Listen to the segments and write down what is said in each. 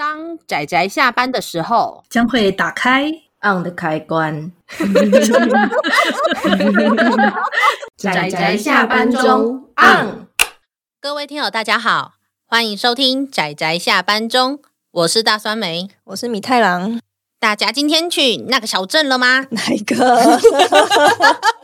當宅宅下班的時候，將會打開 on、嗯、的開關。宅 宅 下班中 on、嗯。各位聽友，大家好，歡迎收聽宅宅下班中，我是大酸梅，我是米太郎。大家今天去那個小鎮了嗎？哪一個？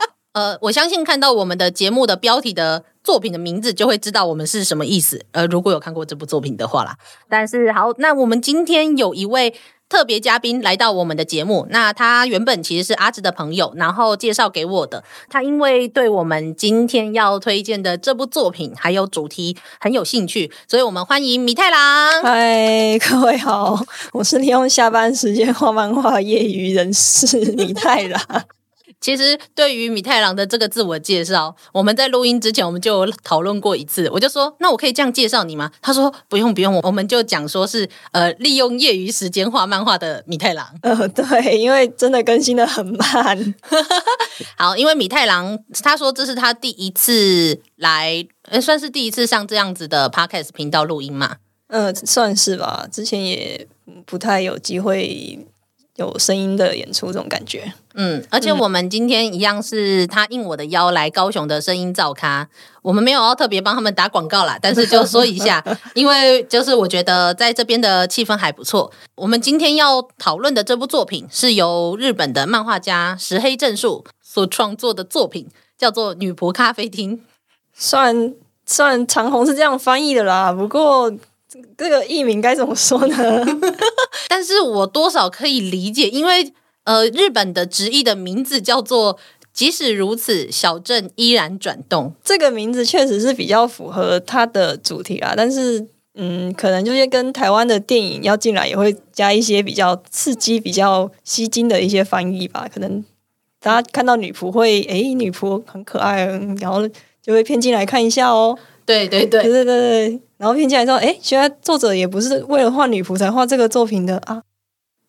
呃，我相信看到我們的節目的標題的作品的名字，就會知道我們是什麼意思。呃，如果有看過這部作品的話啦。但是好，那我們今天有一位特別嘉賓來到我們的節目，那他原本其實是阿直的朋友，然後介紹給我的。他因為對我們今天要推薦的這部作品還有主題很有興趣，所以我們歡迎米太郎。嗨，各位好，我是利用下班時間畫漫畫業餘人士米太郎。 其實，對於米太郎的這個自我介紹，我們在錄音之前我們就討論過一次。我就說，那我可以這樣介紹你嗎？他說不用不用，我們就講說是呃，利用業餘時間畫漫畫的米太郎。呃，對，因為真的更新得很慢。 好，因為米太郎他說這是他第一次來，呃，算是第一次上這樣子的 podcast 頻道錄音嘛？嗯，呃，算是吧，之前也不太有機會。有聲音的演出這種感覺，嗯，而且我們今天一樣是他應我的邀來高雄的聲音照咖，我們沒有要特別幫他們打廣告啦，但是就說一下， 因為就是我覺得在這邊的氣氛還不錯。我們今天要討論的這部作品是由日本的漫畫家石黑正數所創作的作品，叫做《女僕咖啡廳》，算算長鴻是這樣翻譯的啦，不過。這個譯名該怎麼說呢？ 但是我多少可以理解，因為呃，日本的直譯的名字叫做“即使如此，小鎮依然轉動”。這個名字確實是比較符合它的主題啊。但是，嗯，可能就是跟台灣的電影要進來，也會加一些比較刺激、比較吸睛的一些翻譯吧。可能大家看到女僕會，哎，女僕很可愛啊，然後就會騙進來看一下哦。對對對 對，對對對。然後聽起來說，哎，其他作者也不是為了畫女僕才畫這個作品的啊！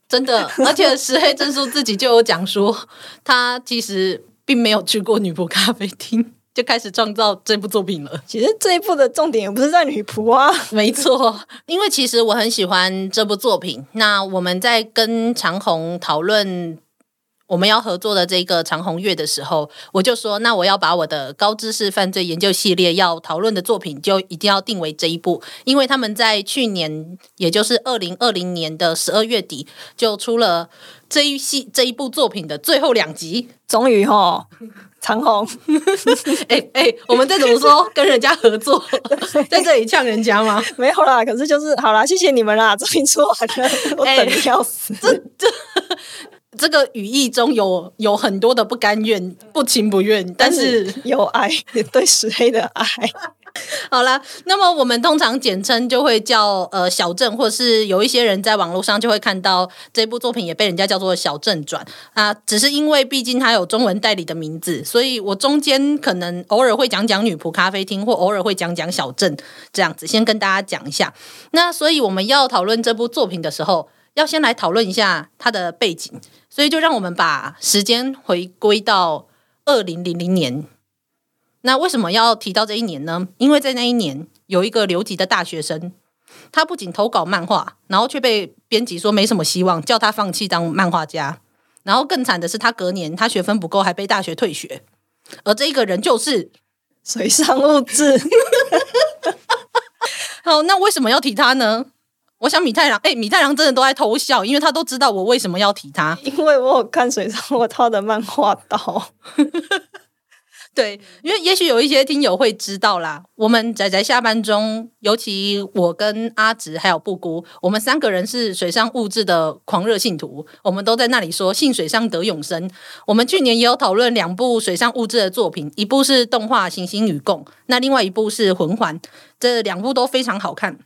真的，而且石黑正數自己就有講說， 他其實並沒有去過女僕咖啡廳，就開始創造這部作品了。其實這一部的重點也不是在女僕啊，沒錯，因為其實我很喜歡這部作品。那我們在跟長鴻討論，我們要合作的這個長鴻月的時候，我就說，那我要把我的高知識犯罪研究系列要討論的作品，就一定要定為這一部，因為他們在去年，也就是二零二零年的十二月底，就出了這一系這一部作品的最後兩集，終於哈、哦、長鴻， 哎哎，我們再怎麼說 跟人家合作，在這裡嗆人家嗎？沒有啦，可是就是好啦，謝謝你們啦，終於出完了，我等的、哎、要死，這這。這個語義中有有很多的不甘願、不情不願，但是有愛，也對石黑的愛。 好啦，那麼我們通常簡稱就會叫呃小鎮，或是有一些人在網絡上就會看到這部作品也被人家叫做《小鎮轉》啊、呃，只是因為畢竟它有中文代理的名字，所以我中間可能偶爾會講講女僕咖啡廳，或偶爾會講講小鎮這樣子，先跟大家講一下。那所以我們要討論這部作品的時候，要先來討論一下他的背景，所以就讓我們把時間回歸到二零零零年。那為什麼要提到這一年呢？因為在那一年有一個留級的大學生，他不僅投稿漫畫，然後卻被編輯說沒什麼希望，叫他放棄當漫畫家。然後更慘的是，他隔年他學分不夠，還被大學退學。而這一個人就是水上悟志。 好，那為什麼要提他呢？我想米太郎，哎、欸，米太郎真的都在偷笑，因為他都知道我為什麼要提他。因為我有看水上悟志的漫畫島。 對，因為也許有一些聽友會知道啦，我們宅宅下班中，尤其我跟阿直還有布姑，我們三個人是水上悟志的狂熱信徒，我們都在那裡說信水上得永生。我們去年也有討論兩部水上悟志的作品，一部是動畫《行星與共》，那另外一部是《魂環》，這兩部都非常好看。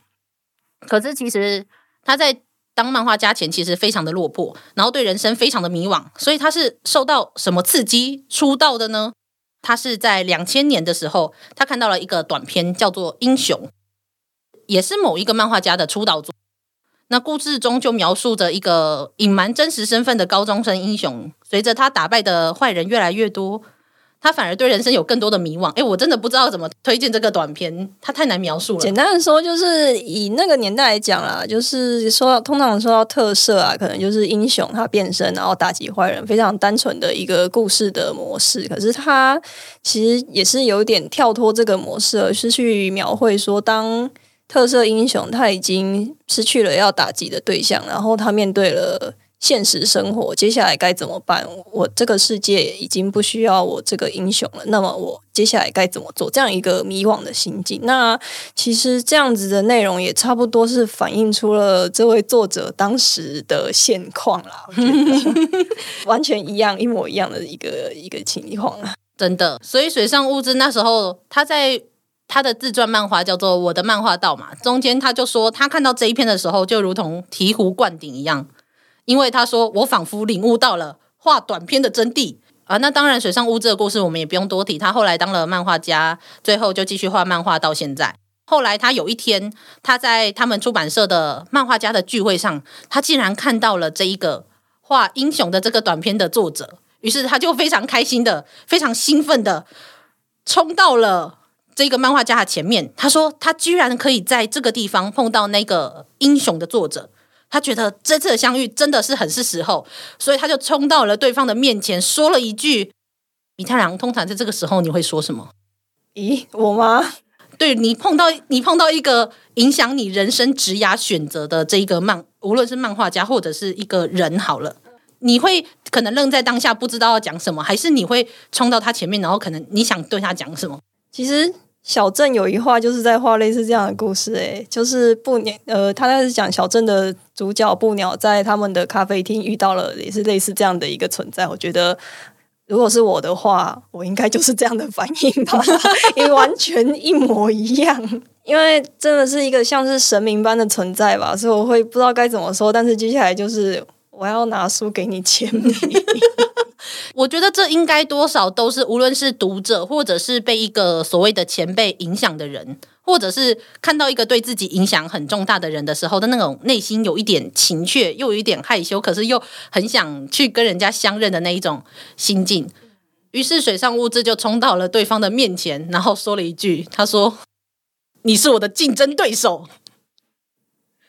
可是其實他在當漫畫家前，其實非常的落魄，然後對人生非常的迷惘。所以他是受到什麼刺激出道的呢？他是在兩千年的時候，他看到了一個短片叫做《英雄》，也是某一個漫畫家的出道作。那故事中就描述着一個隱瞞真實身份的高中生英雄，隨着他打敗的壞人越來越多。他反而對人生有更多的迷惘。誒，我真的不知道怎麼推薦這個短片，他太難描述了。簡單的說，就是以那個年代來講啦，就是說到通常說到特色啊，可能就是英雄他變身，然後打擊壞人，非常單純的一個故事的模式。可是他其實也是有點跳脫這個模式，而是去描繪說，當特色英雄他已經失去了要打擊的對象，然後他面對了現實生活接下來該怎麼辦？我這個世界已經不需要我這個英雄了。那麼我接下來該怎麼做？這樣一個迷惘的心境。那其實這樣子的內容也差不多是反映出了這位作者當時的現況啦。完全一樣， 一模一樣的一個一個情況啊！真的。所以水上悟志那時候他在他的自傳漫畫叫做《我的漫畫道》嘛，中間他就說他看到這一篇的時候就如同醍醐灌頂一樣。因為他說：“我仿佛領悟到了畫短篇的真諦啊！”那當然，水上悟志的故事我們也不用多提。他後來當了漫畫家，最後就繼續畫漫畫到現在。後來他有一天，他在他們出版社的漫畫家的聚會上，他竟然看到了這一個畫英雄的這個短篇的作者，於是他就非常開心的、非常興奮的衝到了這個漫畫家的前面。他說：“他居然可以在這個地方碰到那個英雄的作者。”他覺得這次的相遇真的是很是時候，所以他就衝到了對方的面前，說了一句：“米太郎通常在這個時候，你會說什麼？”咦，我嗎？對，你碰到，你碰到一個影響你人生、職涯選擇的這一個漫，無論是漫畫家或者是一個人，好了，你會可能愣在當下，不知道要講什麼，還是你會衝到他前面，然後可能你想對他講什麼？其實。小鎮有一話，就是在畫類似這樣的故事，欸，誒，就是布鳥，呃，他開始講小鎮的主角布鳥在他們的咖啡廳遇到了，也是類似這樣的一個存在。我覺得，如果是我的話，我應該就是這樣的反應吧，也 完全一模一樣， 因為真的是一個像是神明般的存在吧，所以我會不知道該怎麼說。但是接下來就是。我要拿書給你簽名。 我覺得這應該多少都是，無論是讀者，或者是被一個所謂的前輩影響的人，或者是看到一個對自己影響很重大的人的時候的那種內心有一點情怯，又有一點害羞，可是又很想去跟人家相認的那一種心境。於是水上悟志就衝到了對方的面前，然後說了一句：“他說，你是我的競爭對手。”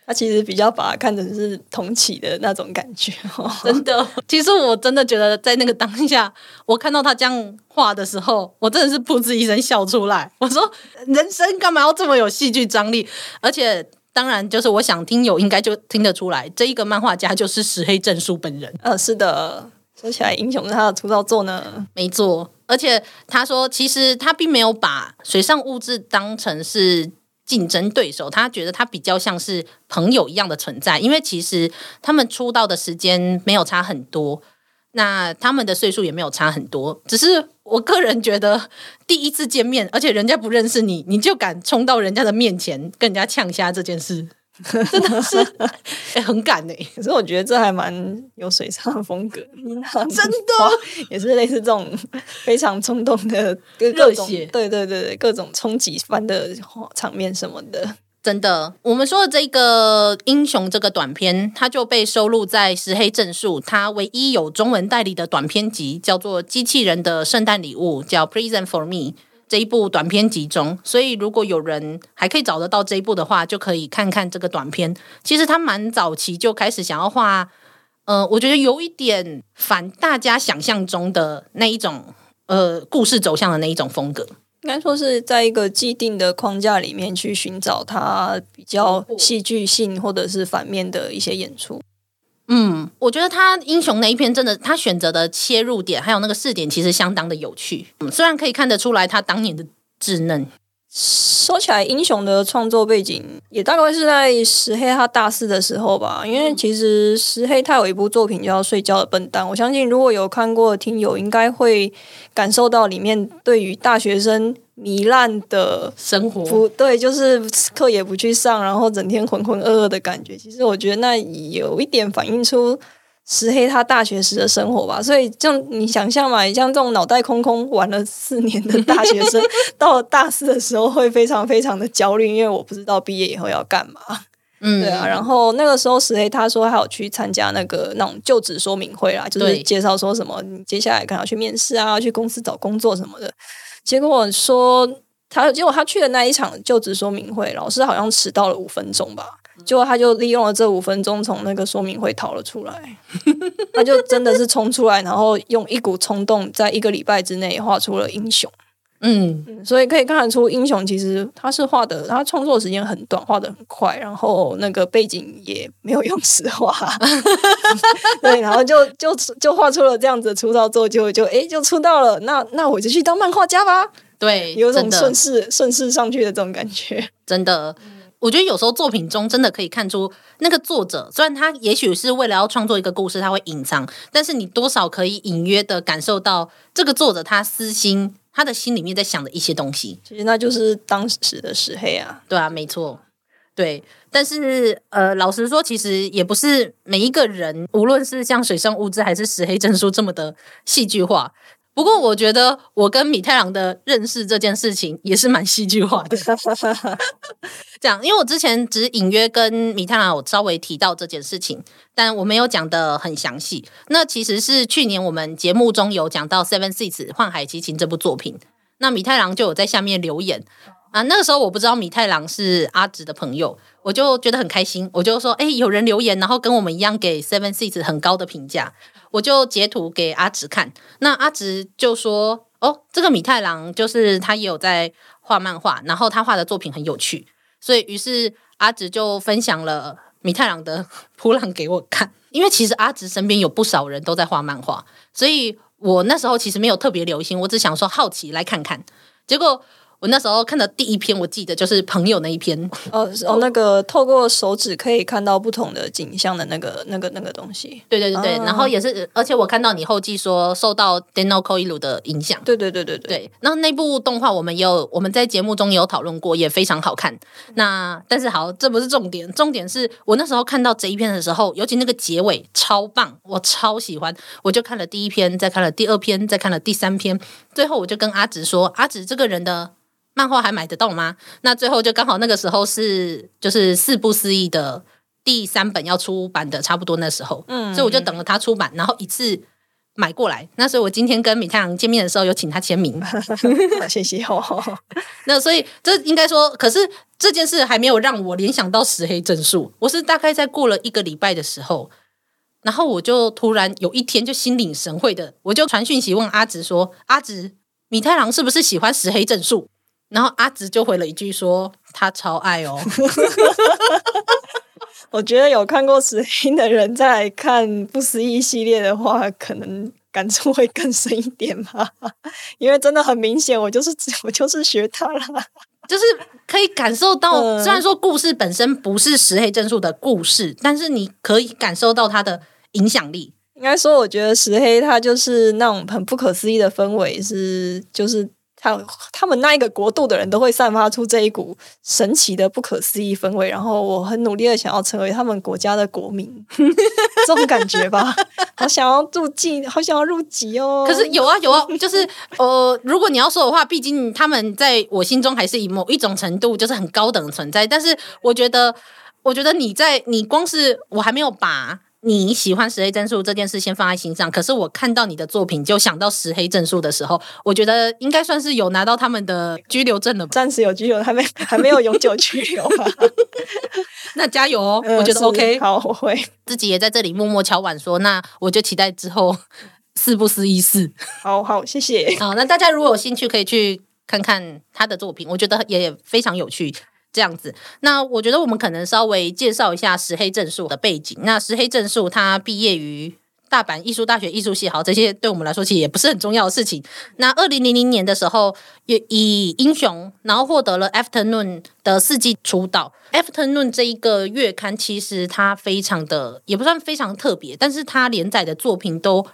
他其實比較把他看成是同期的那種感覺，哦、真的。其實我真的覺得，在那個當下，我看到他這樣畫的時候，我真的是噗嗤一聲笑出來。我說：“人生幹嘛要這麼有戲劇張力？”而且，當然就是我想聽友應該就聽得出來，這一個漫畫家就是石黑正數本人。呃、啊，是的，說起來，英雄是他的出道作呢，沒錯。而且他說，其實他並沒有把水上悟志當成是。競爭對手，他覺得他比較像是朋友一樣的存在，因為其實他們出道的時間沒有差很多，那他們的歲數也沒有差很多，只是我個人覺得第一次見面，而且人家不認識你，你就敢衝到人家的面前跟人家嗆瞎這件事。 真的是、欸、很敢誒、欸，可是我覺得這還蠻有水上的風格。 真的也是類似這種非常衝動的各熱血各種，對對對，對各種衝擊般的場面什麼的。真的，我們說的這個英雄這個短片，它就被收錄在石黑正數他唯一有中文代理的短片集，叫做《機器人的聖誕禮物》，叫《Present for Me》。這一部短片集中，所以如果有人還可以找得到這一部的話，就可以看看這個短片。其實他蠻早期就開始想要畫，呃，我覺得有一點反大家想象中的那一種，呃，故事走向的那一種風格。應該說是在一個既定的框架裡面去尋找他比較戲劇性或者是反面的一些演出。嗯，我覺得他英雄那一篇真的，他選擇的切入點還有那個視點，其實相當的有趣。嗯，雖然可以看得出來他當年的稚嫩。說起來，英雄的創作背景也大概是在石黑他大四的時候吧。因為其實石黑他有一部作品叫《睡覺的笨蛋》，我相信如果有看過聽友應該會感受到裡面對於大學生糜爛的生活。不對，就是課也不去上，然後整天渾渾噩噩噩的感覺。其實我覺得那有一點反映出，石黑他大學時的生活吧，所以就你想象嘛，你像這種腦袋空空玩了四年的大學生， 到了大四的時候會非常非常的焦慮，因為我不知道畢業以後要幹嘛。嗯，對啊。然後那個時候石黑他說他有去參加那個那種就職說明會啦，就是介紹說什麼你接下來可能要去面試啊，去公司找工作什麼的。結果說他結果他去的那一場就職說明會，老師好像遲到了五分鐘吧。結果他就利用了這五分鐘從那個說明會逃了出來，他就真的是衝出來，然後用一股衝動，在一個禮拜之內畫出了英雄。嗯，所以可以看得出，英雄其實他是畫的，他創作時間很短，畫得很快，然後那個背景也沒有用實畫。對，然後就，就就就畫出了這樣子出道作，就就哎就出道了。那那我就去當漫畫家吧。對，有種順勢順勢上去的這種感覺。真的。我覺得有時候作品中真的可以看出那個作者，雖然他也許是為了要創作一個故事，他會隱藏，但是你多少可以隱約的感受到這個作者他私心，他的心裡面在想的一些東西。其實那就是當時的石黑啊，對啊，沒錯，對。但是呃，老實說，其實也不是每一個人，無論是像水上悟志還是石黑正數這麼的戲劇化。不過，我覺得我跟米太郎的認識這件事情也是蠻戲劇化的。 這樣，因為我之前只隱約跟米太郎有稍微提到這件事情，但我沒有講得很詳細。那其實是去年我們節目中有講到《Seven Seeds 幻海奇情》這部作品，那米太郎就有在下面留言啊。那個時候我不知道米太郎是阿直的朋友，我就覺得很開心，我就說：“哎，有人留言，然後跟我們一樣給 Seven Seeds 很高的評價。”我就截圖給阿直看，那阿直就說：“哦，這個米太郎就是他也有在畫漫畫，然後他畫的作品很有趣。”所以於是阿直就分享了米太郎的噗浪給我看，因為其實阿直身邊有不少人都在畫漫畫，所以我那時候其實沒有特別留心，我只想說好奇來看看，結果。我那時候看的第一篇，我記得就是朋友那一篇哦， 哦，那個透過手指可以看到不同的景象的那個那個那個東西，對對對對，啊，然後也是，而且我看到你後記說受到 Denno Coil 的影響，對，對對對對對，對，那那部動畫我們有，我們在節目中也有討論過，也非常好看。嗯、那但是好，這不是重點，重點是我那時候看到這一篇的時候，尤其那個結尾超棒，我超喜歡，我就看了第一篇，再看了第二篇，再看了第三篇，最後我就跟阿紫說，阿紫這個人的。漫畫還買得到嗎？那最後就剛好那個時候是就是四不思議的第三本要出版的差不多那時候，嗯，所以我就等了他出版，然後一次買過來。那所以我今天跟米太郎見面的時候，有請他簽名，謝謝哦。 那所以這應該說，可是這件事還沒有讓我聯想到石黑正數。我是大概在過了一個禮拜的時候，然後我就突然有一天就心領神會的，我就傳訊息問阿直說：“阿直，米太郎是不是喜歡石黑正數？”然後阿直就回了一句說：“他超愛哦。 ” 我覺得有看過石黑的人在看不思議系列的話，可能感觸會更深一點吧。 因為真的很明顯，我就是我就是學他了，就是可以感受到、嗯。雖然說故事本身不是石黑正數的故事，但是你可以感受到他的影響力。應該說，我覺得石黑他就是那種很不可思議的氛圍，是就是。還有他們那一個國度的人都會散發出這一股神奇的不可思議氛圍，然後我很努力的想要成為他們國家的國民， 這種感覺吧，好想要入籍，好想要入籍哦。可是有啊有啊，就是呃，如果你要說的話，畢竟他們在我心中還是以某一種程度就是很高等的存在，但是我覺得，我覺得你在你光是我還沒有把。你喜歡石黑正數這件事，先放在心上。可是我看到你的作品，就想到石黑正數的時候，我覺得應該算是有拿到他們的居留證了吧？暫時有居留，還沒還沒有永久居留吧？ 那加油哦！呃、我覺得 OK，好，我會自己也在這裡默默敲碗說。那我就期待之後是不是一試。好好，謝謝。 好，那大家如果有興趣，可以去看看他的作品，我覺得也非常有趣。這樣子，那我覺得我們可能稍微介紹一下石黑正數的背景。那石黑正數他畢業於大阪藝術大學藝術系，好，這些對我們來說其實也不是很重要的事情。那二零零零年的時候，以英雄然後獲得了 Afternoon 的四季出道。Afternoon 這一個月刊其實它非常的也不算非常特別，但是它連載的作品都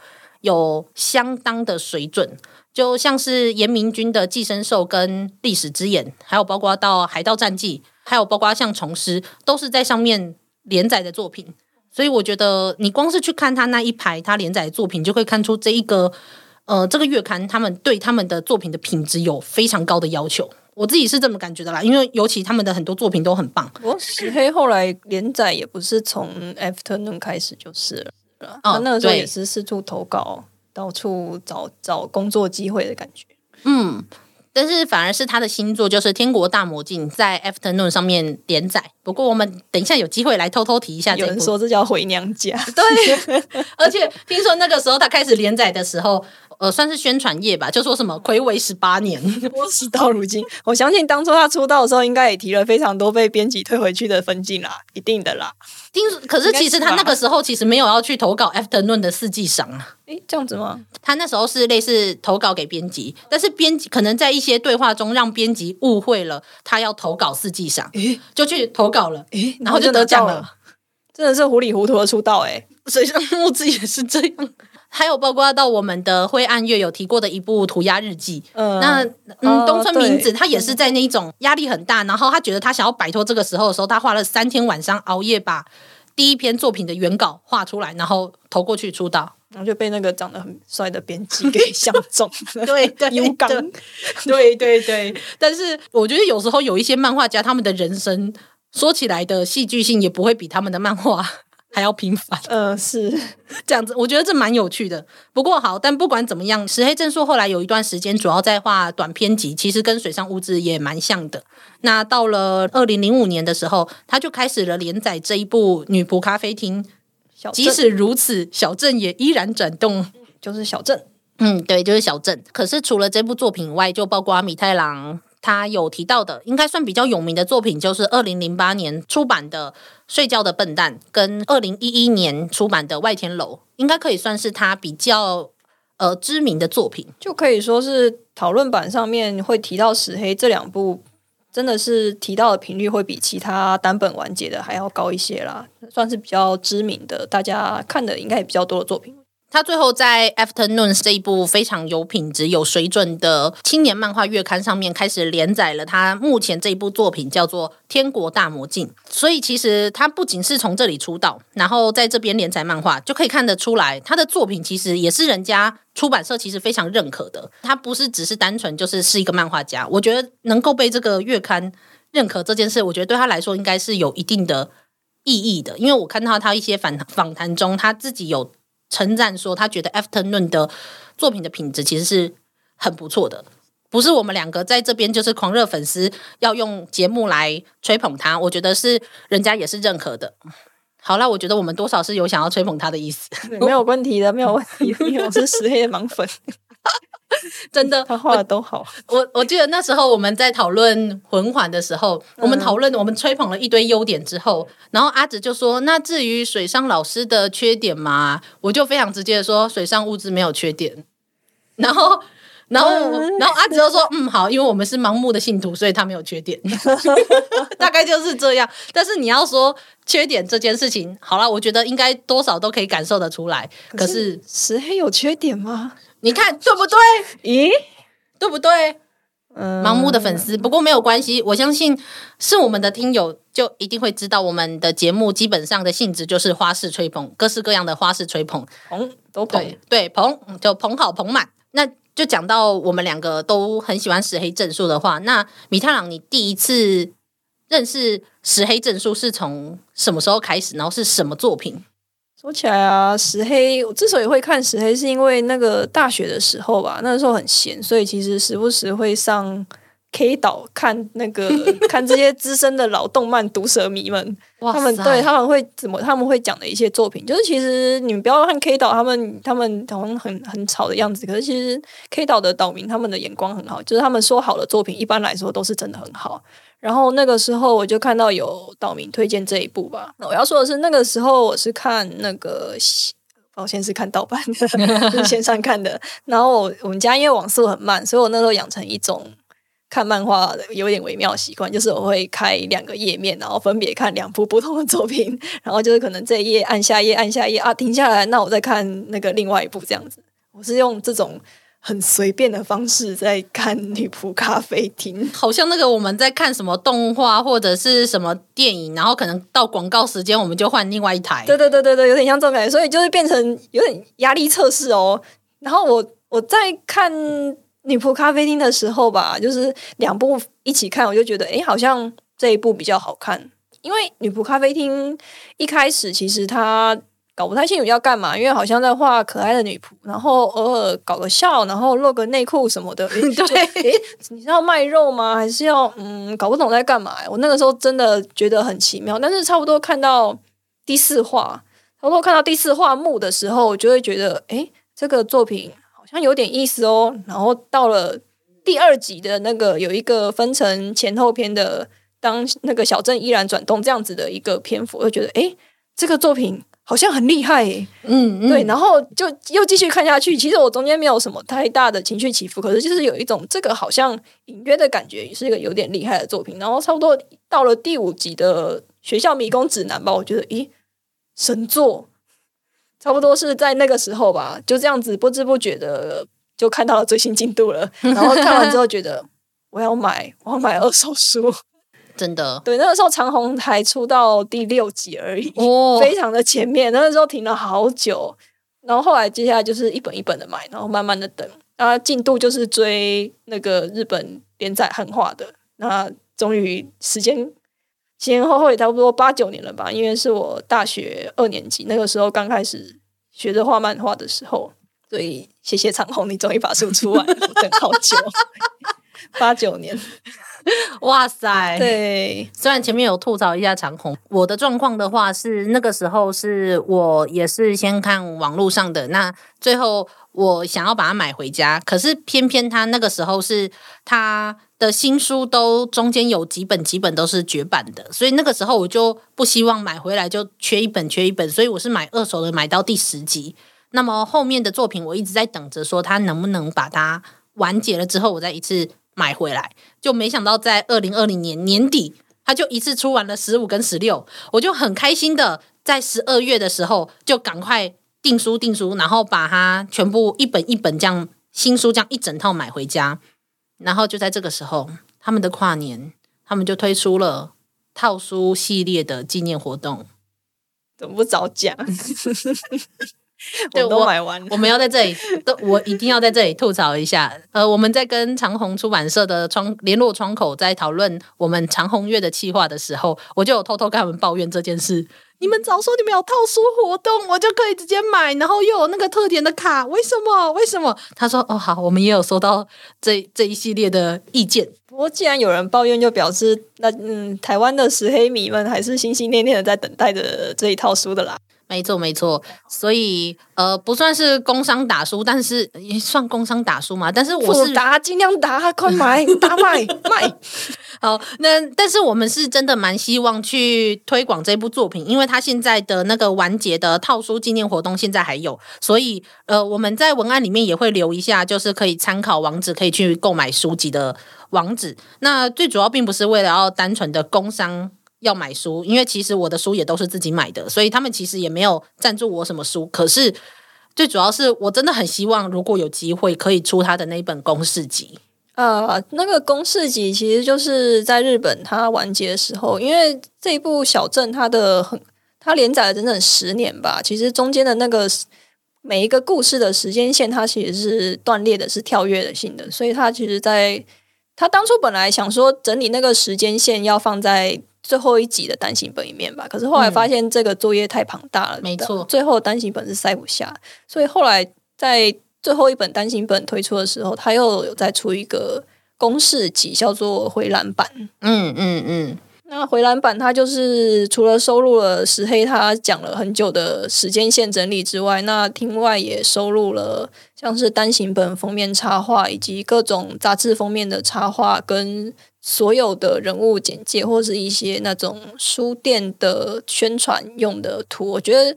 有相當的水準，就像是岩明均的《寄生獸》跟《歷史之眼》，還有包括到《海盜戰記》，還有包括像《蟲師》，都是在上面連載的作品。所以我覺得，你光是去看他那一排他連載的作品，就會看出這一個呃這個月刊他們對他們的作品的品質有非常高的要求。我自己是這麼感覺的啦，因為尤其他們的很多作品都很棒。我、哦、石黑後來連載也不是從《Afternoon》開始就是了。哦，那個時候也是四處投稿，到處找找工作機會的感覺。嗯，但是反而是他的新作，就是《天國大魔境》在 Afternoon 上面連載。不過我們等一下有機會來偷偷提一下這一部，有人說這叫回娘家。對， 而且聽說那個時候他開始連載的時候。呃，算是宣傳業吧，就說什麼睽違十八年，時 到如今，我相信，當初他出道的時候，應該也提了非常多被編輯退回去的分鏡啦，一定的啦。聽，可是其實他那個時候其實沒有要去投稿《Afternoon》的四季賞啊。誒、欸，這樣子嗎？他那時候是類似投稿給編輯，但是編輯可能在一些對話中讓編輯誤會了他要投稿四季賞，誒、欸，就去投稿了，誒、欸，然後就得獎了。真的是糊裡糊塗的出道誒、欸，水上悟志也是這樣。還有包括到我們的灰暗月有提過的一部塗鴉日記，呃、那嗯、呃，東村明子他也是在那一種壓力很大、嗯，然後他覺得他想要擺脫這個時候的時候，他花了三天晚上熬夜把第一篇作品的原稿畫出來，然後投過去出道，然後就被那個長得很帥的編輯給相中。對對對對對對，對 對對對對 但是我覺得有時候有一些漫畫家，他們的人生說起來的戲劇性也不會比他們的漫畫。還要頻繁，呃，是這樣子。我覺得這蠻有趣的。不過好，但不管怎麼樣，石黑正數後來有一段時間主要在畫短篇集，其實跟水上悟志也蠻像的。那到了二零零五年的時候，他就開始了連載這一部《女僕咖啡廳》。即使如此，小鎮也依然轉動，就是小鎮。嗯，對，就是小鎮。可是除了這部作品外，就包括米太郎。他有提到的，應該算比較有名的作品，就是二零零八年出版的《睡覺的笨蛋》跟二零一一年出版的《外天樓》，應該可以算是他比較呃知名的作品。就可以說是討論版上面會提到石黑這兩部，真的是提到的頻率會比其他單本完結的還要高一些啦，算是比較知名的，大家看的應該也比較多的作品。他最後在《Afternoon》這一部非常有品質、有水準的青年漫畫月刊上面開始連載了他目前這一部作品叫做《天國大魔境》，》，所以其實他不僅是從這裡出道，然後在這邊連載漫畫就可以看得出來，他的作品其實也是人家出版社其實非常認可的。他不是只是單純就是是一個漫畫家，我覺得能夠被這個月刊認可這件事，我覺得對他來說應該是有一定的意義的。因為我看到他一些訪談中，他自己有。稱讚說，他覺得 Afternoon 的作品的品質其實是很不錯的，不是我們兩個在這邊就是狂熱粉絲要用節目來吹捧他，我覺得是人家也是認可的。好了，那我覺得我們多少是有想要吹捧他的意思，沒有問題的，沒有問題， 因為我是石黑盲粉。真的，嗯、他畫的都好。我我，我記得那時候我們在討論魂環的時候，嗯、我們討論我們吹捧了一堆優點之後，然後阿紫就說：“那至於水上老師的缺點嘛，我就非常直接的說，水上悟志沒有缺點。”然後，然後，嗯、然後阿紫就說：“嗯，好，因為我們是盲目的信徒，所以他沒有缺點， 大概就是這樣。”但是你要說缺點這件事情，好了，我覺得應該多少都可以感受得出來。可是石黑有缺點嗎？你看對不對？咦，對不對？嗯，盲目的粉絲。不過沒有關係，我相信是我們的聽友就一定會知道，我們的節目基本上的性質就是花式吹捧，各式各樣的花式吹捧，捧都捧，對，對，捧就捧好捧滿。那就講到我們兩個都很喜歡石黑正數的話，那米太郎，你第一次認識石黑正數是從什麼時候開始？然後是什麼作品？說起來啊，石黑，我之所以會看石黑，是因為那個大學的時候吧，那個時候很閒，所以其實時不時會上 K 島看那個 看這些資深的老動漫毒舌迷們，哇他們對他們會怎麼他們會講的一些作品，就是其實你們不要看 K 島，他們他們好像很很吵的樣子，可是其實 K 島的島民他們的眼光很好，就是他們說好的作品一般來說都是真的很好。然後那個時候我就看到有島民推薦這一部吧。那我要說的是，那個時候我是看那個，我先是看盜版的， 是線上看的。然後我，我們家因為網速很慢，所以我那時候養成一種看漫畫的有點微妙習慣，就是我會開兩個頁面，然後分別看兩部不同的作品。然後就是可能這一頁按下頁按下頁啊停下來，那我再看那個另外一部這樣子。我是用這種。很隨便的方式在看《女僕咖啡廳》，好像那個我們在看什麼動畫或者是什麼電影，然後可能到廣告時間我們就換另外一台。對對對對對，有點像這種感覺，所以就是變成有點壓力測試哦。然後我我在看《女僕咖啡廳》的時候吧，就是兩部一起看，我就覺得誒、欸，好像這一部比較好看，因為《女僕咖啡廳》一開始其實它，我不太清楚要幹嘛，因為好像在畫可愛的女僕，然後偶爾搞個笑，然後露個內褲什麼的。對、欸欸，你是要賣肉嗎？還是要嗯，搞不懂在幹嘛、欸。我那個時候真的覺得很奇妙，但是差不多看到第四話，差不多看到第四畫幕的時候，我就會覺得，誒、欸，這個作品好像有點意思哦。然後到了第二集的那個有一個分成前後篇的，當那個小鎮依然轉動這樣子的一個篇幅，就覺得誒。欸這個作品好像很厲害耶，嗯，嗯，對，然後就又繼續看下去。其實我中間沒有什麼太大的情緒起伏，可是就是有一種這個好像隱約的感覺，也是一個有點厲害的作品。然後差不多到了第五集的《學校迷宮指南》吧，我覺得，咦，神作！差不多是在那個時候吧，就這樣子不知不覺的就看到了最新進度了。然後看完之後，覺得 我要買，我要買二手書。真的，對，那個時候長鴻才出到第六集而已，oh. 非常的前面。那個時候停了好久，然後後來接下來就是一本一本的買，然後慢慢的等。那進度就是追那個日本連載漢化的，那終於時間前前後後也差不多八九年了吧。因為是我大學二年級那個時候剛開始學着畫漫畫的時候，所以謝謝長鴻，你終於把書出來， 我等好久，八九年。 哇塞！對，雖然前面有吐槽一下長鴻，我的狀況的話是，那個時候是我也是先看網絡上的，那最後我想要把它買回家，可是偏偏他那個時候是他的新書都中間有幾本幾本都是絕版的，所以那個時候我就不希望買回來就缺一本缺一本，所以我是買二手的，買到第十集，那麼後面的作品我一直在等着說他能不能把它完結了之後，我再一次。買回來，就沒想到在二零二零年年底，他就一次出完了十五跟十六，我就很開心的在十二月的時候就趕快訂書訂書，然後把它全部一本一本這樣新書這樣一整套買回家，然後就在這個時候，他們的跨年，他們就推出了套書系列的紀念活動，怎麼不早講？ 我都買完我 我，我們要在這裡，都我一定要在這裡吐槽一下。呃，我們在跟長鴻出版社的窗聯絡窗口在討論我們長鴻月的企劃的時候，我就有偷偷跟他們抱怨這件事 。你們早說你們有套書活動，我就可以直接買，然後又有那個特典的卡，為什麼？為什麼？他說哦，好，我們也有收到這這一系列的意見。不過既然有人抱怨，就表示那嗯，台灣的石黑迷們還是心心念念的在等待着這一套書的啦。沒錯，沒錯，所以呃，不算是工商打書，但是也算工商打書嘛。但是我是我打，盡量打，快買， 打買買。好，那但是我們是真的蠻希望去推廣這部作品，因為他現在的那個完結的套書紀念活動現在還有，所以呃，我們在文案裡面也會留一下，就是可以參考網址，可以去購買書籍的網址。那最主要並不是為了要單純的工商。要買書，因為其實我的書也都是自己買的，所以他們其實也沒有贊助我什麼書。可是最主要是，我真的很希望，如果有機會，可以出他的那一本公式集。呃，那個公式集其實就是在日本它完結的時候，因為這一部小鎮它的很它連載了整整十年吧。其實中間的那個每一個故事的時間線，它其實是斷裂的，是跳躍的性的，所以它其實，在。他當初本來想說整理那個時間線要放在最後一集的單行本裡面吧，可是後來發現這個作業太龐大了，嗯、沒錯，最後單行本是塞不下，所以後來在最後一本單行本推出的時候，他又有再出一個公式集叫做回藍版，嗯嗯嗯。嗯那回藍版它就是除了收錄了石黑他講了很久的時間線整理之外，那聽外也收錄了像是單行本封面插畫以及各種雜誌封面的插畫跟所有的人物簡介或是一些那種書店的宣傳用的圖，我覺得。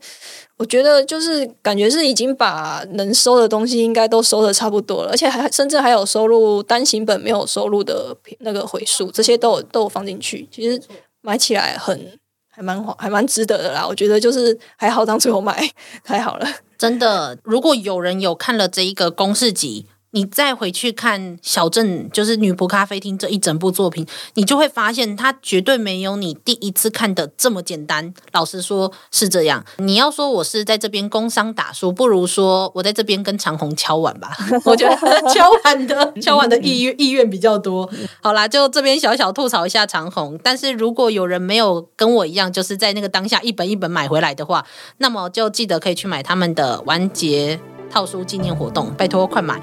我覺得就是感覺是已經把能收的東西應該都收的差不多了，而且還甚至還有收入單行本沒有收入的那個回數，這些都有都有放進去。其實買起來很還蠻好，還蠻值得的啦。我覺得就是還好當初我買太好了，真的。如果有人有看了這一個公式集。你再回去看《小鎮》，就是《女僕咖啡廳》這一整部作品，你就會發現它絕對沒有你第一次看的這麼簡單。老實說，是這樣。你要說我是在這邊工商打書，不如說我在這邊跟長鴻敲碗吧。 我覺得敲碗的敲碗的意意願比較多。好啦，就這邊小小吐槽一下長鴻。但是如果有人沒有跟我一樣，就是在那個當下一本一本買回來的話，那麼就記得可以去買他們的完結套書紀念活動，拜託快買。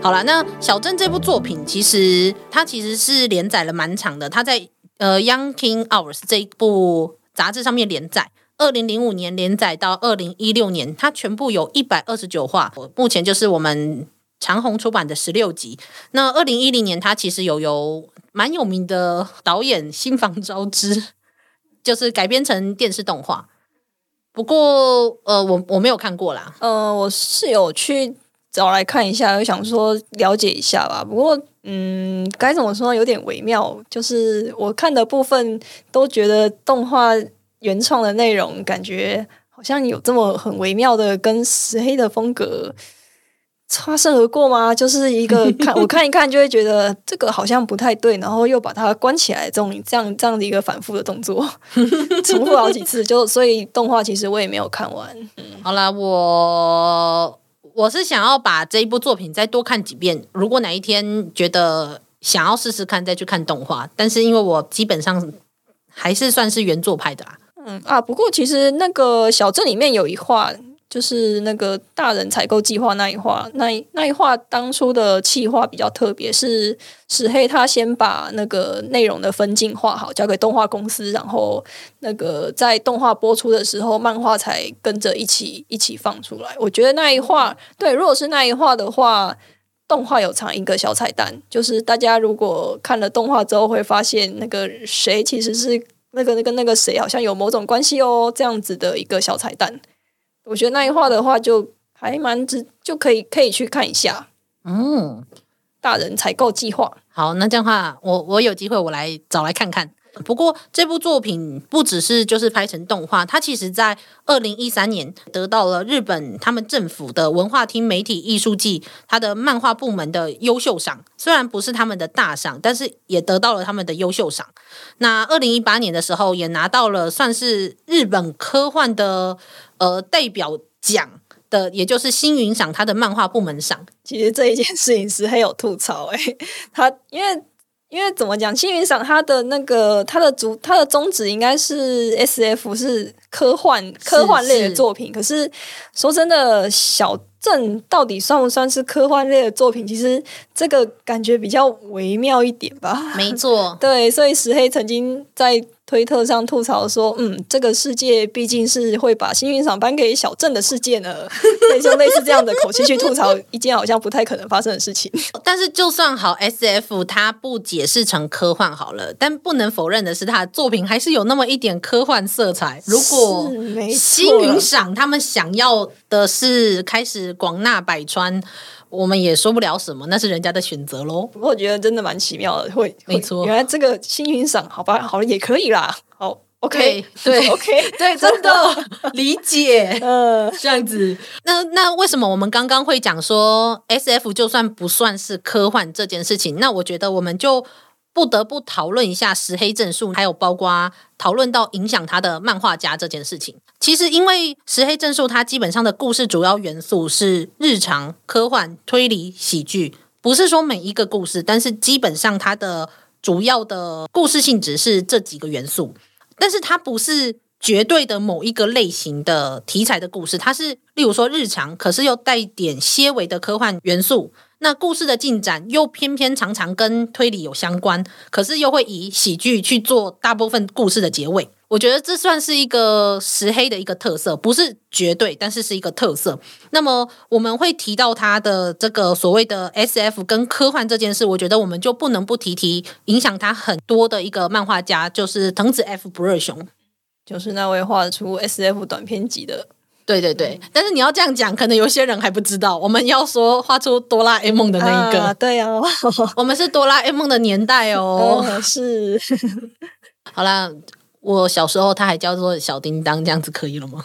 好了，那《小鎮》這部作品，其實它其實是連載了蠻長的。它在呃《Young King Hours》這部雜誌上面連載，二零零五年連載到二零一六年，它全部有一百二十九話。我目前就是我們長鴻出版的十六集。那二零一零年，它其實有由蠻有名的導演新房昭之，就是改編成電視動畫。不過，呃，我我沒有看過啦。呃，我是有去。找來看一下，又想說，了解一下吧。不過，嗯，該怎麼說？有點微妙。就是我看的部分，都覺得，動畫原創的內容，感覺好像有這麼很微妙的跟石黑的風格擦身而過嗎？就是一個看，我看一看，就會覺得這個好像不太對， 然後又把它關起來，這種這樣這樣的一個反復的動作， 重複好幾次。就所以，動畫其實我也沒有看完。嗯，好啦，我。我是想要把這一部作品再多看幾遍，如果哪一天覺得想要試試看，再去看動畫。但是因為我基本上還是算是原作派的啦，嗯啊，不過其實那個小鎮裡面有一話，就是那個大人採購計劃那一話，那一那一話當初的企劃比較特別，是石黑他先把那個內容的分鏡畫好，交給動畫公司，然後那個在動畫播出的時候，漫畫才跟着一起一起放出來。我覺得那一話，對，如果是那一話的話，動畫有藏一個小彩蛋，就是大家如果看了動畫之後會發現，那個誰其實是那個那跟那個誰好像有某種關係哦，這樣子的一個小彩蛋。我覺得那一話的話就還蠻值，就可以可以去看一下。嗯，大人採購計劃。好，那這樣的話我我有機會我來找來看看。不過這部作品不只是就是拍成動畫，它其實在二零一三年得到了日本他們政府的文化廳媒體藝術祭，它的漫畫部門的優秀賞，雖然不是他們的大賞，但是也得到了他們的優秀賞。那二零一八年的時候也拿到了算是日本科幻的。呃，代表獎的，也就是星雲賞，他的漫畫部門賞。其實這一件事情石黑有吐槽誒、欸，他因為因為怎麼講，星雲賞他的那個他的主他的宗旨應該是 S F 是科幻科幻類的作品是是，可是說真的，小鎮到底算不算是科幻類的作品？其實這個感覺比較微妙一點吧。沒錯，對，所以石黑曾經在。推特上吐槽說：“嗯，這個世界畢竟是會把星雲賞頒給小鎮的世界呢，對，像類似這樣的口氣去吐槽 一件好像不太可能發生的事情。但是，就算好 S F，他不解釋成科幻好了，但不能否認的是，他的作品還是有那麼一點科幻色彩。如果星雲賞他們想要的是開始廣納百川。”我們也說不了什麼，那是人家的選擇嘍。不過我覺得真的蠻奇妙的，會，會沒錯，原來這個星雲賞，好吧，好了，也可以啦。好，OK，對， 對，OK， 對，真的 理解，嗯，這樣子。那那為什麼我們剛剛會講說 SF 就算不算是科幻這件事情？那我覺得我們就。不得不討論一下石黑正數，還有包括討論到影響他的漫畫家這件事情。其實，因為石黑正數他基本上的故事主要元素是日常、科幻、推理、喜劇，不是說每一個故事，但是基本上他的主要的故事性質是這幾個元素。但是，它不是絕對的某一個類型的題材的故事，它是例如說日常，可是又帶點些微的科幻元素。那故事的進展又偏偏常常跟推理有相關，可是又會以喜劇去做大部分故事的結尾。我覺得這算是一個石黑的一個特色，不是絕對，但是是一個特色。那麼我們會提到他的這個所謂的 SF 跟科幻這件事，我覺得我們就不能不提提影響他很多的一個漫畫家，就是藤子 F 不二雄，就是那位畫出 SF 短篇集的。對對對、嗯，但是你要這樣講，可能有些人還不知道。我們要說畫出哆啦 A 夢的那一個，嗯啊、對哦、啊， 我們是哆啦 A 夢的年代哦，嗯、是。 好啦，我小時候他還叫做小叮噹，這樣子可以了嗎？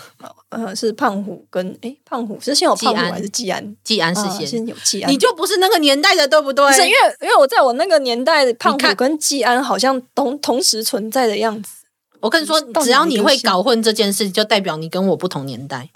呃、嗯，是胖虎跟誒、欸、胖虎，是先有胖虎、技安還是技安？技安是先、哦、先有技安，你就不是那個年代的，對不對？不是因為因為我在我那個年代，胖虎跟技安好像同同時存在的樣子。我跟你說，只要你會搞混這件事，就代表你跟我不同年代。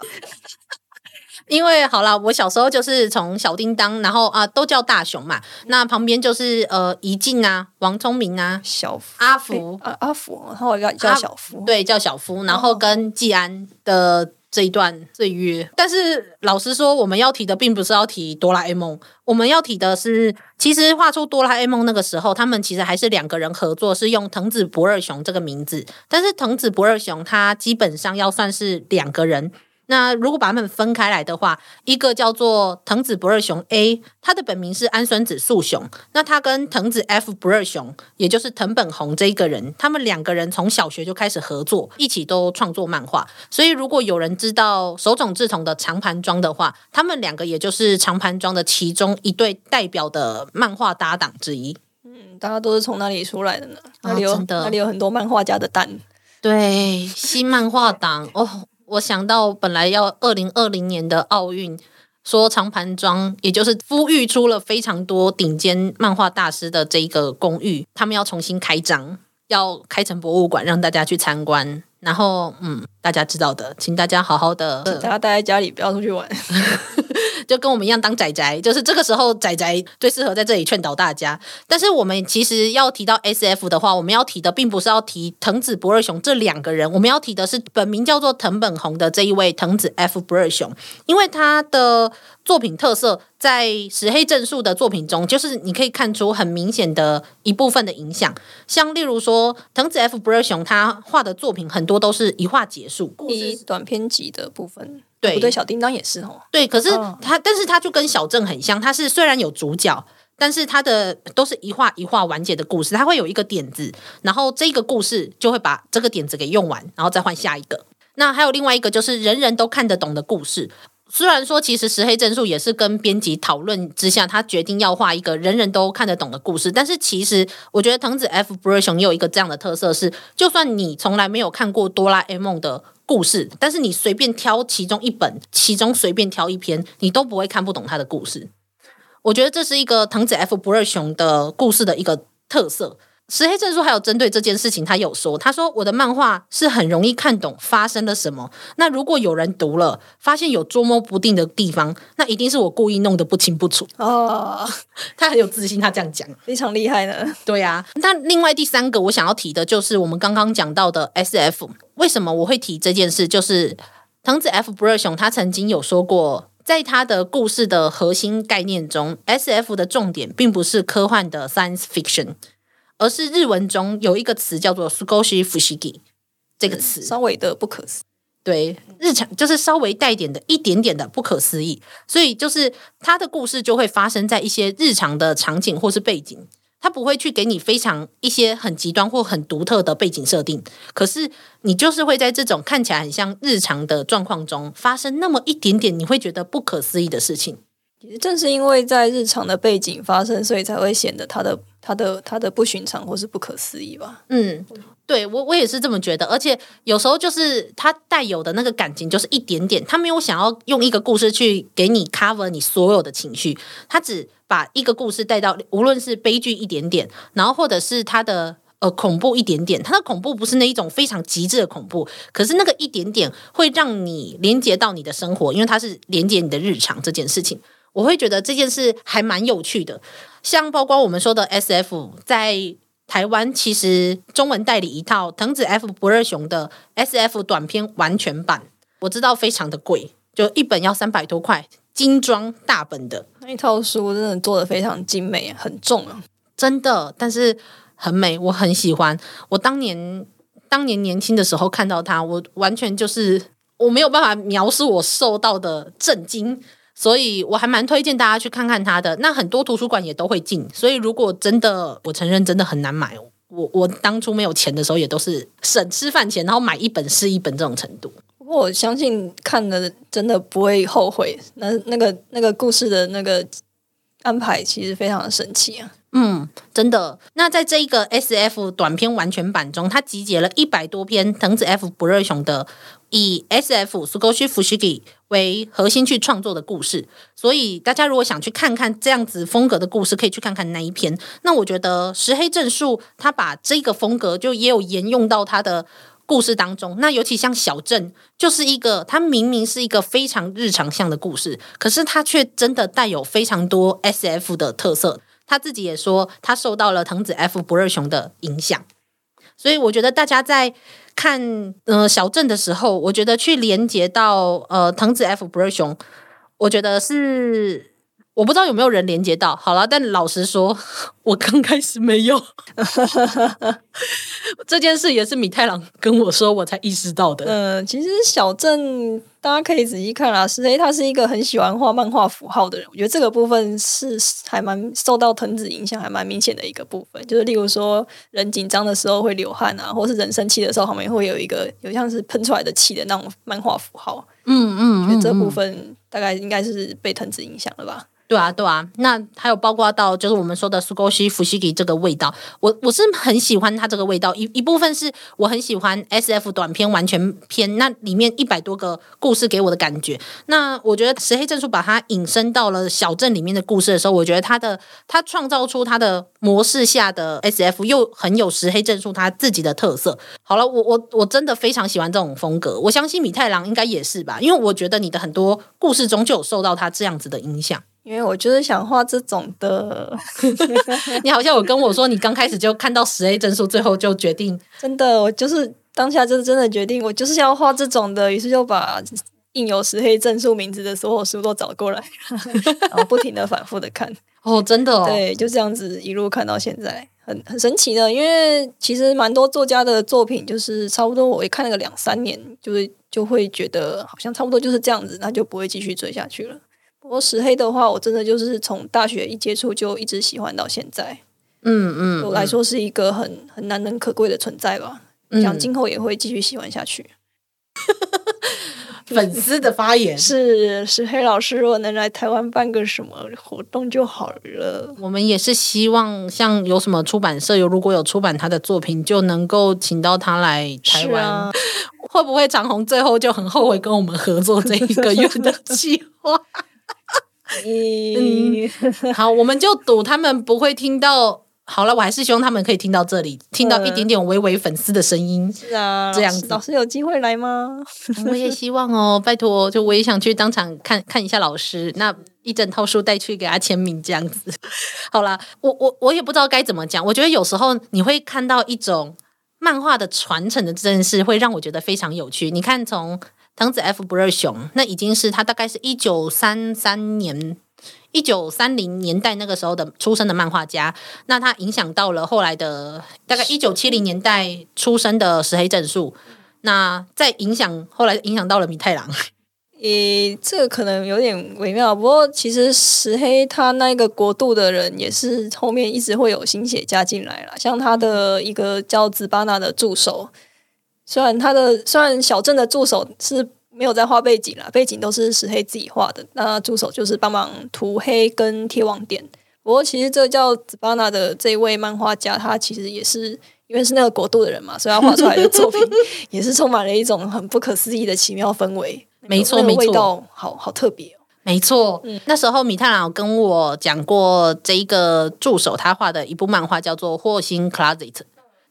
因為好啦，我小時候就是從小叮當，然後啊、呃，都叫大雄嘛。嗯、那旁邊就是呃，宜靜啊，王聰明啊，小阿福啊，阿福，然後叫叫小夫、啊，對，叫小夫，然後跟技安的。這一段，這一月，但是老實說，我們要提的並不是要提哆啦 A 夢，我們要提的是，其實畫出哆啦 A 夢那個時候，他們其實還是兩個人合作，是用藤子不二雄這個名字，但是藤子不二雄他基本上要算是兩個人。那如果把他們分開來的話，一個叫做藤子不二雄 A，他的本名是安孫子素雄。那他跟藤子 F 不二雄，也就是藤本弘這一個人，他們兩個人從小學就開始合作，一起都創作漫畫。所以如果有人知道手塚治蟲的常盤莊的話，他們兩個也就是常盤莊的其中一對代表的漫畫搭檔之一。嗯，大家都是從哪裡出來的呢？啊、那裡有，那裡有很多漫畫家的蛋。對，新漫畫黨 哦。我想到，本來要二零二零年的奧運，說常盤莊，也就是孵育出了非常多頂尖漫畫大師的這個公寓，他們要重新開張，要開成博物館，讓大家去參觀。然後，嗯，大家知道的，請大家好好的，大家待在家裡，不要出去玩。 就跟我們一樣當宅宅，就是這個時候宅宅最適合在這裡勸導大家。但是我們其實要提到 S F 的話，我們要提的並不是要提藤子不二雄這兩個人，我們要提的是本名叫做藤本弘的這一位藤子 F 不二雄，因為他的作品特色在石黑正數的作品中，就是你可以看出很明顯的一部分的影響。像例如說藤子 F 不二雄他畫的作品很多都是一畫結束，一短篇集的部分。對，哦、對，小叮當也是哦。對，可是他，哦、但是他就跟小鎮很像，他是雖然有主角，但是他的都是一畫一畫完結的故事，他會有一個點子，然後這個故事就會把這個點子給用完，然後再換下一個。那還有另外一個就是人人都看得懂的故事。雖然說，其實石黑正數也是跟編輯討論之下，他決定要畫一個人人都看得懂的故事。但是，其實我覺得藤子 F 不二雄有一個這樣的特色是，就算你從來沒有看過哆啦 A 夢的故事，但是你隨便挑其中一本，其中隨便挑一篇，你都不會看不懂他的故事。我覺得這是一個藤子 F 不二雄的故事的一個特色。石黑正數還有針對這件事情，他有說：“他說我的漫畫是很容易看懂發生了什麼。那如果有人讀了，發現有捉摸不定的地方，那一定是我故意弄得不清不楚。”哦， 他很有自信，他這樣講，非常厲害呢。對啊，那另外第三個我想要提的就是我們剛剛講到的 S F。為什麼我會提這件事？就是藤子 F 不二雄他曾經有說過，在他的故事的核心概念中，S F 的重點並不是科幻的 science fiction。而是日文中有一個詞叫做 “Sukoshi Fushigi” 這個詞，稍微的不可思議。對，日常就是稍微帶點的、一點點的不可思議。所以，就是他的故事就會發生在一些日常的場景或是背景，他不會去給你非常一些很極端或很獨特的背景設定。可是，你就是會在這種看起來很像日常的狀況中發生那麼一點點，你會覺得不可思議的事情。其實，正是因為在日常的背景發生，所以才會顯得他的。他的他的不尋常或是不可思議吧？嗯，對，我我也是這麼覺得。而且有時候就是他帶有的那個感情，就是一點點，他沒有想要用一個故事去給你 cover 你所有的情緒，他只把一個故事帶到，無論是悲劇一點點，然後或者是他的呃恐怖一點點。他的恐怖不是那一種非常極致的恐怖，可是那個一點點會讓你連接到你的生活，因為他是連接你的日常這件事情。我會覺得這件事還蠻有趣的，像包括我們說的 SF，在台灣其實中文代理一套藤子 F 不二雄的 SF 短篇完全版，我知道非常的貴，就一本要三百多塊，精裝大本的那一套書真的做得非常精美，很重啊，真的，但是很美，我很喜歡。我當年當年年輕的時候看到它，我完全就是我沒有辦法描述我受到的震驚。所以，我還蠻推薦大家去看看他的。那很多圖書館也都會進，所以如果真的，我承認真的很難買。我我當初沒有錢的時候，也都是省吃飯錢，然後買一本是一本這種程度。不過我相信看了真的不會後悔。那那個那個故事的那個安排其實非常的神奇啊。嗯，真的。那在這一個 SF 短篇完全版中，他集結了一百多篇藤子 F 不二雄的。以 S.F.（ Scochy Fushigi 為核心去創作的故事，所以大家如果想去看看這樣子風格的故事，可以去看看那一篇。那我覺得石黑正樹他把這個風格就也有沿用到他的故事當中。那尤其像《小鎮》，就是一個他明明是一個非常日常向的故事，可是他卻真的帶有非常多 S.F. 的特色。他自己也說他受到了藤子 F. 不二雄的影響，所以我覺得大家在。看，嗯、呃，小鎮的時候，我覺得去連接到呃，藤子 F 不二雄，我覺得是我不知道有沒有人連接到，好了，但老實說，我剛開始沒有， 這件事也是米太郎跟我說，我才意識到的。嗯、呃，其實小鎮。大家可以仔細看啦，是因、欸、他是一個很喜歡畫漫畫符號的人。我覺得這個部分是還蠻受到藤子影響，還蠻明顯的一個部分。就是例如說，人緊張的時候會流汗啊，或是人生氣的時候，旁邊會有一個有像是噴出來的氣的那種漫畫符號。嗯嗯，嗯，我覺得這部分大概應該是被藤子影響了吧。對啊，對啊，那還有包括到就是我們說的 Sukoshi Fushigi 這個味道，我我是很喜歡它這個味道。一一部分是我很喜歡 S F 短篇完全篇，那裡面一百多個故事給我的感覺。那我覺得石黑正數把它引申到了小鎮裡面的故事的時候，我覺得他的他創造出他的模式下的 S F 又很有石黑正數他自己的特色。好了，我我我真的非常喜歡這種風格。我相信米太郎應該也是吧，因為我覺得你的很多故事中就有受到他這樣子的影響。因為我就是想畫這種的 ， 你好像有跟我說，你剛開始就看到石黑正數，最後就決定 ，真的，我就是當下就是真的決定，我就是要畫這種的，於是就把印有石黑正數名字的所有書都找過來， 然後不停的反覆的看，哦，真的，對，就這樣子一路看到現在，很很神奇的，因為其實蠻多作家的作品就是差不多，我會看了個兩三年，就會就會覺得好像差不多就是這樣子，那就不會繼續追下去了。我石黑的話，我真的就是從大學一接觸就一直喜歡到現在。嗯嗯，對我來說是一個很很難能可貴的存在吧、嗯。想今後也會繼續喜歡下去。 粉絲的發言 是石黑老師，如果能來台灣辦個什麼活動就好了。我們也是希望像有什麼出版社有如果有出版他的作品，就能夠請到他來台灣。啊、會不會長鴻最後就很後悔跟我們合作這一個月的計劃？ 一、 嗯、好，我們就賭他們不會聽到。好了，我還是希望他們可以聽到這裡，聽到一點點微微粉絲的聲音、嗯。是啊，這樣子，老師，老師有機會來嗎？ 我也希望哦，拜托、哦，就我也想去當場看看一下老師，那一整套書帶去給他簽名，這樣子。好啦，我我我也不知道該怎麼講。我覺得有時候你會看到一種漫畫的傳承的這件事，會讓我覺得非常有趣。你看，從。藤子 F 不二雄，那已經是他大概是一九三三年、一九三零年代那個時候的出生的漫畫家。那他影響到了後來的大概一九七零年代出生的石黑正數。那再影響後來影響到了米太郎。誒、欸，這個可能有點微妙。不過其實石黑他那個國度的人也是後面一直會有新血加進來了，像他的一個叫子巴納的助手。雖然他的，雖然小鎮的助手是沒有在畫背景了，背景都是石黑自己畫的。那他助手就是幫忙塗黑跟貼網點。不過其實這個叫巴 b 的這位漫畫家，他其實也是因為是那個國度的人嘛，所以他畫出來的作品也是充滿了一種很不可思議的奇妙氛圍、 那個。沒錯、那個喔，沒錯，好好特別。沒錯，那時候米太郎跟我講過，這一個助手他畫的一部漫畫叫做《霍星 Closet》。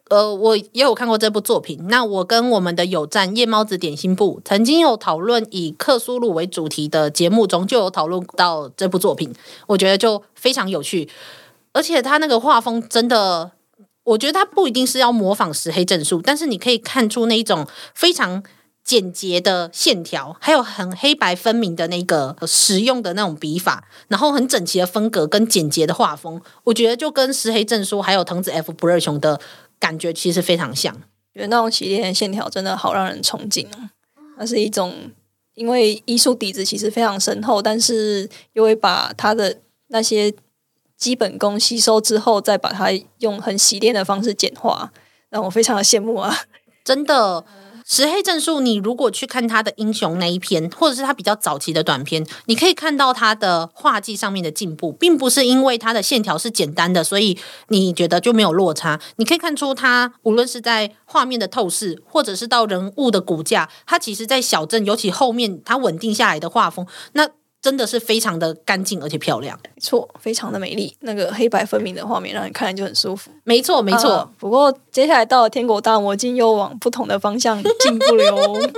呃，我也有看過這部作品。那我跟我們的友站夜貓子點心部曾經有討論以克蘇魯為主題的節目中就有討論到這部作品，我覺得就非常有趣。而且他那個畫風真的，我覺得他不一定是要模仿石黑正數，但是你可以看出那一種非常簡潔的線條，還有很黑白分明的那個實用的那種筆法，然後很整齊的風格跟簡潔的畫風，我覺得就跟石黑正數還有藤子 F 不二雄的。感覺其實非常像，覺得那種洗練的線條真的好讓人憧憬。那是一種，因為藝術底子其實非常深厚，但是又會把他的那些基本功吸收之後，再把它用很洗練的方式簡化，讓我非常的羨慕啊！真的。石黑正數你如果去看他的英雄那一篇，或者是他比較早期的短篇，你可以看到他的畫技上面的進步，並不是因為他的線條是簡單的，所以你覺得就沒有落差。你可以看出他無論是在畫面的透視，或者是到人物的骨架，他其實在小鎮，尤其後面他穩定下來的畫風，那。真的是非常的乾淨而且漂亮。沒錯，非常的美麗。那個黑白分明的畫面，讓你看來就很舒服。沒錯，沒錯、啊。不過接下來到了《天國大魔境》，又往不同的方向進步了、哦。 《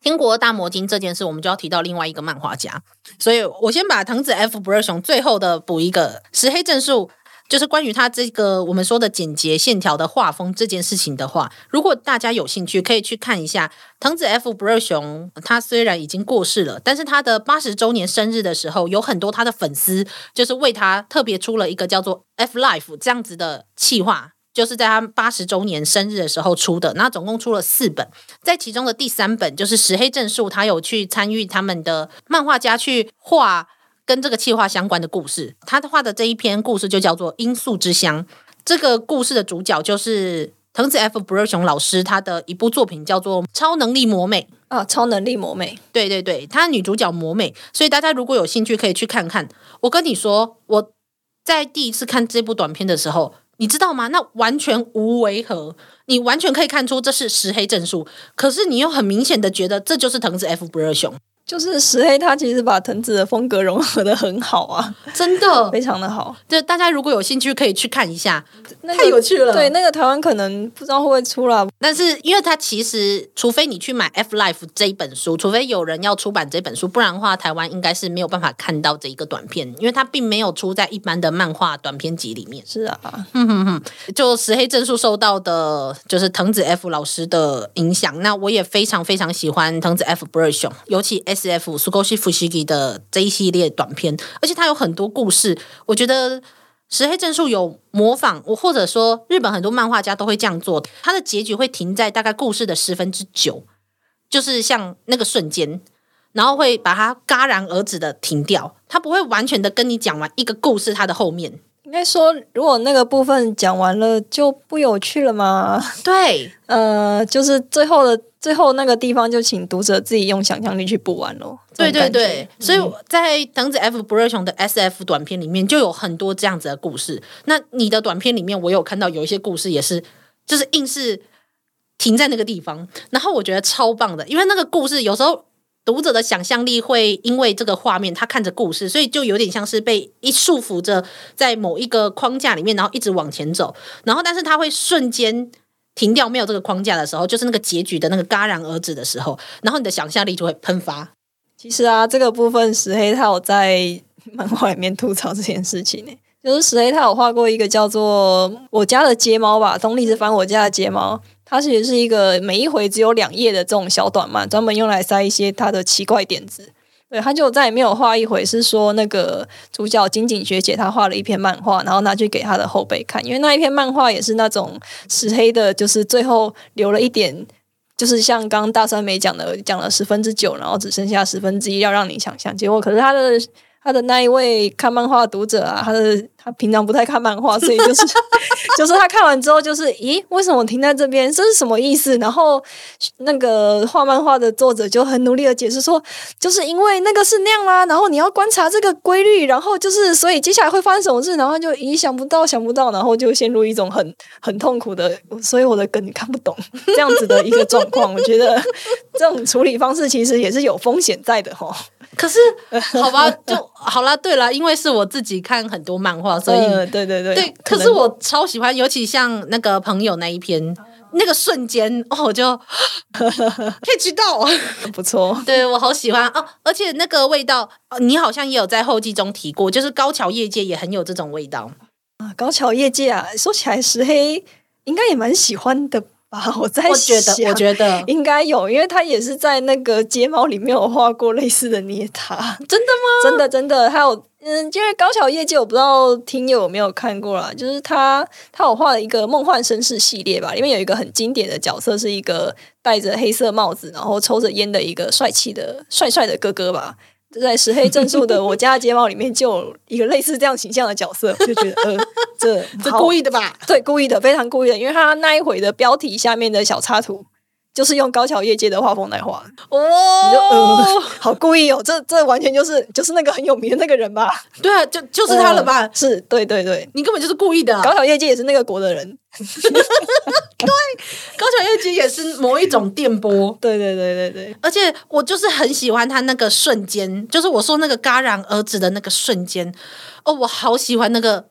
天國大魔境》這件事，我們就要提到另外一個漫畫家，所以我先把藤子 F 不二雄最後的補一個石黑正數。就是關於他這個我們說的簡潔線條的畫風這件事情的話，如果大家有興趣，可以去看一下藤子 F 不二雄。他雖然已經過世了，但是他的八十周年生日的時候，有很多他的粉絲就是為他特別出了一個叫做 F Life 這樣子的企劃，就是在他八十周年生日的時候出的。那總共出了四本，在其中的第三本就是石黑正數，他有去參與他們的漫畫家去畫。跟這個企劃相關的故事，他畫的這一篇故事就叫做《音速之箱》。這個故事的主角就是藤子 F 不二雄老師，他的一部作品叫做《超能力魔美》啊，哦《超能力魔美》。對對對，他女主角魔美，所以大家如果有興趣，可以去看看。我跟你說，我在第一次看這部短片的時候，你知道嗎？那完全無違和，你完全可以看出這是石黑正數。可是你又很明顯的覺得這就是藤子 F 不二雄。就是石黑他其實把藤子的風格融合得很好啊，真的非常的好。就大家如果有興趣可以去看一下，太有趣了。對，那個台灣可能不知道會不會出來，但是因為他其實除非你去買《F Life》這一本書，除非有人要出版這本書，不然的話台灣應該是沒有辦法看到這一個短篇，因為他並沒有出在一般的漫畫短篇集裡面。是啊，嗯嗯嗯，就石黑正數受到的就是藤子 F 老師的影響，那我也非常非常喜歡藤子 F 不二雄，尤其。SF 蘇狗西弗西吉的這一系列短片，而且他有很多故事。我覺得石黑正數有模仿我，或者說日本很多漫畫家都會這樣做。他的結局會停在大概故事的十分之九，就是像那個瞬間，然後會把它戛然而止的停掉。他不會完全的跟你講完一個故事，它的後面應該說，如果那個部分講完了，就不有趣了嗎？對，呃，就是最後的。最後那個地方就請讀者自己用想象力去補完咯。對對對，嗯，所以在藤子 F 不二雄的 SF 短片裡面就有很多這樣子的故事。那你的短片裡面，我有看到有一些故事也是，就是硬是停在那個地方。然後我覺得超棒的，因為那個故事有時候讀者的想象力會因為這個畫面，他看着故事，所以就有點像是被一束縛着在某一個框架裡面，然後一直往前走。然後但是他會瞬間。停掉沒有這個框架的時候，就是那個結局的那個戛然而止的時候，然後你的想象力就會噴發。其實啊，這個部分石黑他有在漫畫裡面吐槽這件事情呢，就是石黑他有畫過一個叫做《我家的街貓》吧，東立是翻我家的街貓，它其實是一個每一回只有兩頁的這種小短漫，專門用來塞一些它的奇怪點子。對，他就再也沒有畫一回。是說那個主角金井學姐，她畫了一篇漫畫，然後拿去給她的後輩看。因為那一篇漫畫也是那種石黑的，就是最後留了一點，就是像剛，剛大酸梅講的，講了十分之九，然後只剩下十分之一要讓你想象。結果可是他的他的那一位看漫畫讀者啊，他的。他平常不太看漫畫，所以就是 就是他看完之後就是，咦，為什麼停在這邊？這是什麼意思？然後那個畫漫畫的作者就很努力的解釋說，就是因為那個是那樣啦。然後你要觀察這個規律，然後就是，所以接下來會發生什麼事？然後就意想不到，想不到，然後就陷入一種很很痛苦的。所以我的梗你看不懂，這樣子的一個狀況， 我覺得這種處理方式其實也是有風險在的哈。可是 好吧，就。 好了，對了，因為是我自己看很多漫畫，所以、呃、對對對對，可，可是我超喜歡，尤其像那個朋友那一篇，那個瞬間，哦，、我就可以知道， 不錯，對，我好喜歡哦。而且那個味道，哦，、你好像也有在後記中提過，就是高橋業界也很有這種味道，啊、高橋業界啊，說起來石黑應該也蠻喜歡的。我在我覺得，我覺得應該有，因為他也是在那個《睫毛》裡面有畫過類似的捏他，真的嗎？真的真的，還有嗯，因為高橋葉介，我不知道聽友有沒有看過啦，就是他他有畫了一個《夢幻紳士》系列吧，因為有一個很經典的角色，是一個戴着黑色帽子，然後抽着煙的一個帥氣的帥帥的哥哥吧。在石黑正數的我家的街貓裡面，就有一個類似這樣形象的角色， 就覺得呃，這這故意的吧？對，故意的，非常故意的，因為他那一回的標題下面的小插圖，就是用高橋葉介的畫風來畫哦，呃，好故意哦，這這完全就是就是那個很有名的那個人吧？對啊，就就是他了吧？呃、是，對，對對對，你根本就是故意的、啊，高橋葉介也是那個國的人。 對，高橋葉介也是某一種電波。 對，對對對對對，而且我就是很喜歡他那個瞬間，就是我說那個戛然而止的那個瞬間。哦，我好喜歡那個。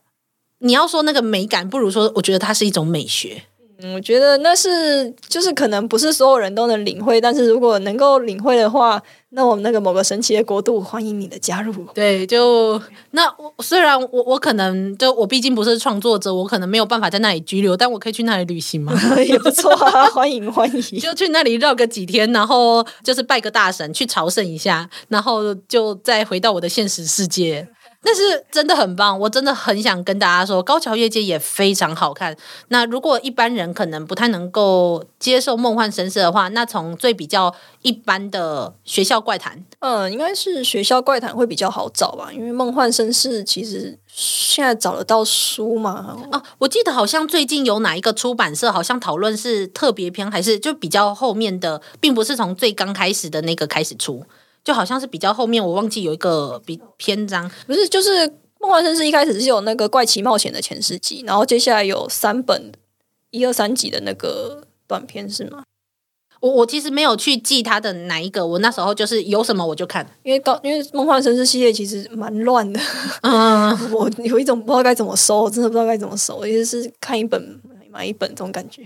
你要說那個美感，不如說我覺得它是一種美學。嗯，我覺得那是就是可能不是所有人都能領會，但是如果能夠領會的話，那我們那個某個神奇的國度歡迎你的加入。對，就那我雖然我我可能就我畢竟不是創作者，我可能沒有辦法在那裡居留，但我可以去那裡旅行嘛。也不錯啊， 歡迎歡迎，就去那裡繞個幾天，然後就是拜個大神，去朝聖一下，然後就再回到我的現實世界。但是真的很棒，我真的很想跟大家說，高橋葉介也非常好看。那如果一般人可能不太能夠接受《夢幻紳士》的話，那從最比較一般的《學校怪談》嗯，應該是《學校怪談》會比較好找吧？因為《夢幻紳士》其實現在找得到書嘛。啊，我記得好像最近有哪一個出版社好像討論是特別篇，還是就比較後面的，並不是從最剛開始的那個開始出。就好像是比較後面，我忘記有一個比篇章，不是就是《夢幻紳士》。一開始是有那個怪奇冒險的前十集，然後接下來有三本一二三集的那個短篇，是嗎？我我其實沒有去記它的哪一個，我那時候就是有什麼我就看，因為剛因為《夢幻紳士》系列其實蠻亂的， 我有一種不知道該怎麼收，我真的不知道該怎麼收，我就是看一本買一本這種感覺，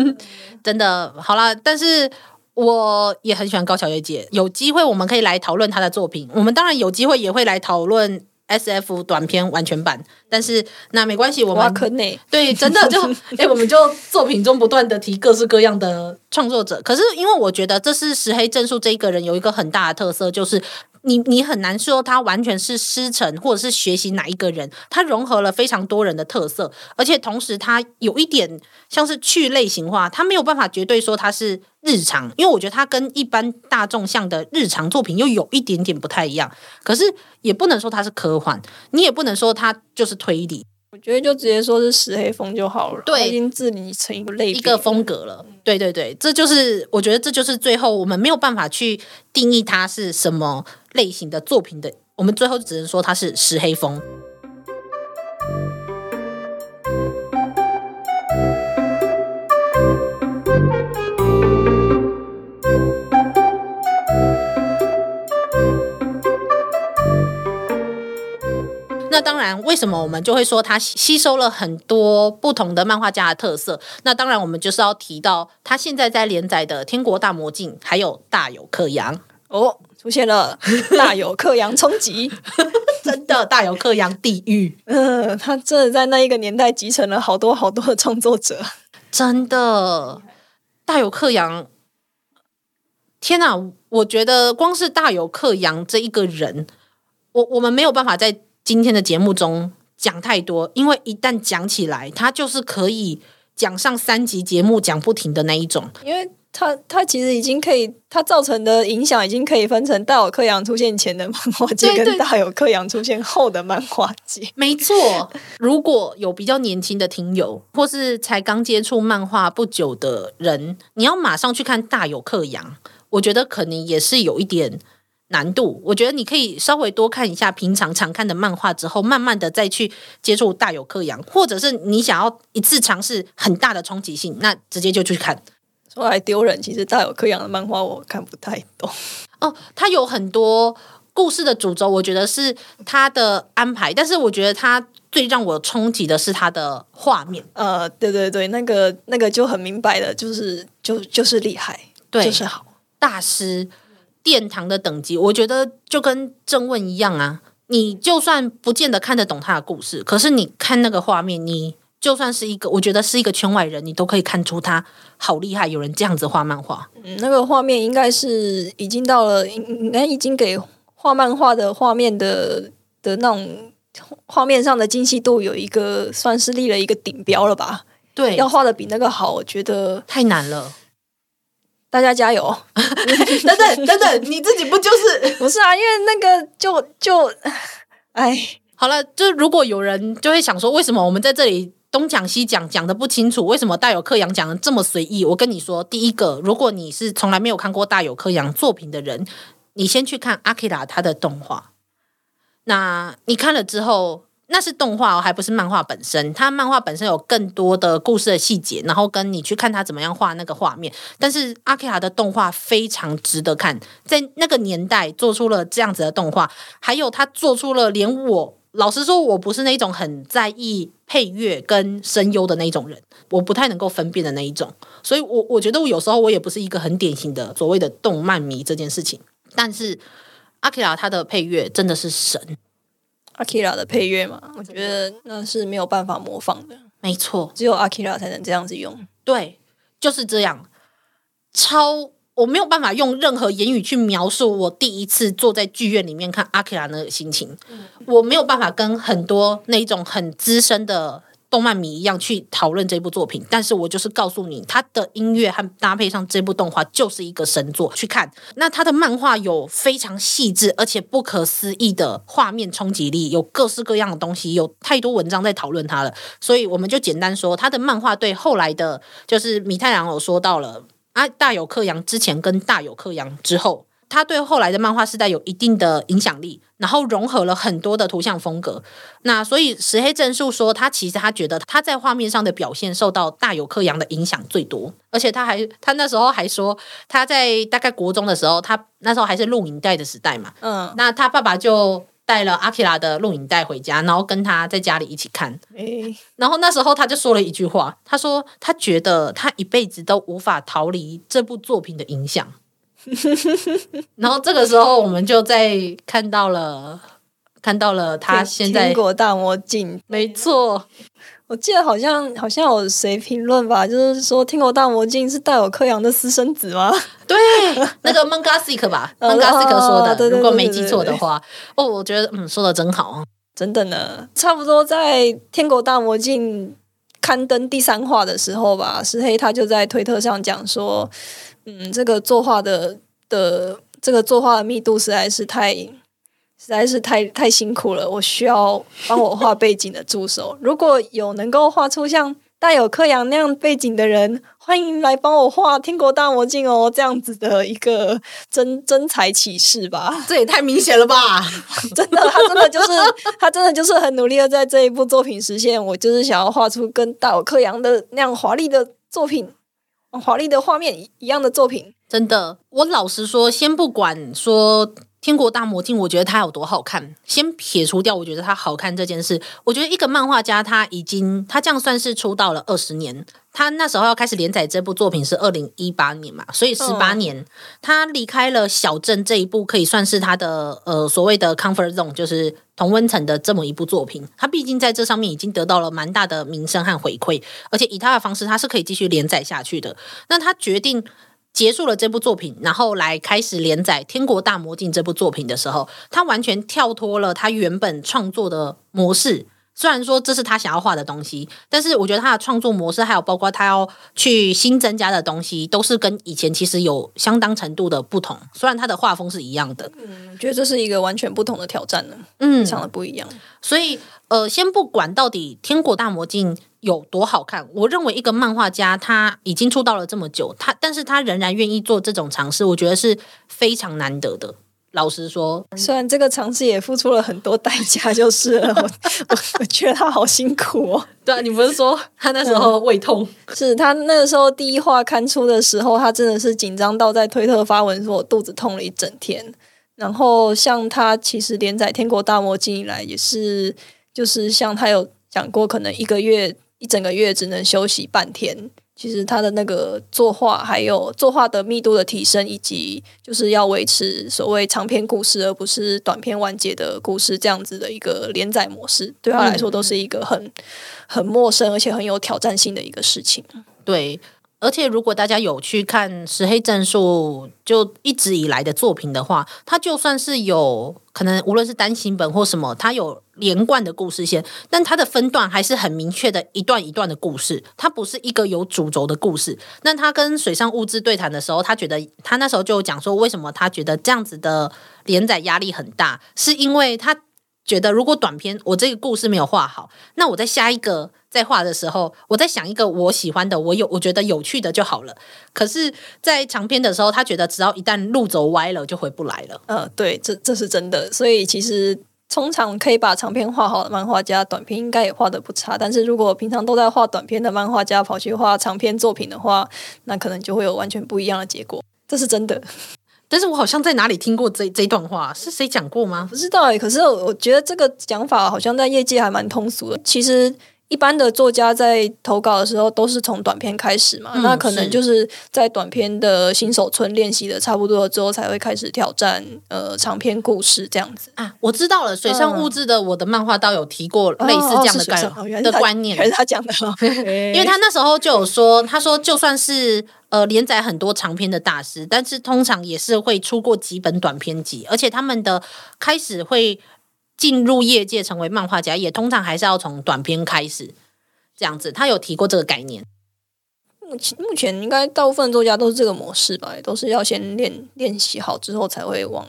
真的好啦，但是。我也很喜歡高橋葉介，有機會我們可以來討論他的作品。我們當然有機會也會來討論 S F 短篇完全版，但是那沒關係，我們我對真的就哎、 欸，我們就作品中不斷的提各式各樣的創作者。可是因為我覺得，這是石黑正數這一個人有一個很大的特色，就是。你你很難說他完全是師承或者是學習哪一個人，他融合了非常多人的特色，而且同時他有一點像是去類型化，他沒有辦法絕對說他是日常，因為我覺得他跟一般大眾向的日常作品又有一點點不太一樣，可是也不能說他是科幻，你也不能說他就是推理。我覺得就直接說是石黑風就好了，對，已經自立成一個類一個風格了。對對對，這就是我覺得這就是最後我們沒有辦法去定義它是什麼類型的作品的，我們最後只能說它是石黑風。那當然，為什麼我們就會說他吸收了很多不同的漫畫家的特色？那當然，我們就是要提到他現在在連載的《天國大魔境》，還有大友克洋哦，出現了 大友克洋衝擊， 真的大友克洋地獄，嗯，他真的在那一個年代集成了好多好多的創作者，真的大友克洋，天哪，啊！我覺得光是大友克洋這一個人，我我們沒有辦法在今天的節目中講太多，因為一旦講起來，它就是可以講上三集節目講不停的那一種。因為它它其實已經可以，它造成的影響已經可以分成大友克洋出現前的漫畫界跟大友克洋出現後的漫畫界。沒錯， 如果有比較年輕的聽友，或是才剛接觸漫畫不久的人，你要馬上去看大友克洋，我覺得可能也是有一點。難度，我覺得你可以稍微多看一下平常常看的漫畫，之後慢慢的再去接觸大友克洋，或者是你想要一次嘗試很大的衝擊性，那直接就去看。說來丟人，其實大友克洋的漫畫我看不太懂哦。他有很多故事的主軸，我覺得是他的安排，但是我覺得他最讓我衝擊的是他的畫面。呃，對對對，那個那個就很明白的，就是就就是厲害，對，就是好大師。殿堂的等級，我覺得就跟鄭問一樣啊。你就算不見得看得懂他的故事，可是你看那個畫面，你就算是一個，我覺得是一個圈外人，你都可以看出他好厲害。有人這樣子畫漫畫，嗯，那個畫面應該是已經到了，應該已經給畫漫畫的畫面的的那種畫面上的精細度有一個，算是立了一個頂標了吧？對，要畫得比那個好，我覺得太難了。大家加油！ 等等等等，你自己不就是 不是啊？因為那個就就哎，好了，就如果有人就會想說，為什麼我們在這裡東講西講，講的不清楚？為什麼大友克洋講的這麼隨意？我跟你說，第一個，如果你是從來沒有看過大友克洋作品的人，你先去看阿基拉他的動畫，那你看了之後，那是動畫還不是漫畫本身。它漫畫本身有更多的故事的細節，然後跟你去看他怎麼樣畫那個畫面。但是 AKIRA 的動畫非常值得看，在那個年代做出了這樣子的動畫，還有他做出了連我老實說，我不是那種很在意配樂跟聲優的那一種人，我不太能夠分辨的那一種。所以我我覺得我有時候我也不是一個很典型的所謂的動漫迷這件事情。但是 AKIRA 他的配樂真的是神。阿 AKIRA 的配樂嘛，我覺得那是沒有辦法模仿的。沒錯，只有阿 AKIRA 才能這樣子用。對，就是這樣，超我沒有辦法用任何言語去描述我第一次坐在劇院裡面看阿 AKIRA 那個心情，嗯。我沒有辦法跟很多那種很資深的。動漫迷一樣去討論這部作品，但是我就是告訴你，他的音樂和搭配上這部動畫就是一個神作。去看那他的漫畫有非常細致而且不可思議的畫面衝擊力，有各式各樣的東西，有太多文章在討論它了。所以我們就簡單說，他的漫畫對後來的，就是米太郎有說到了啊，大友克洋之前跟大友克洋之後。他對後來的漫畫時代有一定的影響力，然後融合了很多的圖像風格。那所以石黑正數說，他其實他覺得他在畫面上的表現受到大友克洋的影響最多，而且他還他那時候還說，他在大概國中的時候，他那時候還是錄影帶的時代嘛，嗯，那他爸爸就帶了阿基拉的錄影帶回家，然後跟他在家裡一起看，誒、欸，然後那時候他就說了一句話，他說他覺得他一輩子都無法逃離這部作品的影響。 然後這個時候，我們就在看到了 看到了他現在天國大魔境，沒錯，我記得好像好像有誰評論吧，就是說天國大魔境是大友克洋的私生子嗎？對， 那個 Mangasick 吧，Mangasick 說的， 如果沒記錯的話。 哦，我覺得嗯，說的真好，真的呢。差不多在《天國大魔境》刊登第三話的時候吧，石黑他就在推特上講說。嗯，這個作畫的的這個作畫的密度實在是太，實在是太太辛苦了。我需要幫我畫背景的助手， 如果有能夠畫出像大友克洋那樣背景的人，歡迎來幫我畫《天國大魔境》哦，這樣子的一個真真才啟示吧。這也太明顯了吧！ 真的，他真的就是他真的就是很努力的在這一部作品實現。我就是想要畫出跟大友克洋的那樣華麗的作品。華麗的畫面一樣的作品，真的。我老實說，先不管說。《天國大魔境》，我覺得它有多好看。先撇除掉，我覺得它好看這件事，我覺得一個漫畫家他已經他這樣算是出道了二十年。他那時候要開始連載這部作品是二零一八年嘛，所以十八年、哦、他離開了小鎮這一部，可以算是他的呃所謂的 comfort zone，就是同溫層的這麼一部作品。他畢竟在這上面已經得到了蠻大的名聲和回饋，而且以他的方式，他是可以繼續連載下去的。那他決定，結束了這部作品，然後來開始連載《天國大魔境》這部作品的時候，他完全跳脫了他原本創作的模式。雖然說這是他想要畫的東西，但是我覺得他的創作模式還有包括他要去新增加的東西，都是跟以前其實有相當程度的不同。雖然他的畫風是一樣的，嗯，覺得這是一個完全不同的挑戰呢。嗯，想的不一樣。所以呃，先不管到底《天國大魔境》有多好看，我認為一個漫畫家他已經出道了這麼久，他但是他仍然願意做這種嘗試，我覺得是非常難得的。老實說，雖然這個嘗試也付出了很多代價，就是 我我覺得他好辛苦哦。對啊，你不是說他那時候胃痛？ 是他那個時候第一話刊出的時候，他真的是緊張到在推特發文說：“我肚子痛了一整天。”然後像他其實連載《天國大魔境》以來，也是就是像他有講過，可能一個月一整個月只能休息半天。其實他的那個作畫，還有作畫的密度的提升，以及就是要維持所謂長篇故事，而不是短篇完結的故事這樣子的一個連載模式，對他來說都是一個很、嗯、很陌生而且很有挑戰性的一個事情。對。而且，如果大家有去看石黑正數就一直以來的作品的話，他就算是有可能，無論是單行本或什麼，他有連貫的故事線，但他的分段還是很明確的，一段一段的故事，它不是一個有主軸的故事。那他跟水上悟志對談的時候，他覺得他那時候就講說，為什麼他覺得這樣子的連載壓力很大，是因為他覺得如果短篇我這個故事沒有畫好，那我在下一個。在畫的時候，我在想一個我喜歡的，我有我覺得有趣的就好了。可是，在長篇的時候，他覺得只要一旦路走歪了，就回不來了。呃，對，這這是真的。所以，其實通常可以把長篇畫好的漫畫家，短篇應該也畫得不差。但是如果平常都在畫短篇的漫畫家，跑去畫長篇作品的話，那可能就會有完全不一樣的結果。這是真的。但是我好像在哪裡聽過這這段話，是誰講過嗎？不知道哎。可是我我覺得這個講法好像在業界還蠻通俗的。其實。一般的作家在投稿的時候都是從短篇開始嘛，嗯、那可能就是在短篇的新手村練習的差不多了之後，才會開始挑戰呃長篇故事這樣子啊。我知道了，水上悟志的我的漫畫倒有提過類似這樣的概、哦哦、的，概的觀念，是他講的、哦， 因為他那時候就有說，他說就算是呃連載很多長篇的大師，但是通常也是會出過幾本短篇集，而且他們的開始會。進入業界成為漫畫家，也通常還是要從短篇開始，這樣子。他有提過這個概念。目前目前，應該大部分作家都是這個模式吧，都是要先練練習好之後，才會往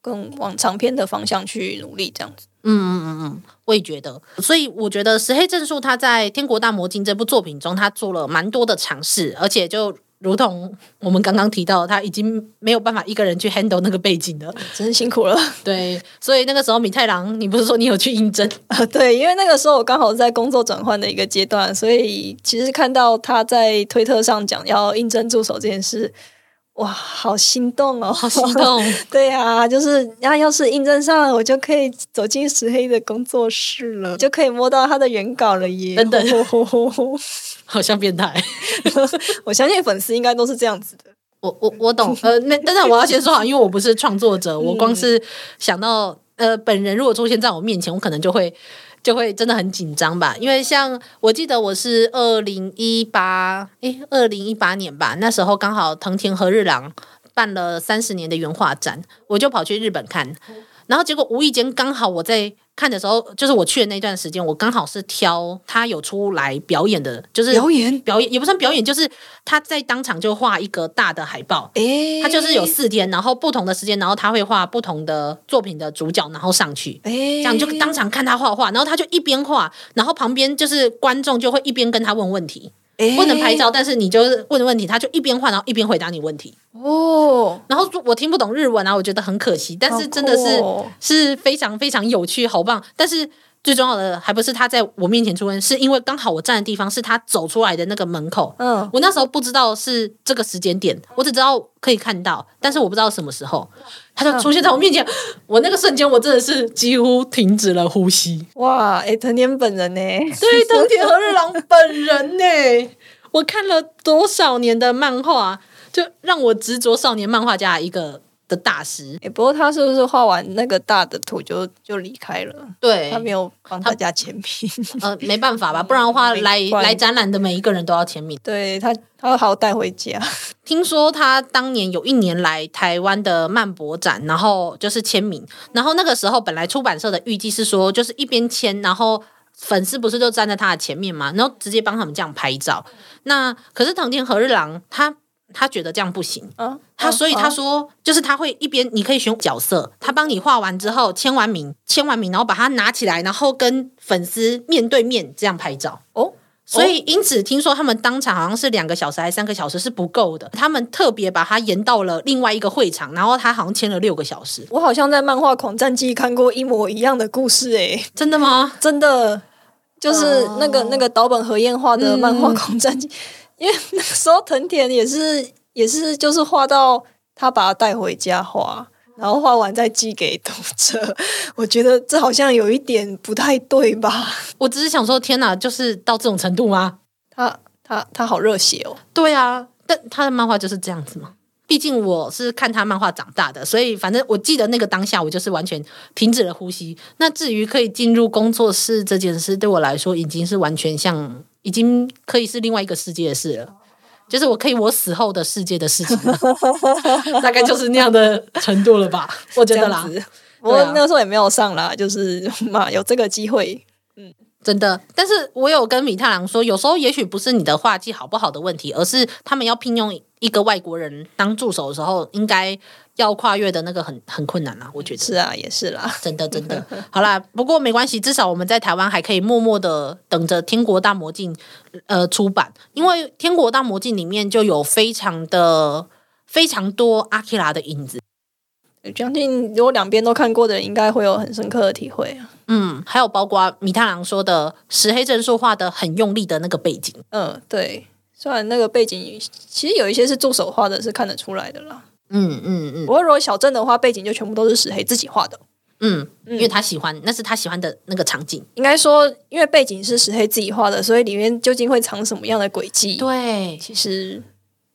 更往長篇的方向去努力，這樣子。嗯嗯嗯嗯，我也覺得。所以我覺得石黑正數他在《天國大魔境》這部作品中，他做了蠻多的嘗試，而且就。如同我們剛剛提到，他已經沒有辦法一個人去 handle 那個背景了，嗯、真是辛苦了。對，所以那個時候米太郎，你不是說你有去應徵？啊、對，因為那個時候我剛好在工作轉換的一個階段，所以其實看到他在推特上講要應徵助手這件事，哇，好心動哦！好心動。 對啊，就是那要是應徵上了，我就可以走進石黑的工作室了，就可以摸到他的原稿了耶！等、嗯、等。呵呵呵呵 好像變態 我相信粉絲應該都是這樣子的我。我我我懂，呃，那但是我要先說好，因為我不是創作者，我光是想到，呃，本人如果出現在我面前，我可能就會就會真的很緊張吧。因為像我記得我是二零一八，誒，二零一八年吧，那時候剛好藤田和日郎辦了三十年的原畫展，我就跑去日本看。然後結果無意間，剛好我在看的時候，就是我去的那段時間，我剛好是挑他有出來表演的，就是表演表演，也不算表演，就是他在當場就畫一個大的海報。欸，他就是有四天，然後不同的時間，然後他會畫不同的作品的主角，然後上去，欸，這樣就當場看他畫畫，然後他就一邊畫，然後旁邊就是觀眾就會一邊跟他問問題。不能拍照，但是你就是問的問題，他就一邊換，然後一邊回答你問題哦。然後我聽不懂日文啊，我覺得很可惜，但是真的是、哦、是非常非常有趣，好棒！但是最重要的還不是他在我面前出問，是因為剛好我站的地方是他走出來的那個門口。嗯，我那時候不知道是這個時間點，我只知道可以看到，但是我不知道什麼時候。他就出現在我面前，嗯、我那個瞬間，我真的是幾乎停止了呼吸。哇！欸、藤田本人呢、欸？對，藤田和日郎本人呢、欸？ 我看了多少年的漫畫，就讓我執着少年漫畫家一個的大師，哎、欸，不過他是不是畫完那個大的圖就就離開了？對，他沒有幫大家簽名。呃，沒辦法吧，不然的話，來來展覽的每一個人都要簽名。對他，他好帶回家。聽說他當年有一年來台灣的漫博展，然後就是簽名，然後那個時候本來出版社的預計是說，就是一邊簽，然後粉絲不是就站在他的前面嘛，然後直接幫他們這樣拍照。那可是藤田和日郎他。他覺得這樣不行，哦、他所以他說，就是他會一邊你可以選角色，哦、他幫你畫完之後簽完名，簽完名然後把它拿起來，然後跟粉絲面對面這樣拍照哦。所以因此聽說他們當場好像是兩個小時還三個小時是不夠的、哦，他們特別把它延到了另外一個會場，然後他好像簽了六個小時。我好像在《漫畫狂戰記》看過一模一樣的故事、欸，哎，真的嗎？ 真的就是那個、哦、那個島本和彥畫的《漫畫狂戰記》嗯。因為那時候藤田也是也是就是畫到他把他帶回家畫，然後畫完再寄給讀者。我覺得這好像有一點不太對吧？我只是想說，天吶，就是到這種程度嗎？他他他好熱血哦！對啊，但他的漫畫就是這樣子嘛。畢竟我是看他漫畫長大的，所以反正我記得那個當下，我就是完全停止了呼吸。那至於可以進入工作室這件事，對我來說已經是完全像。已經可以是另外一個世界的事了，就是我可以我死後的世界的事情， 大概就是那樣的程度了吧？ 我覺得啦，我那個時候也沒有上啦，啊、就是嘛，有這個機會，嗯，真的。但是我有跟米太郎說，有時候也許不是你的畫技好不好的問題，而是他們要聘用一個外國人當助手的時候，應該。要跨越的那個很很困難啊，我覺得是啊，也是啦，真的真的。好啦，不過沒關係，至少我們在台灣還可以默默的等着《天國大魔境》呃出版，因為《天國大魔境》裡面就有非常的非常多阿基拉的影子。呃、將近如果兩邊都看過的人，應該會有很深刻的體會，啊、嗯，還有包括米太郎說的石黑正數畫的很用力的那個背景。嗯，對，雖然那個背景其實有一些是助手畫的，是看得出來的啦。嗯嗯嗯，不過如果小鎮的話，背景就全部都是石黑自己畫的。嗯，因為他喜歡、嗯，那是他喜歡的那個場景。應該說，因為背景是石黑自己畫的，所以裡面究竟會藏什麼樣的詭計？對，其實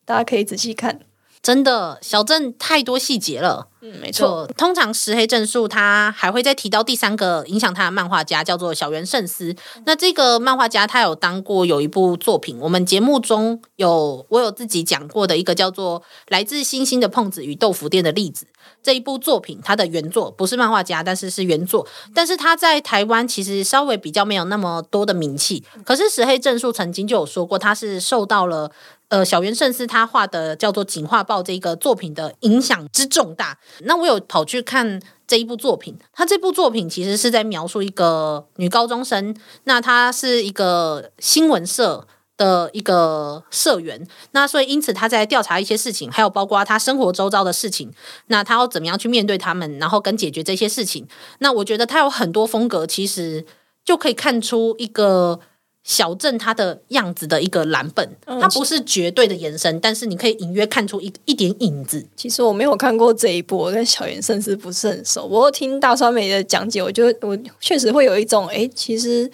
大家可以仔細看。真的，小鎮太多細節了。嗯，沒錯。通常石黑正數他還會再提到第三個影響他的漫畫家，叫做小原慎司。那這個漫畫家他有當過有一部作品，我們節目中有我有自己講過的一個叫做《來自星星的碰子與豆腐店》的例子。這一部作品，他的原作不是漫畫家，但是是原作。但是他在台灣其實稍微比較沒有那麼多的名氣。可是石黑正數曾經就有說過，他是受到了。呃，小原慎司他畫的叫做《菫畫報》這個作品的影響之重大，那我有跑去看這一部作品。他這部作品其實是在描述一個女高中生，那她是一個新聞社的一個社員，那所以因此她在調查一些事情，還有包括她生活周遭的事情，那她要怎麼樣去面對他們，然後跟解決這些事情。那我覺得他有很多風格，其實就可以看出一個。小鎮它的樣子的一個藍本，它不是絕對的延伸，但是你可以隱約看出一一點影子。其實我沒有看過這一部，跟小袁，甚至不是很熟。我聽大川美的講解，我就我確實會有一種，誒、欸，其實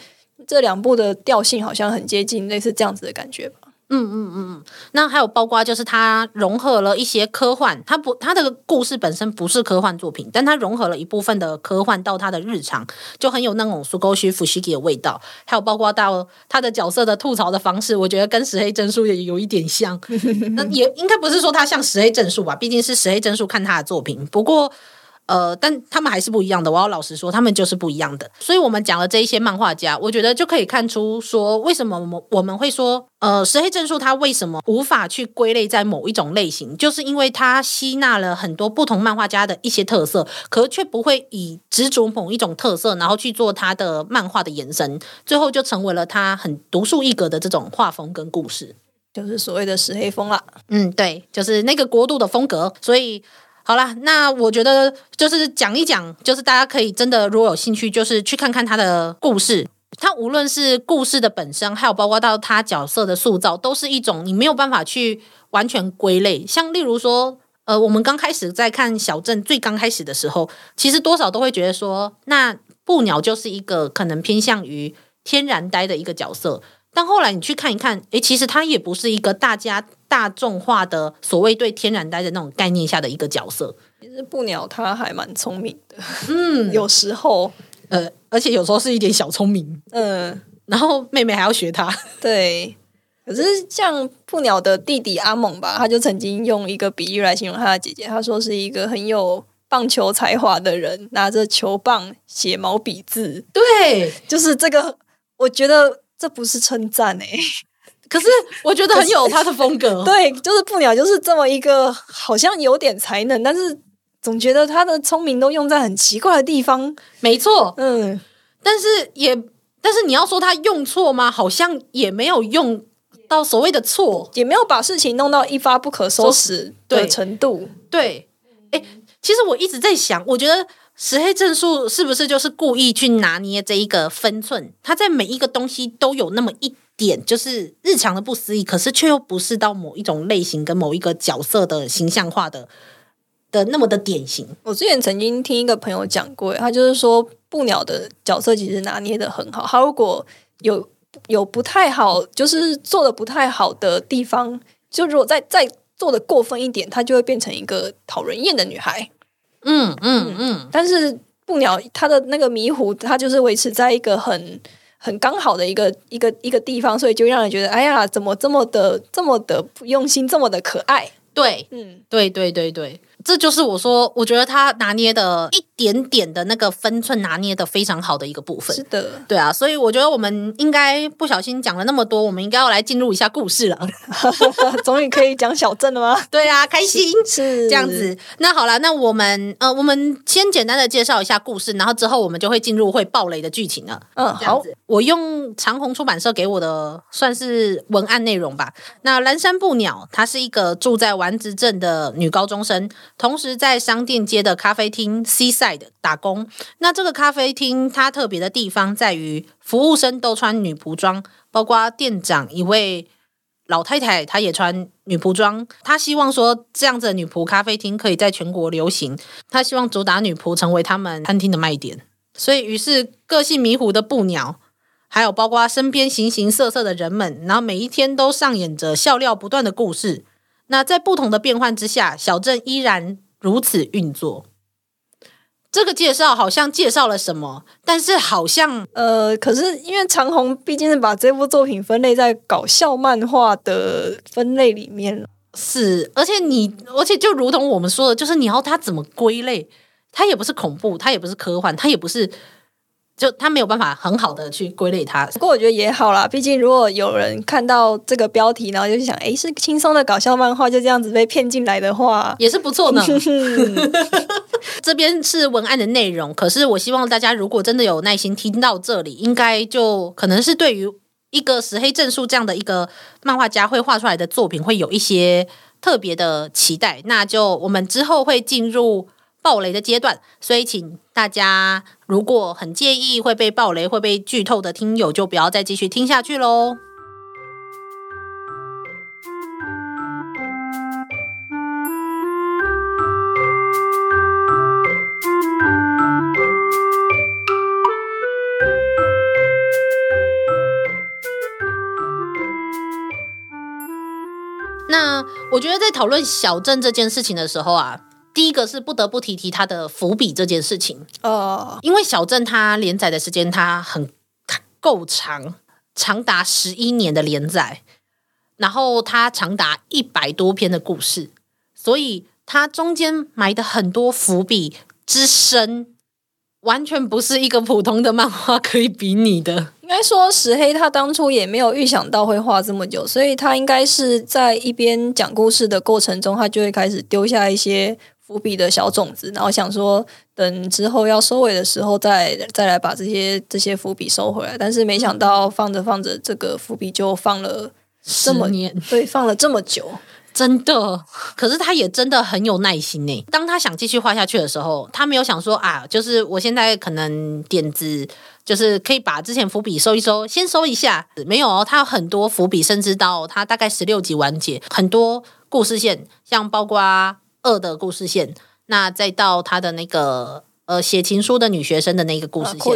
這兩部的調性好像很接近，類似這樣子的感覺吧。嗯嗯嗯嗯，那還有包括就是他融合了一些科幻，他不，他的故事本身不是科幻作品，但他融合了一部分的科幻到他的日常，就很有那種《Sukoshi Fushigi》的味道。還有包括到他的角色的吐槽的方式，我覺得跟石黑正數也有一點像。 那也應該不是說他像石黑正數吧，畢竟是石黑正數看他的作品。不過。呃，但他們還是不一樣的。我要老實說，他們就是不一樣的。所以，我們講了這一些漫畫家，我覺得就可以看出說，為什麼我們會說，呃，石黑正數他為什麼無法去歸類在某一種類型，就是因為他吸納了很多不同漫畫家的一些特色，可卻不會以執着某一種特色，然後去做他的漫畫的延伸，最後就成為了他很獨樹一格的這種畫風跟故事，就是所謂的石黑風了。嗯，對，就是那個國度的風格，所以。好啦，那我覺得就是講一講，就是大家可以真的，如果有興趣，就是去看看他的故事。他無論是故事的本身，還有包括到他角色的塑造，都是一種你沒有辦法去完全歸類。像例如說，呃，我們剛開始在看《小鎮》最剛開始的時候，其實多少都會覺得說，那步鳥就是一個可能偏向於天然呆的一個角色。但後來你去看一看，誒，其實他也不是一個大家，大眾化的所謂對天然呆的那種概念下的一個角色，其實步鳥他還蠻聰明的，嗯，有時候，呃，而且有時候是一點小聰明，嗯，然後妹妹還要學他，嗯，對，可是像步鳥的弟弟阿猛吧，他就曾經用一個比喻來形容他的姐姐，他說是一個很有棒球才華的人，拿着球棒寫毛筆字，對，嗯，就是這個，我覺得這不是稱讚誒、欸。 可是我覺得很有他的風格， 對，就是步鳥，就是這麼一個好像有點才能，但是總覺得他的聰明都用在很奇怪的地方。沒錯，嗯，但是也，但是你要說他用錯嗎？好像也沒有用到所謂的錯，也沒有把事情弄到一發不可收拾的程度。對，哎、欸，其實我一直在想，我覺得石黑正數是不是就是故意去拿捏這一個分寸？他在每一個東西都有那麼一。點就是日常的不思議，可是卻又不是到某一種類型跟某一個角色的形象化的的那麼的典型。我之前曾經聽一個朋友講過，他就是說布鳥的角色其實拿捏得很好。他如果有有不太好，就是做的不太好的地方，就如果再再做的過分一點，他就會變成一個討人厭的女孩。嗯嗯嗯，嗯。但是布鳥她的那個迷糊，她就是維持在一個很。很剛好的一個一個一個地方，所以就讓人覺得，哎呀，怎麼這麼的這麼的用心，這麼的可愛？對，嗯，對對對對。這就是我說，我覺得他拿捏的一點點的那個分寸拿捏的非常好的一個部分。是的，對啊，所以我覺得我們應該不小心講了那麼多，我們應該要來進入一下故事了。 終於可以講小鎮了嗎？對啊，開心。是，這樣子。那好了，那我們呃，我們先簡單的介紹一下故事，然後之後我們就會進入會爆雷的劇情了。嗯、呃，好，我用長鴻出版社給我的算是文案內容吧。那嵐山步鳥，她是一個住在丸子鎮的女高中生。同時，在商店街的咖啡廳 Seaside 打工。那這個咖啡廳它特別的地方在於，服務生都穿女僕裝，包括店長一位老太太，她也穿女僕裝。她希望說，這樣子的女僕咖啡廳可以在全國流行。她希望主打女僕成為他們餐廳的賣點。所以，於是個性迷糊的布鳥，還有包括身邊形形色色的人們，然後每一天都上演着笑料不斷的故事。那在不同的變換之下，小鎮依然如此運作。這個介紹好像介紹了什麼？但是好像呃，可是因為長鴻畢竟是把這部作品分類在搞笑漫畫的分類裡面了。是，而且你，而且就如同我們說的，就是你要它怎麼歸類，它也不是恐怖，它也不是科幻，它也不是。就他沒有辦法很好的去歸類它，不過我覺得也好啦。畢竟如果有人看到這個標題，然後就想，誒，是輕鬆的搞笑漫畫，就這樣子被騙進來的話，也是不錯呢。 這邊是文案的內容，可是我希望大家如果真的有耐心聽到這裡，應該就可能是對於一個石黑正數這樣的一個漫畫家會畫出來的作品，會有一些特別的期待。那就我們之後會進入暴雷的階段，所以請大家如果很介意會被暴雷，會被劇透的聽友，就不要再繼續聽下去嘍。那我覺得在討論小鎮這件事情的時候啊。第一個是不得不提提他的伏筆這件事情哦，因為小鎮他連載的時間它很夠長，長達十一年的連載，然後他長達一百多篇的故事，所以他中間埋的很多伏筆之深，完全不是一個普通的漫畫可以比擬的。應該說石黑他當初也沒有預想到會畫這麼久，所以他應該是在一邊講故事的過程中，他就會開始丟下一些。伏筆的小種子，然後想說等之後要收尾的時候再再來把這些這些伏筆收回來，但是沒想到放着放着，這個伏筆就放了十年，對，放了這麼久，真的。 可是他也真的很有耐心誒。當他想繼續畫下去的時候，他沒有想說啊，就是我現在可能點子就是可以把之前伏筆收一收，先收一下。沒有哦，他有很多伏筆，甚至到他大概十六集完結，很多故事線，像包括。二的故事線，那再到他的那個呃寫情書的女學生的那個故事線，啊、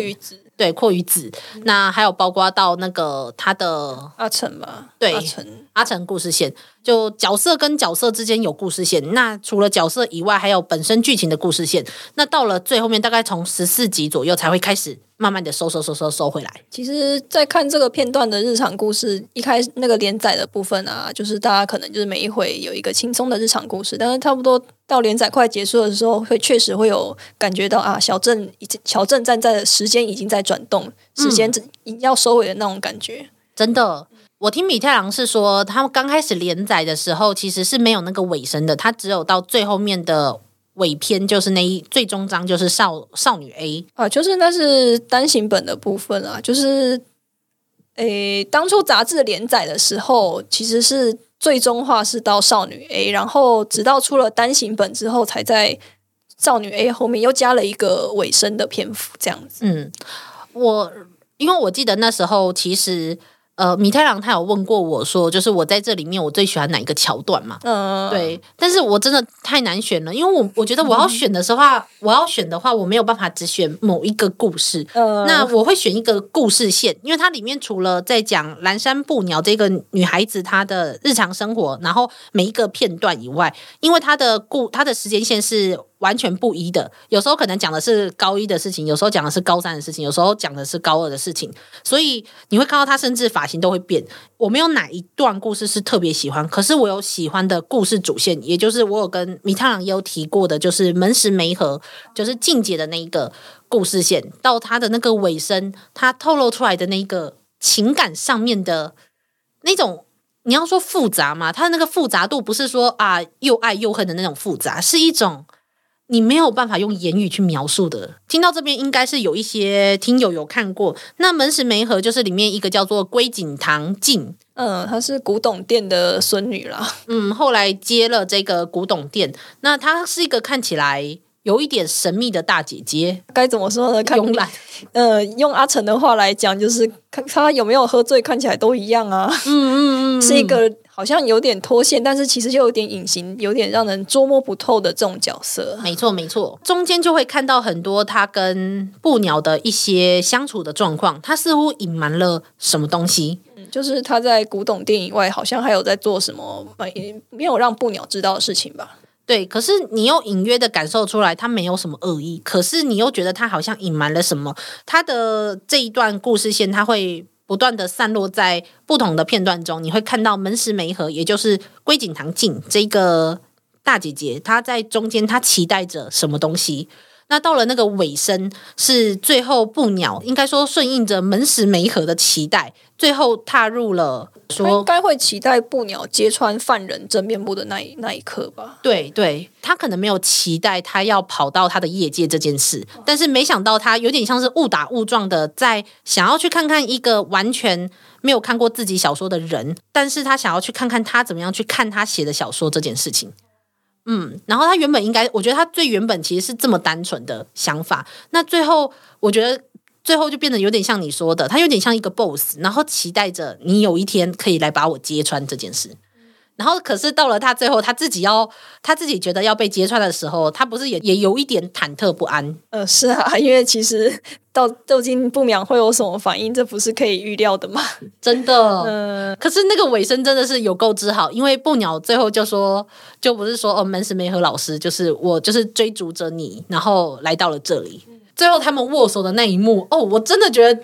對括於子，那還有包括到那個他的、嗯、阿成吧，對阿成阿成故事線，就角色跟角色之間有故事線，那除了角色以外，還有本身劇情的故事線，那到了最後面，大概從十四集左右才會開始。慢慢的收收收收收回來。其實，在看這個片段的日常故事，一開那個連載的部分啊，就是大家可能就是每一回有一個輕鬆的日常故事，但是差不多到連載快結束的時候，會確實會有感覺到啊，小鎮已經小鎮站在的時間已經在轉動，時間已經要收尾的那種感覺、嗯。真的，我聽米太郎是說，他剛開始連載的時候其實是沒有那個尾聲的，他只有到最後面的。尾篇就是那一最終章，就是少少女 A 啊，就是那是單行本的部分啊，就是，誒，當初雜誌連載的時候，其實是最終話是到少女 A，然後直到出了單行本之後，才在少女 A 後面又加了一個尾聲的篇幅，這樣子。嗯，我因為我記得那時候其實。呃，米太郎他有問過我說，就是我在這裡面我最喜歡哪一個橋段嘛？嗯、呃，對，但是我真的太難選了，因為我我覺得我要選的時候、嗯，我要選的話，我沒有辦法只選某一個故事、呃。那我會選一個故事線，因為它裡面除了在講嵐山步鳥這個女孩子她的日常生活，然後每一個片段以外，因為她的故她的時間線是。完全不一的，有時候可能講的是高一的事情，有時候講的是高三的事情，有時候講的是高二的事情，所以你會看到他甚至髮型都會變。我沒有哪一段故事是特別喜歡，可是我有喜歡的故事主線，也就是我有跟米太郎也有提過的就是門石梅和就是靜姐的那一個故事線，到他的那個尾聲，他透露出來的那個情感上面的那種，你要說複雜嘛，他的那個複雜度不是說啊又愛又恨的那種複雜，是一種。你沒有辦法用言語去描述的。聽到這邊應該是有一些聽友有看過那門石梅盒，就是裡面一個叫做龜井堂鏡，嗯，她是古董店的孫女了，嗯，後來接了這個古董店。那她是一個看起來。有一點神秘的大姐姐，該怎麼說呢？看，慵懶。呃，用阿成的話來講，就是看他有沒有喝醉，看起來都一樣啊。嗯嗯嗯，是一個好像有點脫線，但是其實就有點隱形，有點讓人捉摸不透的這種角色。沒錯沒錯，中間就會看到很多他跟布鳥的一些相處的狀況，他似乎隱瞞了什麼東西。嗯，就是他在古董店以外，好像還有在做什麼沒沒有讓布鳥知道的事情吧。對，可是你又隱約的感受出來，他沒有什麼惡意，可是你又覺得他好像隱瞞了什麼。他的這一段故事線，他會不斷的散落在不同的片段中，你會看到門石梅和，也就是龜井堂靜這個大姐姐，她在中間，她期待着什麼東西。那到了那個尾聲，是最後步鳥應該說順應着門石梅和的期待，最後踏入了說應該會期待步鳥揭穿犯人真面目的那一那一刻吧。對，對，他可能沒有期待他要跑到他的業界這件事，但是沒想到他有點像是誤打誤撞的在想要去看看一個完全沒有看過自己小說的人，但是他想要去看看他怎麼樣去看他寫的小說這件事情。嗯，然後他原本應該，我覺得他最原本其實是這麼單純的想法。那最後，我覺得最後就變得有點像你說的，他有點像一個 boss，然後期待着你有一天可以來把我揭穿這件事。然後，可是到了他最後，他自己要，他自己覺得要被揭穿的時候，他不是也也有一點忐忑不安？呃，是啊，因為其實到究竟步鳥會有什麼反應，這不是可以預料的嗎？真的。呃、可是那個尾聲真的是有夠之好，因為步鳥最後就說，就不是說哦，門是梅和老師，就是我，就是追逐着你，然後來到了這裡。最後他們握手的那一幕，哦，我真的覺得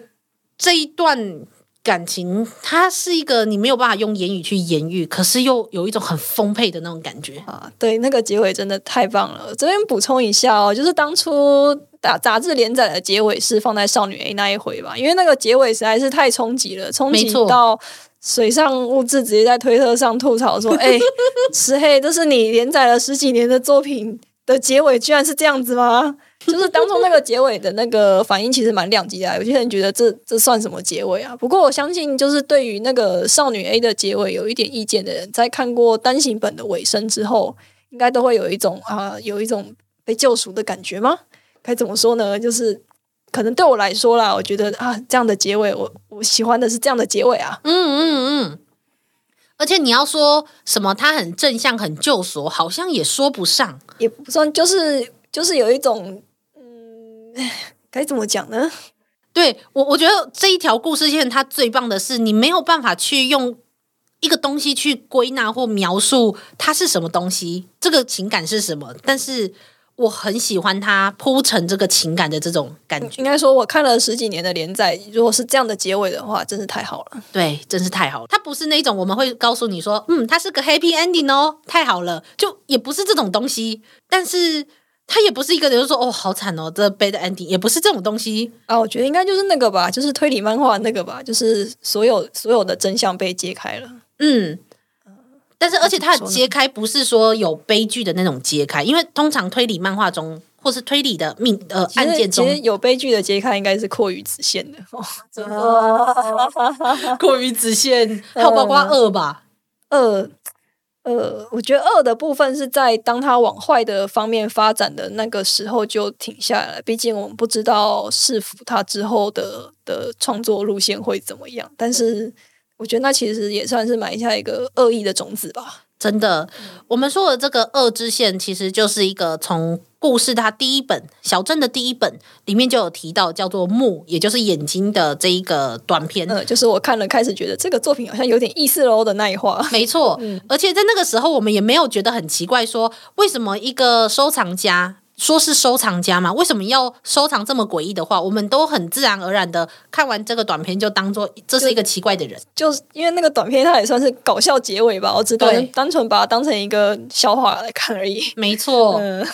這一段。感情，它是一個你沒有辦法用言語去言喻，可是又有一種很豐沛的那種感覺啊！對，那個結尾真的太棒了。這邊補充一下哦，就是當初打雜誌連載的結尾是放在少女 A 那一回吧，因為那個結尾實在是太衝擊了，衝擊到水上悟志直接在推特上吐槽說：“哎，石黑，這是你連載了十幾年的作品。”的結尾居然是這樣子嗎？ 就是當中那個結尾的那個反應其實蠻兩極的，啊。有些人覺得這這算什麼結尾啊？不過我相信，就是對於那個少女 A 的結尾有一點意見的人，在看過單行本的尾聲之後，應該都會有一種啊，有一種被救贖的感覺嗎？該怎麼說呢？就是可能對我來說啦，我覺得啊，這樣的結尾，我我喜歡的是這樣的結尾啊。嗯嗯嗯。嗯而且你要說什麼？他很正向，很救贖，好像也說不上，也不算，就是就是有一種，嗯，該怎麼講呢？對我，我覺得這一條故事線它最棒的是，你沒有辦法去用一個東西去歸納或描述它是什麼東西，這個情感是什麼，但是。我很喜歡他鋪陳這個情感的這種感覺。應該說，我看了十幾年的連載，如果是這樣的結尾的話，真是太好了。對，真是太好了。他不是那種我們會告訴你說，嗯，他是個 happy ending 哦，太好了。就也不是這種東西，但是他也不是一個人，就說，哦，好慘哦，這 bad ending 也不是這種東西啊。我覺得應該就是那個吧，就是推理漫畫那個吧，就是所有所有的真相被揭開了。嗯。但是，而且他的揭開不是說有悲劇的那種揭開，因為通常推理漫畫中或是推理的命呃案件中，其實有悲劇的揭開應該是過於直線的哦，過 於 直線，呃，還有包括二吧，二呃，呃，我覺得二的部分是在當他往壞的方面發展的那個時候就停下來了，畢竟我們不知道是否他之後的的創作路線會怎麼樣，但是。我覺得那其實也算是埋下一個惡意的種子吧。真的，嗯、我們說的這個《惡之線》，其實就是一個從故事它第一本《小鎮》的第一本裡面就有提到，叫做“目”，也就是眼睛的這一個短篇。嗯、呃，就是我看了，開始覺得這個作品好像有點意思嘍的那一話。沒錯，嗯、而且在那個時候，我們也沒有覺得很奇怪，說為什麼一個收藏家。說是收藏家嘛？為什麼要收藏這麼詭異的話？我們都很自然而然的看完這個短片，就當做這是一個奇怪的人。就是因為那個短片，它也算是搞笑結尾吧。我只能單純把它當成一個笑話來看而已。沒錯，呃。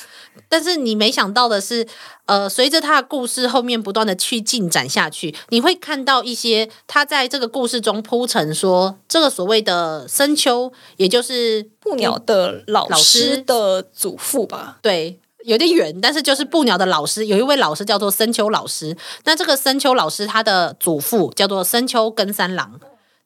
但是你沒想到的是，呃，隨着他的故事後面不斷的去進展下去，你會看到一些他在這個故事中鋪陳說，這個所謂的深秋，也就是步鳥的老師的祖父吧？對。有點遠，但是就是步鳥的老師，有一位老師叫做深秋老師。那這個深秋老師，他的祖父叫做深秋跟三郎。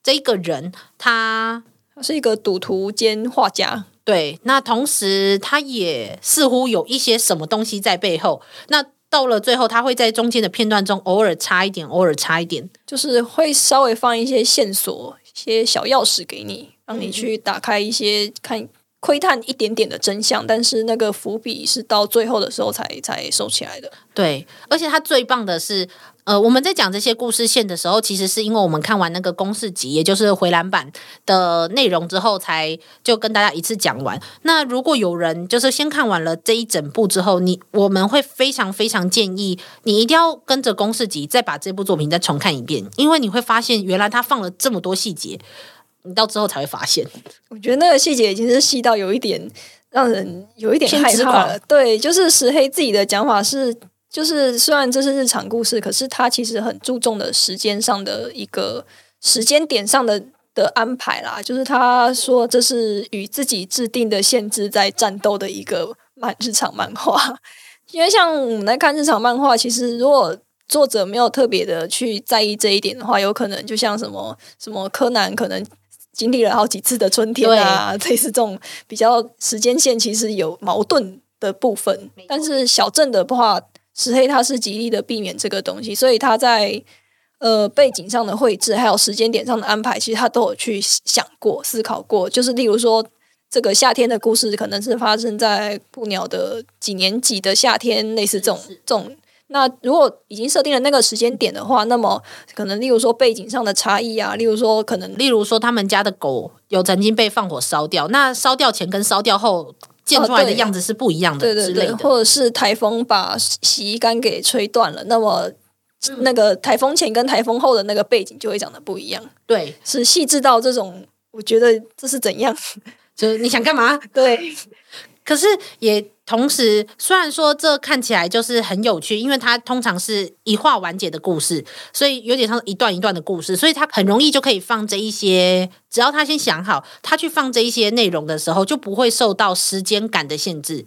這一個人，他他是一個賭徒兼畫家，對。那同時，他也似乎有一些什麼東西在背後。那到了最後，他會在中間的片段中偶爾插一點，偶爾插一點，就是會稍微放一些線索、一些小鑰匙給你，讓你去打開一些、嗯、看。窺探一點點的真相，但是那個伏筆是到最後的時候才才收起來的。對，而且它最棒的是，呃，我們在講這些故事線的時候，其實是因為我們看完那個公式集，也就是回覽板的內容之後，才就跟大家一次講完。那如果有人就是先看完了這一整部之後，你我們會非常非常建議你一定要跟着公式集再把這部作品再重看一遍，因為你會發現原來他放了這麼多細節。你到之後才會發現，我覺得那個細節已經是細到有一點讓人有一點害怕了。對，就是石黑自己的講法是，就是雖然這是日常故事，可是他其實很注重的時間上的一個時間點上的的安排啦。就是他說這是與自己制定的限制在戰鬥的一個漫日常漫畫，因為像我們來看日常漫畫，其實如果作者沒有特別的去在意這一點的話，有可能就像什麼什麼柯南可能。經歷了好幾次的春天，啊，類似這，這種比較時間線其實有矛盾的部分。但是小鎮的話，石黑他是極力的避免這個東西，所以他在呃背景上的繪製，還有時間點上的安排，其實他都有去想過、思考過。就是例如說，這個夏天的故事可能是發生在布鳥的幾年級的夏天，是類似這種這種。那如果已經設定了那個時間點的話，那麼可能例如說背景上的差異啊，例如說可能例如說他們家的狗有曾經被放火燒掉，那燒掉前跟燒掉後建出來的樣子是不一樣的，哦、對，對對對，對，或者是颱風把洗衣杆給吹斷了，那麼、嗯、那個颱風前跟颱風後的那個背景就會長得不一樣，對，是細緻到這種，我覺得這是怎樣，就是你想幹嘛？ 對， 可是也。同時，雖然說這看起來就是很有趣，因為它通常是一話完結的故事，所以有點像一段一段的故事，所以他很容易就可以放這一些。只要他先想好，他去放這一些內容的時候，就不會受到時間感的限制。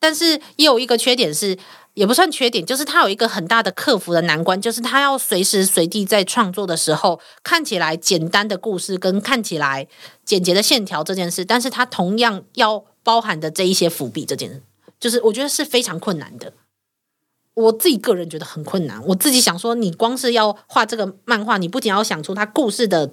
但是，也有一個缺點是，也不算缺點，就是他有一個很大的克服的難關，就是他要隨時隨地在創作的時候，看起來簡單的故事跟看起來簡潔的線條這件事，但是他同樣要。包含的這一些伏筆，這件事就是我覺得是非常困難的。我自己個人覺得很困難。我自己想說，你光是要畫這個漫畫，你不僅要想出他故事的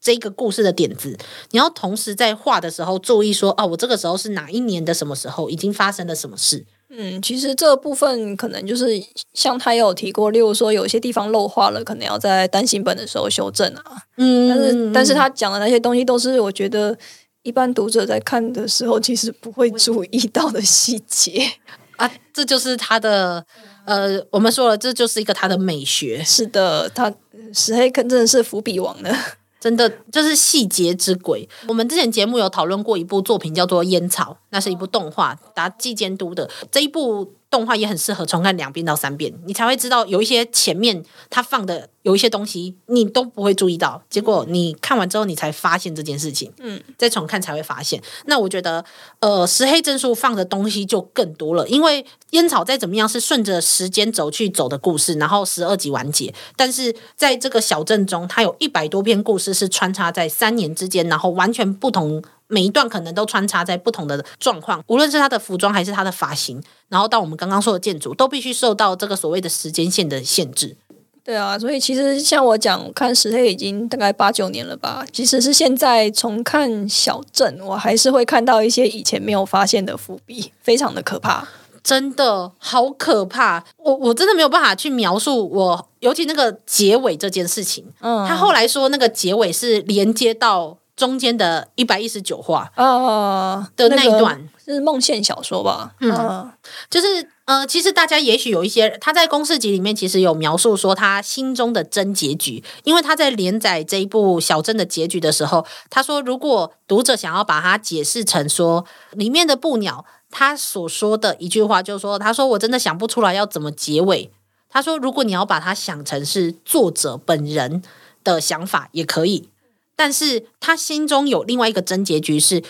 這個故事的點子，你要同時在畫的時候注意說，啊，我這個時候是哪一年的什麼時候，已經發生了什麼事。嗯，其實這部分可能就是像他也有提過，例如說有些地方漏畫了，可能要在單行本的時候修正啊。嗯，但是、嗯、但是他講的那些東西都是我覺得。一般讀者在看的時候，其實不會注意到的細節啊，這就是他的呃，我們說了，這就是一個他的美學。是的，他石黑肯真的是伏筆王呢，真的就是細節之鬼。我們之前節目有討論過一部作品，叫做《菸草》。那是一部動畫，打季監督的這一部動畫也很適合重看兩遍到三遍，你才會知道有一些前面他放的有一些東西你都不會注意到，結果你看完之後你才發現這件事情，嗯，再重看才會發現。那我覺得，呃，石黑正數放的東西就更多了，因為煙草再怎麼樣是順着時間軸去走的故事，然後十二集完結，但是在這個小鎮中，它有一百多篇故事是穿插在三年之間，然後完全不同。每一段可能都穿插在不同的狀況，無論是他的服裝還是他的髮型，然後到我們剛剛說的建築，都必須受到這個所謂的時間線的限制。對啊，所以其實像我講我看《石黑》已經大概八九年了吧，其實是現在重看《小鎮》，我還是會看到一些以前沒有發現的伏筆，非常的可怕，真的好可怕。我我真的沒有辦法去描述我，尤其那個結尾這件事情。嗯，他後來說那個結尾是連接到。中間的一百一十九話哦，的那一段是夢線小說吧？嗯，就是呃，其實大家也許有一些他在公式集裡面其實有描述說他心中的真結局，因為他在連載這一部小鎮的結局的時候，他說如果讀者想要把它解釋成說裡面的布鳥，他所說的一句話就是說，他說我真的想不出來要怎麼結尾。他說如果你要把它想成是作者本人的想法也可以。但是他心中有另外一個真結局是，是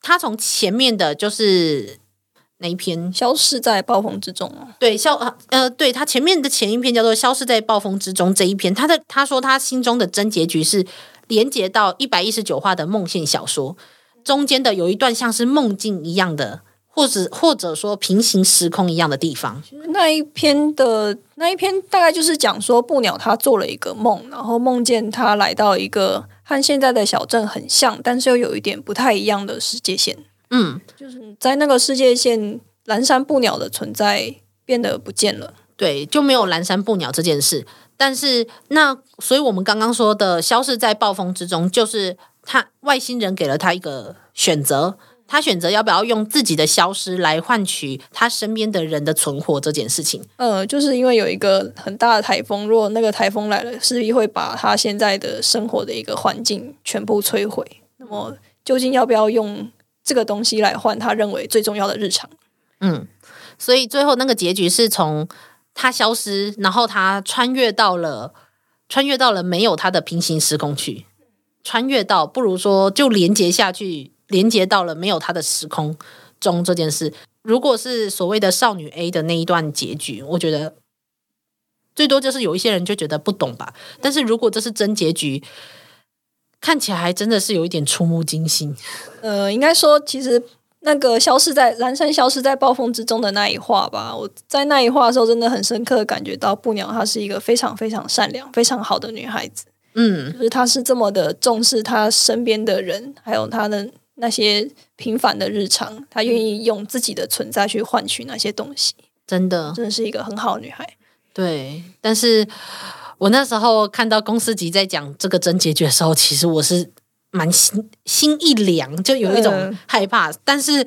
他從前面的就是那一篇《消失在暴風之中》啊。對，消呃，對他前面的前一篇叫做《消失在暴風之中》這一篇，他的他說他心中的真結局是連接到一百一十九話的夢線小說中間的有一段像是夢境一樣的，或者或者說平行時空一樣的地方。那一篇的那一篇大概就是講說步鳥他做了一個夢，然後夢見他來到一個。和現在的小鎮很像，但是又有一點不太一樣的世界線。嗯，就是在那個世界線，嵐山步鳥的存在變得不見了。對，就沒有嵐山步鳥這件事。但是那，所以我們剛剛說的消失在暴風之中，就是他外星人給了他一個選擇。他選擇要不要用自己的消失來換取他身邊的人的存活這件事情。呃、嗯，就是因為有一個很大的台風，如果那個台風來了，勢必會把他現在的生活的一個環境全部摧毀。那麼，究竟要不要用這個東西來換他認為最重要的日常？嗯，所以最後那個結局是從他消失，然後他穿越到了穿越到了沒有他的平行時空去，穿越到不如說就連接下去。連接到了沒有他的時空中這件事，如果是所謂的少女 A 的那一段結局，我覺得最多就是有一些人就覺得不懂吧。嗯、但是如果這是真結局，看起來還真的是有一點觸目驚心。呃，應該說，其實那個消失在嵐山，消失在暴風之中的那一話吧，我在那一話的時候，真的很深刻的感覺到步鳥她是一個非常非常善良、非常好的女孩子。嗯，就是她是這麼的重視她身邊的人，還有她的。那些平凡的日常，她願意用自己的存在去換取那些東西，真的，真的是一個很好的女孩。對，但是我那時候看到公司級在講這個真結局的時候，其實我是蠻心心一涼，就有一種害怕，啊、但是。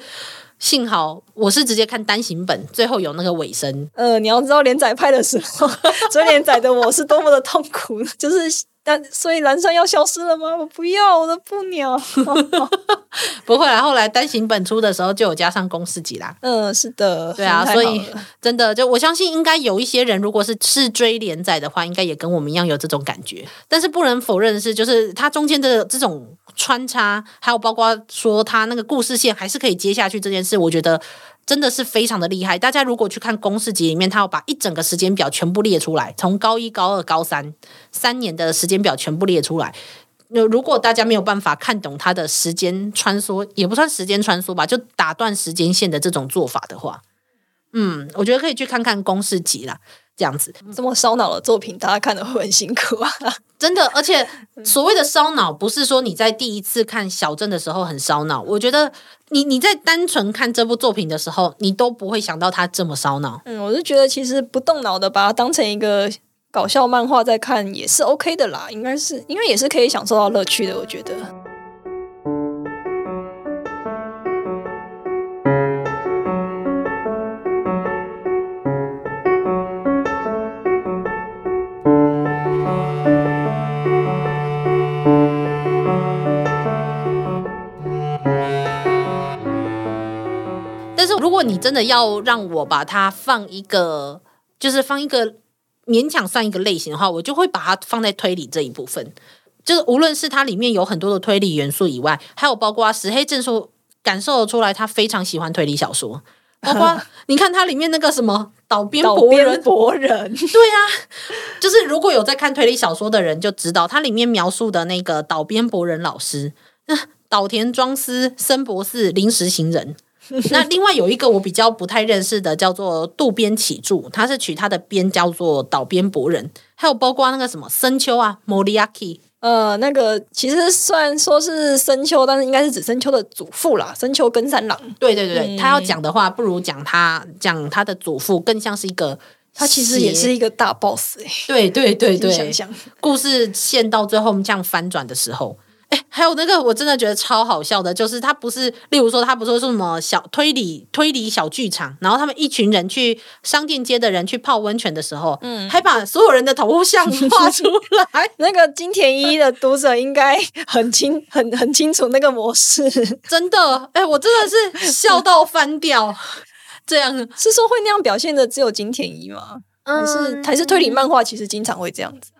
幸好我是直接看單行本，最後有那個尾聲。呃，你要知道連載拍的時候，追連載的我是多麼的痛苦。 就是，但所以嵐山要消失了嗎？我不要，我的步鳥。 不會啦，後來單行本出的時候就有加上公式集啦。嗯、呃，是的，對啊，所以真的就我相信，應該有一些人如果是是追連載的話，應該也跟我們一樣有這種感覺。但是不能否認的是，就是它中間的這種。穿插，還有包括說他那個故事線還是可以接下去這件事，我覺得真的是非常的厲害。大家如果去看公式集裡面，他要把一整個時間表全部列出來，從高一、高二、高三三年的時間表全部列出來。那如果大家沒有辦法看懂他的時間穿梭，也不算時間穿梭吧，就打斷時間線的這種做法的話，嗯，我覺得可以去看看公式集啦。這樣子這麼燒腦的作品，大家看得會很辛苦啊。 真的，而且所謂的燒腦，不是說你在第一次看小鎮的時候很燒腦。我覺得你你在單純看這部作品的時候，你都不會想到它這麼燒腦。嗯，我是覺得其實不動腦的，把它當成一個搞笑漫畫在看也是 OK 的啦。應該是，應該也是可以享受到樂趣的。我覺得。如果你真的要讓我把它放一個，就是放一個勉強算一個類型的話，我就會把它放在推理這一部分。就是無論是它裡面有很多的推理元素以外，還有包括啊石黑正數，感受得出來，他非常喜歡推理小說。包括你看它裡面那個什麼島邊博人，博人對啊，就是如果有在看推理小說的人就知道，它裡面描述的那個島邊博人老師、島田莊司、森博士、臨時行人。 那另外有一個我比較不太認識的，叫做渡邊啟助，他是取他的邊叫做島邊博人，還有包括那個什麼深秋啊 Moriaki，呃，那個其實雖然說是深秋，但是應該是指深秋的祖父啦。深秋跟三郎。對對對，嗯、他要講的話，不如講他講他的祖父，更像是一個他其實也是一個大 boss，欸。對對對對，對，嗯想想，故事線到最後這樣翻轉的時候。欸、還有那個，我真的覺得超好笑的，就是他不是，例如說他不是說什麼小推理推理小劇場，然後他們一群人去商店街的人去泡溫泉的時候，嗯，還把所有人的頭像畫出來、 欸。那個金田一的讀者應該很清 很很清楚那個模式，真的，哎、欸，我真的是笑到翻掉。 這樣是說會那樣表現的只有金田一嗎？嗯、還是還是推理漫畫其實經常會這樣子？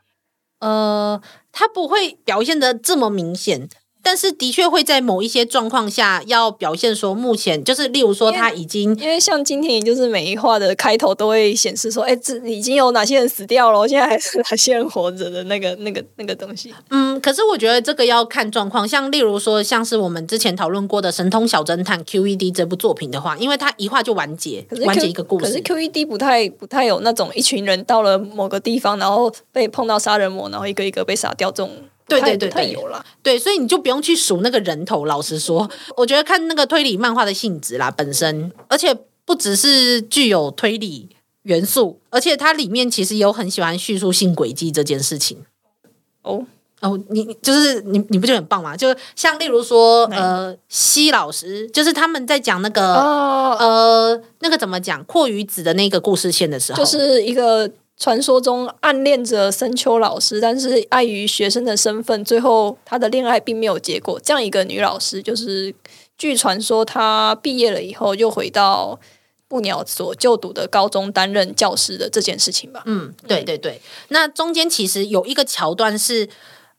嗯嗯、呃。他不會表現得這麼明顯。但是的確會在某一些狀況下要表現說，目前就是例如說他已經，因為，因為像今天也就是每一話的開頭都會顯示說，哎、欸，這已經有哪些人死掉了，我現在還是哪些人活着的那個那個那個東西。嗯，可是我覺得這個要看狀況，像例如說像是我們之前討論過的《神通小偵探》QED 這部作品的話，因為他一話就完結，Q, 完結一個故事。可是 QED 不太不太有那種一群人到了某個地方，然後被碰到殺人魔，然後一個一個被殺掉這種。對對對,太有對，太有了。對，所以你就不用去數那個人頭。老實說，我覺得看那個推理漫畫的性質啦，本身，而且不只是具有推理元素，而且它裡面其實有很喜歡敘述性詭計這件事情。哦哦，你就是你你不覺得很棒嗎？就像例如說，嗯、呃，西老師就是他們在講那個、哦、呃那個怎麼講闊魚子的那個故事線的時候，就是一個。傳說中暗戀着深秋老師，但是礙於學生的身份，最後她的戀愛並沒有結果。這樣一個女老師，就是據傳說，她畢業了以後又回到布鳥所就讀的高中擔任教師的這件事情吧。嗯，對對對。嗯，那中間其實有一個橋段是，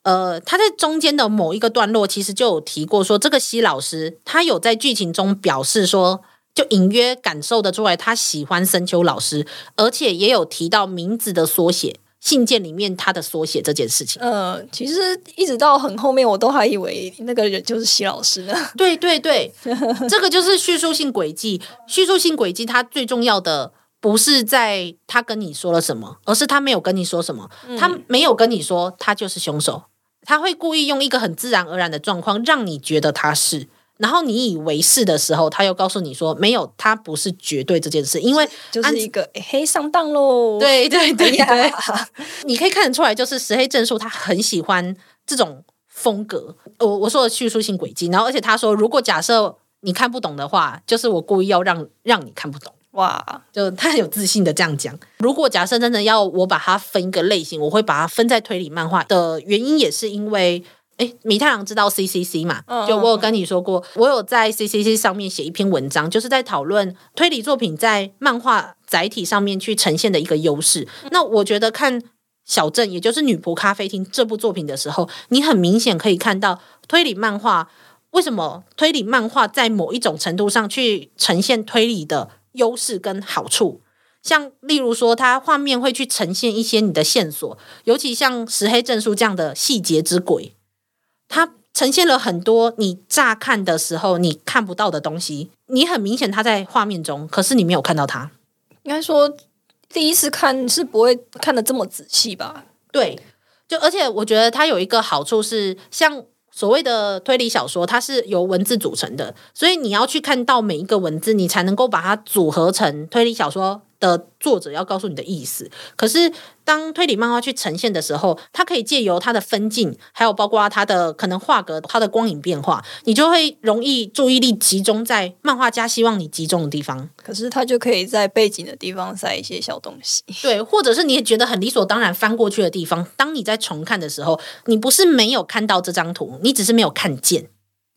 呃，她在中間的某一個段落，其實就有提過說，這個西老師她有在劇情中表示說。就隱約感受得出來，他喜歡深秋老師，而且也有提到名字的縮寫。信件裡面他的縮寫這件事情，嗯、呃，其實一直到很後面，我都還以為那個人就是西老師呢。對對對， 這個就是敘述性詭計。敘述性詭計，它最重要的不是在他跟你說了什麼，而是他沒有跟你說什麼。嗯、他沒有跟你說他就是兇手，他會故意用一個很自然而然的狀況，讓你覺得他是。然後你以為是的時候，他又告訴你說：“沒有，他不是絕對這件事，因為就是一個、嗯、黑上當嘍。”對對對，對 你可以看得出來，就是石黑正數他很喜歡這種風格。我我說的敘述性軌跡，然後而且他說：“如果假設你看不懂的話，就是我故意要讓讓你看不懂。”哇，就他很有自信的這樣講。 如果假設真的要我把它分一個類型，我會把它分在推理漫畫的原因，也是因為。誒，米太郎知道 CCC 嘛？嗯嗯嗯，就我有跟你說過，我有在 CCC 上面寫一篇文章，就是在討論推理作品在漫畫載體上面去呈現的一個優勢。那我覺得看《小鎮》，也就是《女僕咖啡廳》這部作品的時候，你很明顯可以看到推理漫畫為什麼推理漫畫在某一種程度上去呈現推理的優勢跟好處。像例如說，它畫面會去呈現一些你的線索，尤其像石黑正數這樣的細節之鬼。它呈現了很多你乍看的時候你看不到的東西，你很明顯它在畫面中，可是你沒有看到它。應該說，第一次看是不會看得這麼仔細吧？對，就而且我覺得它有一個好處是，像所謂的推理小說，它是由文字組成的，所以你要去看到每一個文字，你才能夠把它組合成推理小說的作者要告訴你的意思，可是當推理漫畫去呈現的時候，它可以借由它的分鏡，還有包括它的可能畫格、它的光影變化，你就會容易注意力集中在漫畫家希望你集中的地方。可是它就可以在背景的地方塞一些小東西，對，或者是你也覺得很理所當然翻過去的地方。當你在重看的時候，你不是沒有看到這張圖，你只是沒有看見。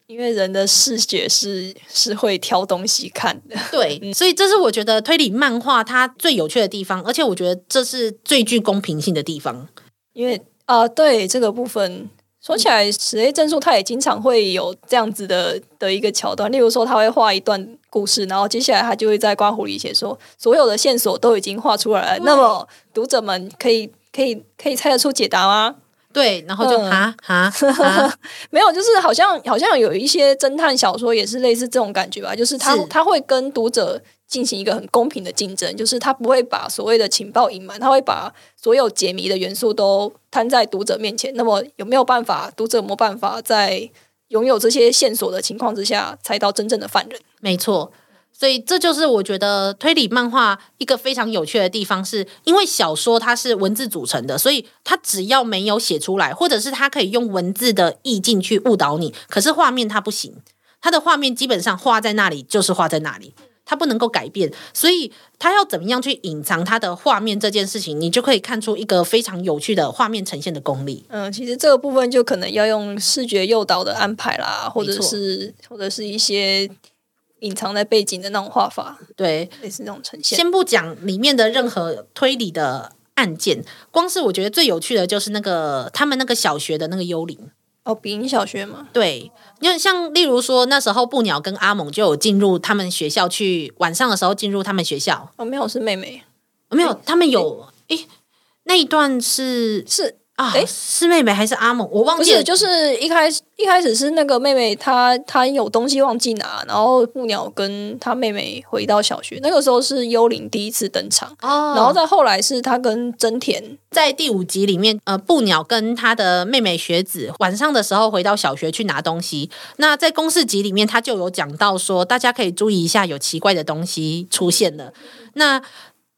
因為人的視覺是是會挑東西看的，對、 嗯，所以這是我覺得推理漫畫它最有趣的地方，而且我覺得這是最具公平性的地方。因為啊、呃，對這個部分說起來，石黑正數他也經常會有這樣子的的一個橋段，例如說他會畫一段故事，然後接下來他就會在括弧裡寫說，所有的線索都已經畫出來了，那麼讀者們可以可以可以猜得出解答嗎？對，然後就啊、嗯、啊，啊啊 沒有，就是好像好像有一些偵探小說也是類似這種感覺吧，就是他是他會跟讀者進行一個很公平的競爭，就是他不會把所謂的情報隱瞞，他會把所有解謎的元素都攤在讀者面前。那麼有沒有辦法？讀者有沒有辦法在擁有這些線索的情況之下，猜到真正的犯人？沒錯。所以這就是我覺得推理漫畫一個非常有趣的地方，是因為小說它是文字組成的，所以它只要沒有寫出來，或者是它可以用文字的意境去誤導你，可是畫面它不行，它的畫面基本上畫在那裡就是畫在那裡，它不能夠改變，所以它要怎麼樣去隱藏它的畫面這件事情，你就可以看出一個非常有趣的畫面呈現的功力。嗯，其實這個部分就可能要用視覺誘導的安排啦，或者是沒錯，或者是一些。隱藏在背景的那種畫法，對，也是那種呈現。先不講裡面的任何推理的案件，光是我覺得最有趣的就是那個他們那個小學的那個幽靈哦，丙小學嗎？對，因為像例如說那時候布鳥跟阿猛就有進入他們學校去晚上的時候進入他們學校，哦。沒有是妹妹，哦、沒有、欸，他們有，哎、欸欸，那一段是是。啊、哦，欸，是妹妹還是阿猛？我忘記了。就是一開始一開始是那個妹妹她，她她有東西忘記拿，然後布鳥跟她妹妹回到小學，那個時候是幽靈第一次登場，哦、然後再後來是她跟真田在第五集裡面，呃，布鳥跟她的妹妹學子晚上的時候回到小學去拿東西，那在公式集裡面她就有講到說，大家可以注意一下，有奇怪的東西出現了，那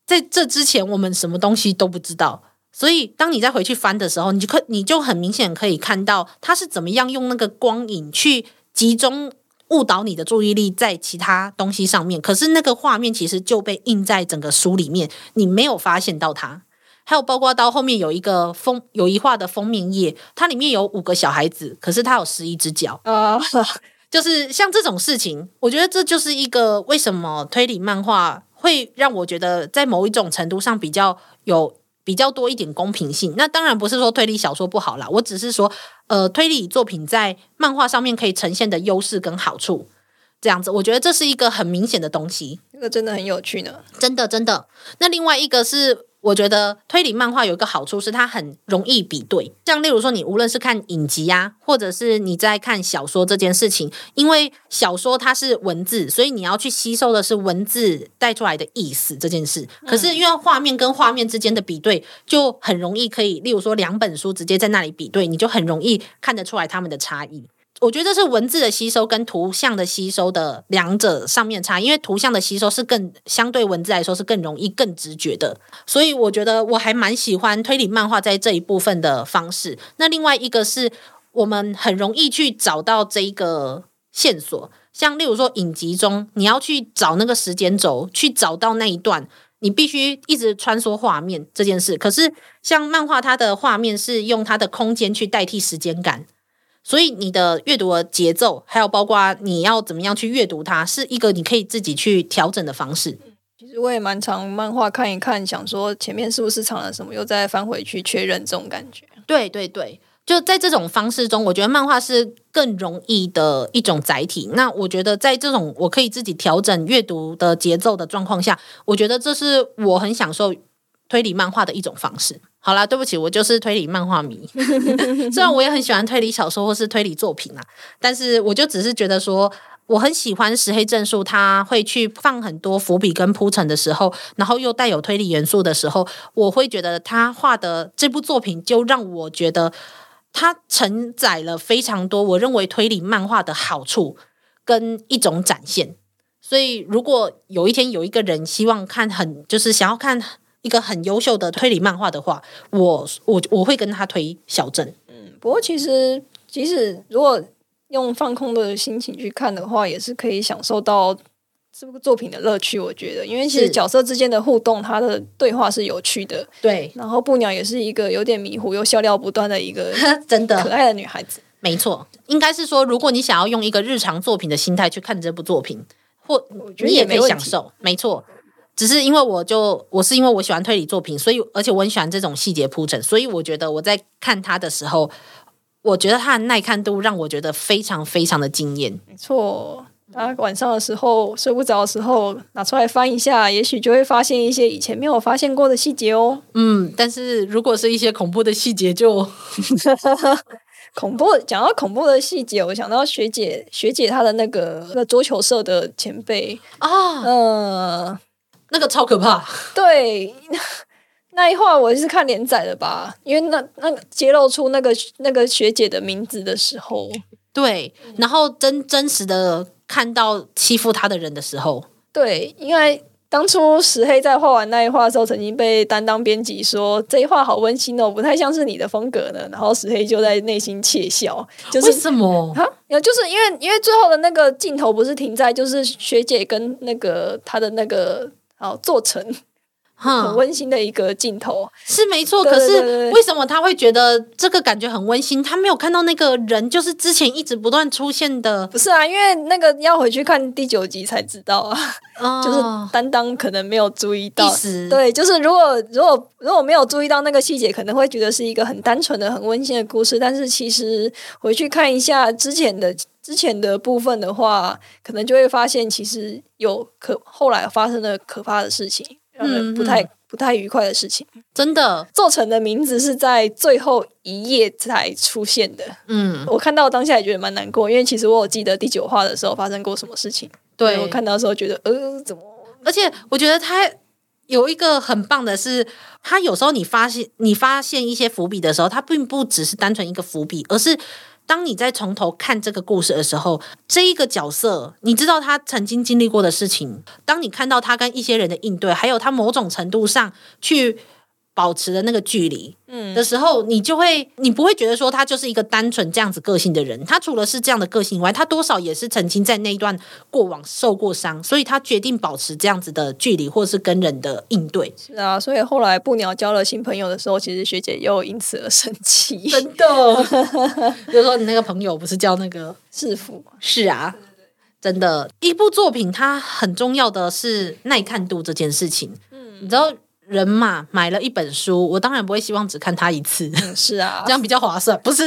在這之前我們什麼東西都不知道。所以，當你再回去翻的時候，你就可，你就很明顯可以看到他是怎麼樣用那個光影去集中誤導你的注意力在其他東西上面。可是，那個畫面其實就被印在整個書裡面，你沒有發現到它。還有，包括到後面有一個封，有一畫的封面頁，它裡面有五個小孩子，可是它有十一隻腳。 就是像這種事情，我覺得這就是一個為什麼推理漫畫會讓我覺得在某一種程度上比較有。比較多一點公平性，那當然不是說推理小說不好啦，我只是說，呃，推理作品在漫畫上面可以呈現的優勢跟好處，這樣子，我覺得這是一個很明顯的東西，那、這個真的很有趣呢，真的真的。那另外一個是。我覺得推理漫畫有一個好處是它很容易比對，像例如說你無論是看影集啊，或者是你在看小說這件事情，因為小說它是文字，所以你要去吸收的是文字帶出來的意思這件事。可是因為畫面跟畫面之間的比對，就很容易可以，例如說兩本書直接在那裡比對，你就很容易看得出來它們的差異。我覺得這是文字的吸收跟圖像的吸收的兩者上面差，因為圖像的吸收是更相對文字來說是更容易、更直覺的，所以我覺得我還蠻喜歡推理漫畫在這一部分的方式。那另外一個是我們很容易去找到這一個線索，像例如說影集中你要去找那個時間軸，去找到那一段，你必須一直穿梭畫面這件事。可是像漫畫，它的畫面是用它的空間去代替時間感。所以你的閱讀的節奏，還有包括你要怎麼樣去閱讀它，它是一個你可以自己去調整的方式。嗯、其實我也蠻常漫畫看一看，想說前面是不是藏了什麼，又再翻回去確認這種感覺。對對對，就在這種方式中，我覺得漫畫是更容易的一種載體。那我覺得在這種我可以自己調整閱讀的節奏的狀況下，我覺得這是我很享受推理漫畫的一種方式。好啦，對不起，我就是推理漫畫迷。 雖然我也很喜歡推理小說或是推理作品啊，但是我就只是覺得說，我很喜歡石黑正數，他會去放很多伏筆跟鋪陳的時候，然後又帶有推理元素的時候，我會覺得他畫的這部作品就讓我覺得他承載了非常多我認為推理漫畫的好處跟一種展現。所以，如果有一天有一個人希望看很就是想要看，一個很優秀的推理漫畫的話，我我我會跟他推《小鎮》。嗯，不過其實即使如果用放空的心情去看的話，也是可以享受到這部作品的樂趣。我覺得，因為其實角色之間的互動，他的對話是有趣的。對，然後布鳥也是一個有點迷糊又笑料不斷的一個真的可愛的女孩子。 沒錯，應該是說，如果你想要用一個日常作品的心態去看這部作品，或也你也可以享受。沒錯。只是因為我就我是因為我喜歡推理作品，所以而且我很喜歡這種細節鋪陳，所以我覺得我在看它的時候，我覺得它的耐看度讓我覺得非常非常的驚豔。沒錯，大家晚上的時候睡不着的時候，拿出來翻一下，也許就會發現一些以前沒有發現過的細節哦。嗯，但是如果是一些恐怖的細節就，就 恐怖。講到恐怖的細節，我想到學姐學姐她的那個那桌球社的前輩啊，嗯、哦。呃那個超可怕，可怕，對，那那一話我是看連載的吧，因為那那個、揭露出那個那個學姐的名字的時候，對，然後真真實的看到欺負她的人的時候，對，因為當初石黑在畫完那一話的時候，曾經被擔當編輯說這一話好溫馨哦，不太像是你的風格呢，然後石黑就在內心竊笑，就是為什麼？啊，就是因為因為最後的那個鏡頭不是停在就是學姐跟那個他的那個。好，做成，很溫馨的一個鏡頭、嗯、是沒錯。可是為什麼他會覺得這個感覺很溫馨？他沒有看到那個人，就是之前一直不斷出現的。不是啊，因為那個要回去看第九集才知道啊。哦、就是擔當可能沒有注意到。意思？對，就是如果如果如果沒有注意到那個細節，可能會覺得是一個很單純的、很溫馨的故事。但是其實回去看一下之前的。之前的部分的話，可能就會發現，其實有可後來發生了可怕的事情，讓、嗯、人不太、嗯、不太愉快的事情。真的，做成的名字是在最後一頁才出現的。嗯，我看到當下也覺得蠻難過，因為其實我有記得第九話的時候發生過什麼事情。對，我看到的時候覺得呃怎麼？而且我覺得他有一個很棒的是，他有時候你發現你發現一些伏筆的時候，他並不只是單純一個伏筆，而是。當你在從頭看這個故事的時候，這一個角色，你知道他曾經經歷過的事情。當你看到他跟一些人的應對，還有他某種程度上去。保持的那個距離，嗯，的時候，你就會，你不會覺得說他就是一個單純這樣子個性的人，他除了是這樣的個性以外，他多少也是曾經在那一段過往受過傷，所以他決定保持這樣子的距離，或者是跟人的應對。是啊，所以後來步鳥交了新朋友的時候，其實學姐又因此而生氣，真的。 就是說，你那個朋友不是叫那個師傅嗎？是啊對對對，真的。一部作品它很重要的是耐看度這件事情，嗯，你知道。嗯人嘛，買了一本書，我當然不會希望只看他一次。嗯，是啊，這樣比較划算，不是？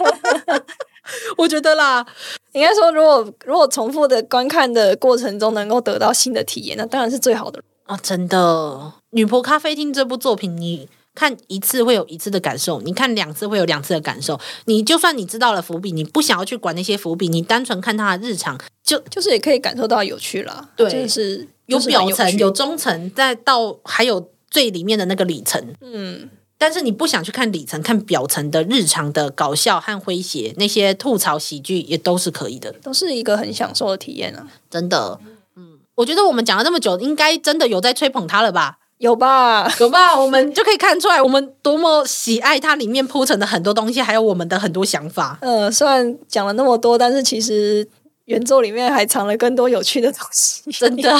我覺得啦，應該說，如果如果重複的觀看的過程中能夠得到新的體驗，那當然是最好的啊！真的，《女僕咖啡廳》這部作品，你看一次會有一次的感受，你看兩次會有兩次的感受。你就算你知道了伏筆，你不想要去管那些伏筆，你單純看它的日常，就就是也可以感受到有趣了。對，就是。有表層、就是，有中層，再到還有最裡面的那個裡層。嗯，但是你不想去看裡層，看表層的日常的搞笑和詼諧，那些吐槽喜劇也都是可以的，都是一個很享受的體驗了、啊。真的，嗯，我覺得我們講了這麼久，應該真的有在吹捧他了吧？有吧，有吧，我們就可以看出來我們多麼喜愛它裡面鋪陳的很多東西，還有我們的很多想法。呃、嗯，雖然講了那麼多，但是其實。原作裡面還藏了更多有趣的東西，真的啊。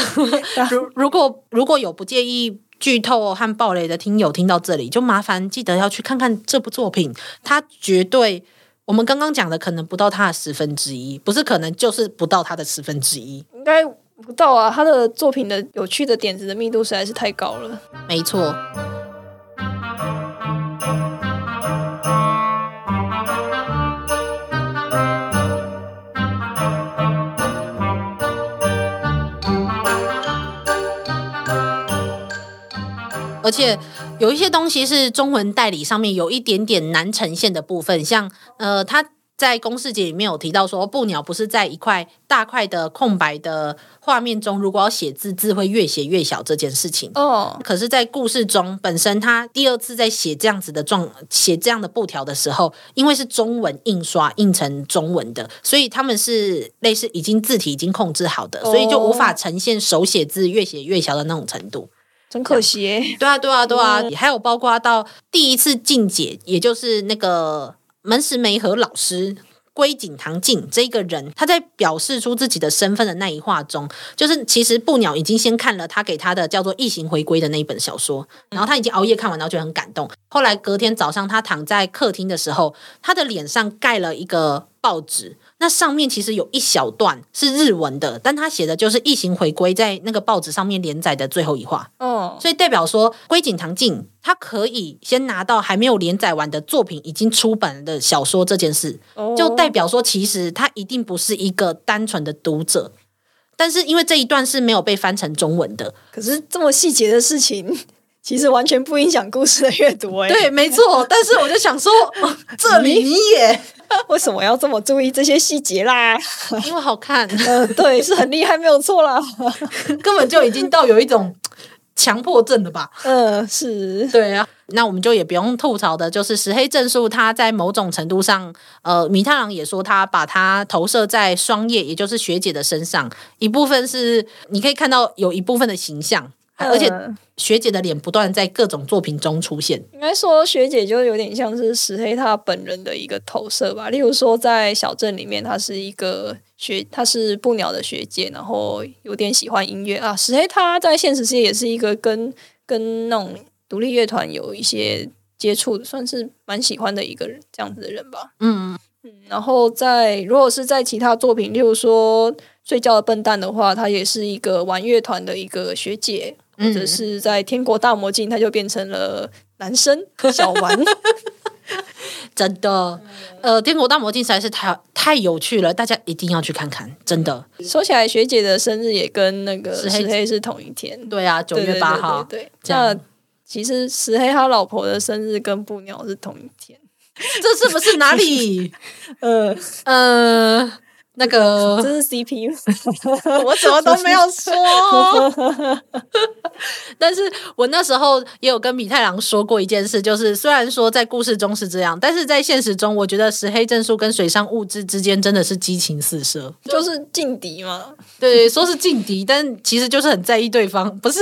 如 如果如果有不介意劇透和暴雷的聽友聽到這裡，就麻煩記得要去看看這部作品。他絕對，我們剛剛講的可能不到他的十分之一，不是可能，就是不到他的十分之一，應該不到啊。他的作品的有趣的點子的密度實在是太高了，沒錯。而且有一些東西是中文代理上面有一點點難呈現的部分，像呃，他在公式節裡面有提到說，布鳥不是在一塊大塊的空白的畫面中，如果要寫字，字會越寫越小這件事情。哦、oh.，可是，在故事中本身，他第二次在寫這樣子的狀寫這樣的布條的時候，因為是中文印刷印成中文的，所以他們是類似已經字體已經控制好的，所以就無法呈現手寫字越寫越小的那種程度。Oh. 真可惜、欸對啊，對啊，對啊，對啊！嗯、還有包括到第一次靜姐，也就是那個門石梅和老師龜井堂靜這個人，他在表示出自己的身份的那一話中，就是其實步鳥已經先看了他給他的叫做《異形回歸》的那一本小說，然後他已經熬夜看完，然後覺得很感動。後來隔天早上，他躺在客廳的時候，他的臉上蓋了一個報紙。那上面其實有一小段是日文的，但他寫的就是《異形回歸》在那個報紙上面連載的最後一話。哦，所以代表說龜井堂靜他可以先拿到還沒有連載完的作品已經出版的小說這件事。哦，就代表說其實他一定不是一個單純的讀者。但是因為這一段是沒有被翻成中文的，可是這麼細節的事情。其實完全不影響故事的閱讀誒、欸。對，沒錯。但是我就想說， 這裡你也、嗯、為什麼要這麼注意這些細節啦？因為好看。呃，對，是很厲害，沒有錯啦。 根本就已經到有一種強迫症了吧？嗯、呃，是。對啊，那我們就也不用吐槽的，就是石黑正數他在某種程度上，呃，米太郎也說他把它投射在雙葉，也就是學姐的身上，一部分是你可以看到有一部分的形象。而且學姐的臉不斷在各種作品中出現。嗯，應該說，學姐就有點像是石黑他本人的一個投射吧。例如說，在小鎮裡面，她是一個學，她是不鳥的學姐，然後有點喜歡音樂啊。石黑她在現實世界也是一個跟跟那種獨立樂團有一些接觸，算是蠻喜歡的一個人，這樣子的人吧。嗯，嗯然後在如果是在其他作品，例如說《睡覺的笨蛋》的話，她也是一個玩樂團的一個學姐。或者是在《天國大魔境》，他就變成了男生和小丸， 真的。嗯、呃，《天國大魔境》實在是太太有趣了，大家一定要去看看。真的，說起來，學姐的生日也跟那個石黑，石黑是同一天。對啊，九月八號。對，對，對，對，對，對，那其實石黑他老婆的生日跟布鳥是同一天。 這是不是哪裡？呃 呃。呃那個這是 CP， 我什麼都沒有說。 但是，我那時候也有跟米太郎說過一件事，就是雖然說在故事中是這樣，但是在現實中，我覺得石黑正數跟水上悟志之間真的是激情四射，就是勁敵嘛、就是。對，說是勁敵，但其實就是很在意對方，不是？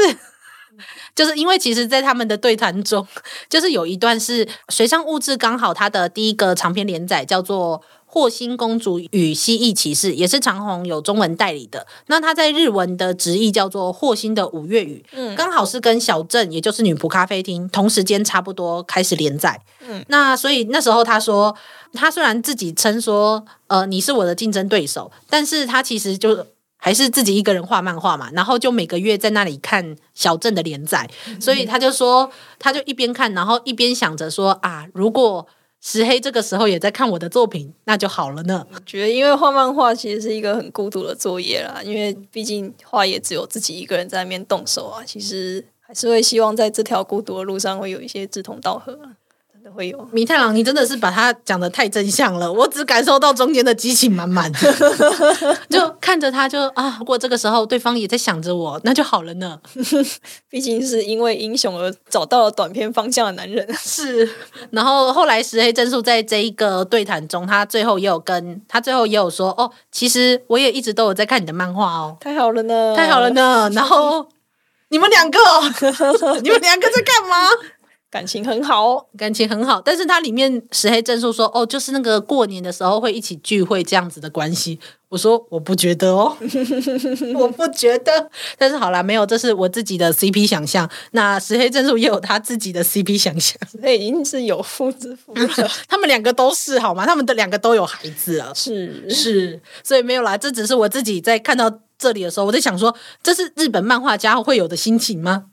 就是因為其實，在他們的對談中，就是有一段是水上悟志剛好他的第一個長篇連載叫做。惑星公主與蜥蜴騎士也是長鴻有中文代理的，那他在日文的直譯叫做惑星的五月雨，嗯，剛好是跟小鎮，也就是女僕咖啡廳同時間差不多開始連載，嗯，那所以那時候他說，他雖然自己稱說，呃，你是我的競爭對手，但是他其實就還是自己一個人畫漫畫嘛，然後就每個月在那裡看小鎮的連載，所以他就說，他就一邊看，然後一邊想着說啊，如果。石黑這個時候也在看我的作品，那就好了呢。覺得因為畫漫畫其實是一個很孤獨的作業啦，因為畢竟畫也只有自己一個人在那邊動手啊。其實還是會希望在這條孤獨的路上會有一些志同道合啊。都會有米太郎，你真的是把他講的太真相了，我只感受到中間的激情滿滿， 就看着他就啊，如果這個時候對方也在想着我，那就好了呢。畢竟是因為英雄而找到了短篇方向的男人。是，然後後來石黑正數在這一個對談中，他最後也有跟他最後也有說哦，其實我也一直都有在看你的漫畫哦，太好了呢，太好了呢。然後你們兩個，你們兩個哦， 你們兩個在幹嘛？ 感情很好，哦，感情很好，但是他裡面石黑正數說哦，就是那個過年的時候會一起聚會這樣子的關係。我說我不覺得哦， 我不覺得。但是好啦，沒有，這是我自己的 CP 想象。那石黑正數也有他自己的 CP 想象，那以已經是有夫之婦了。 他們兩個都是好嗎？他們的兩個都有孩子了，啊，是是，所以沒有啦。這只是我自己在看到這裡的時候，我在想說，這是日本漫畫家會有的心情嗎？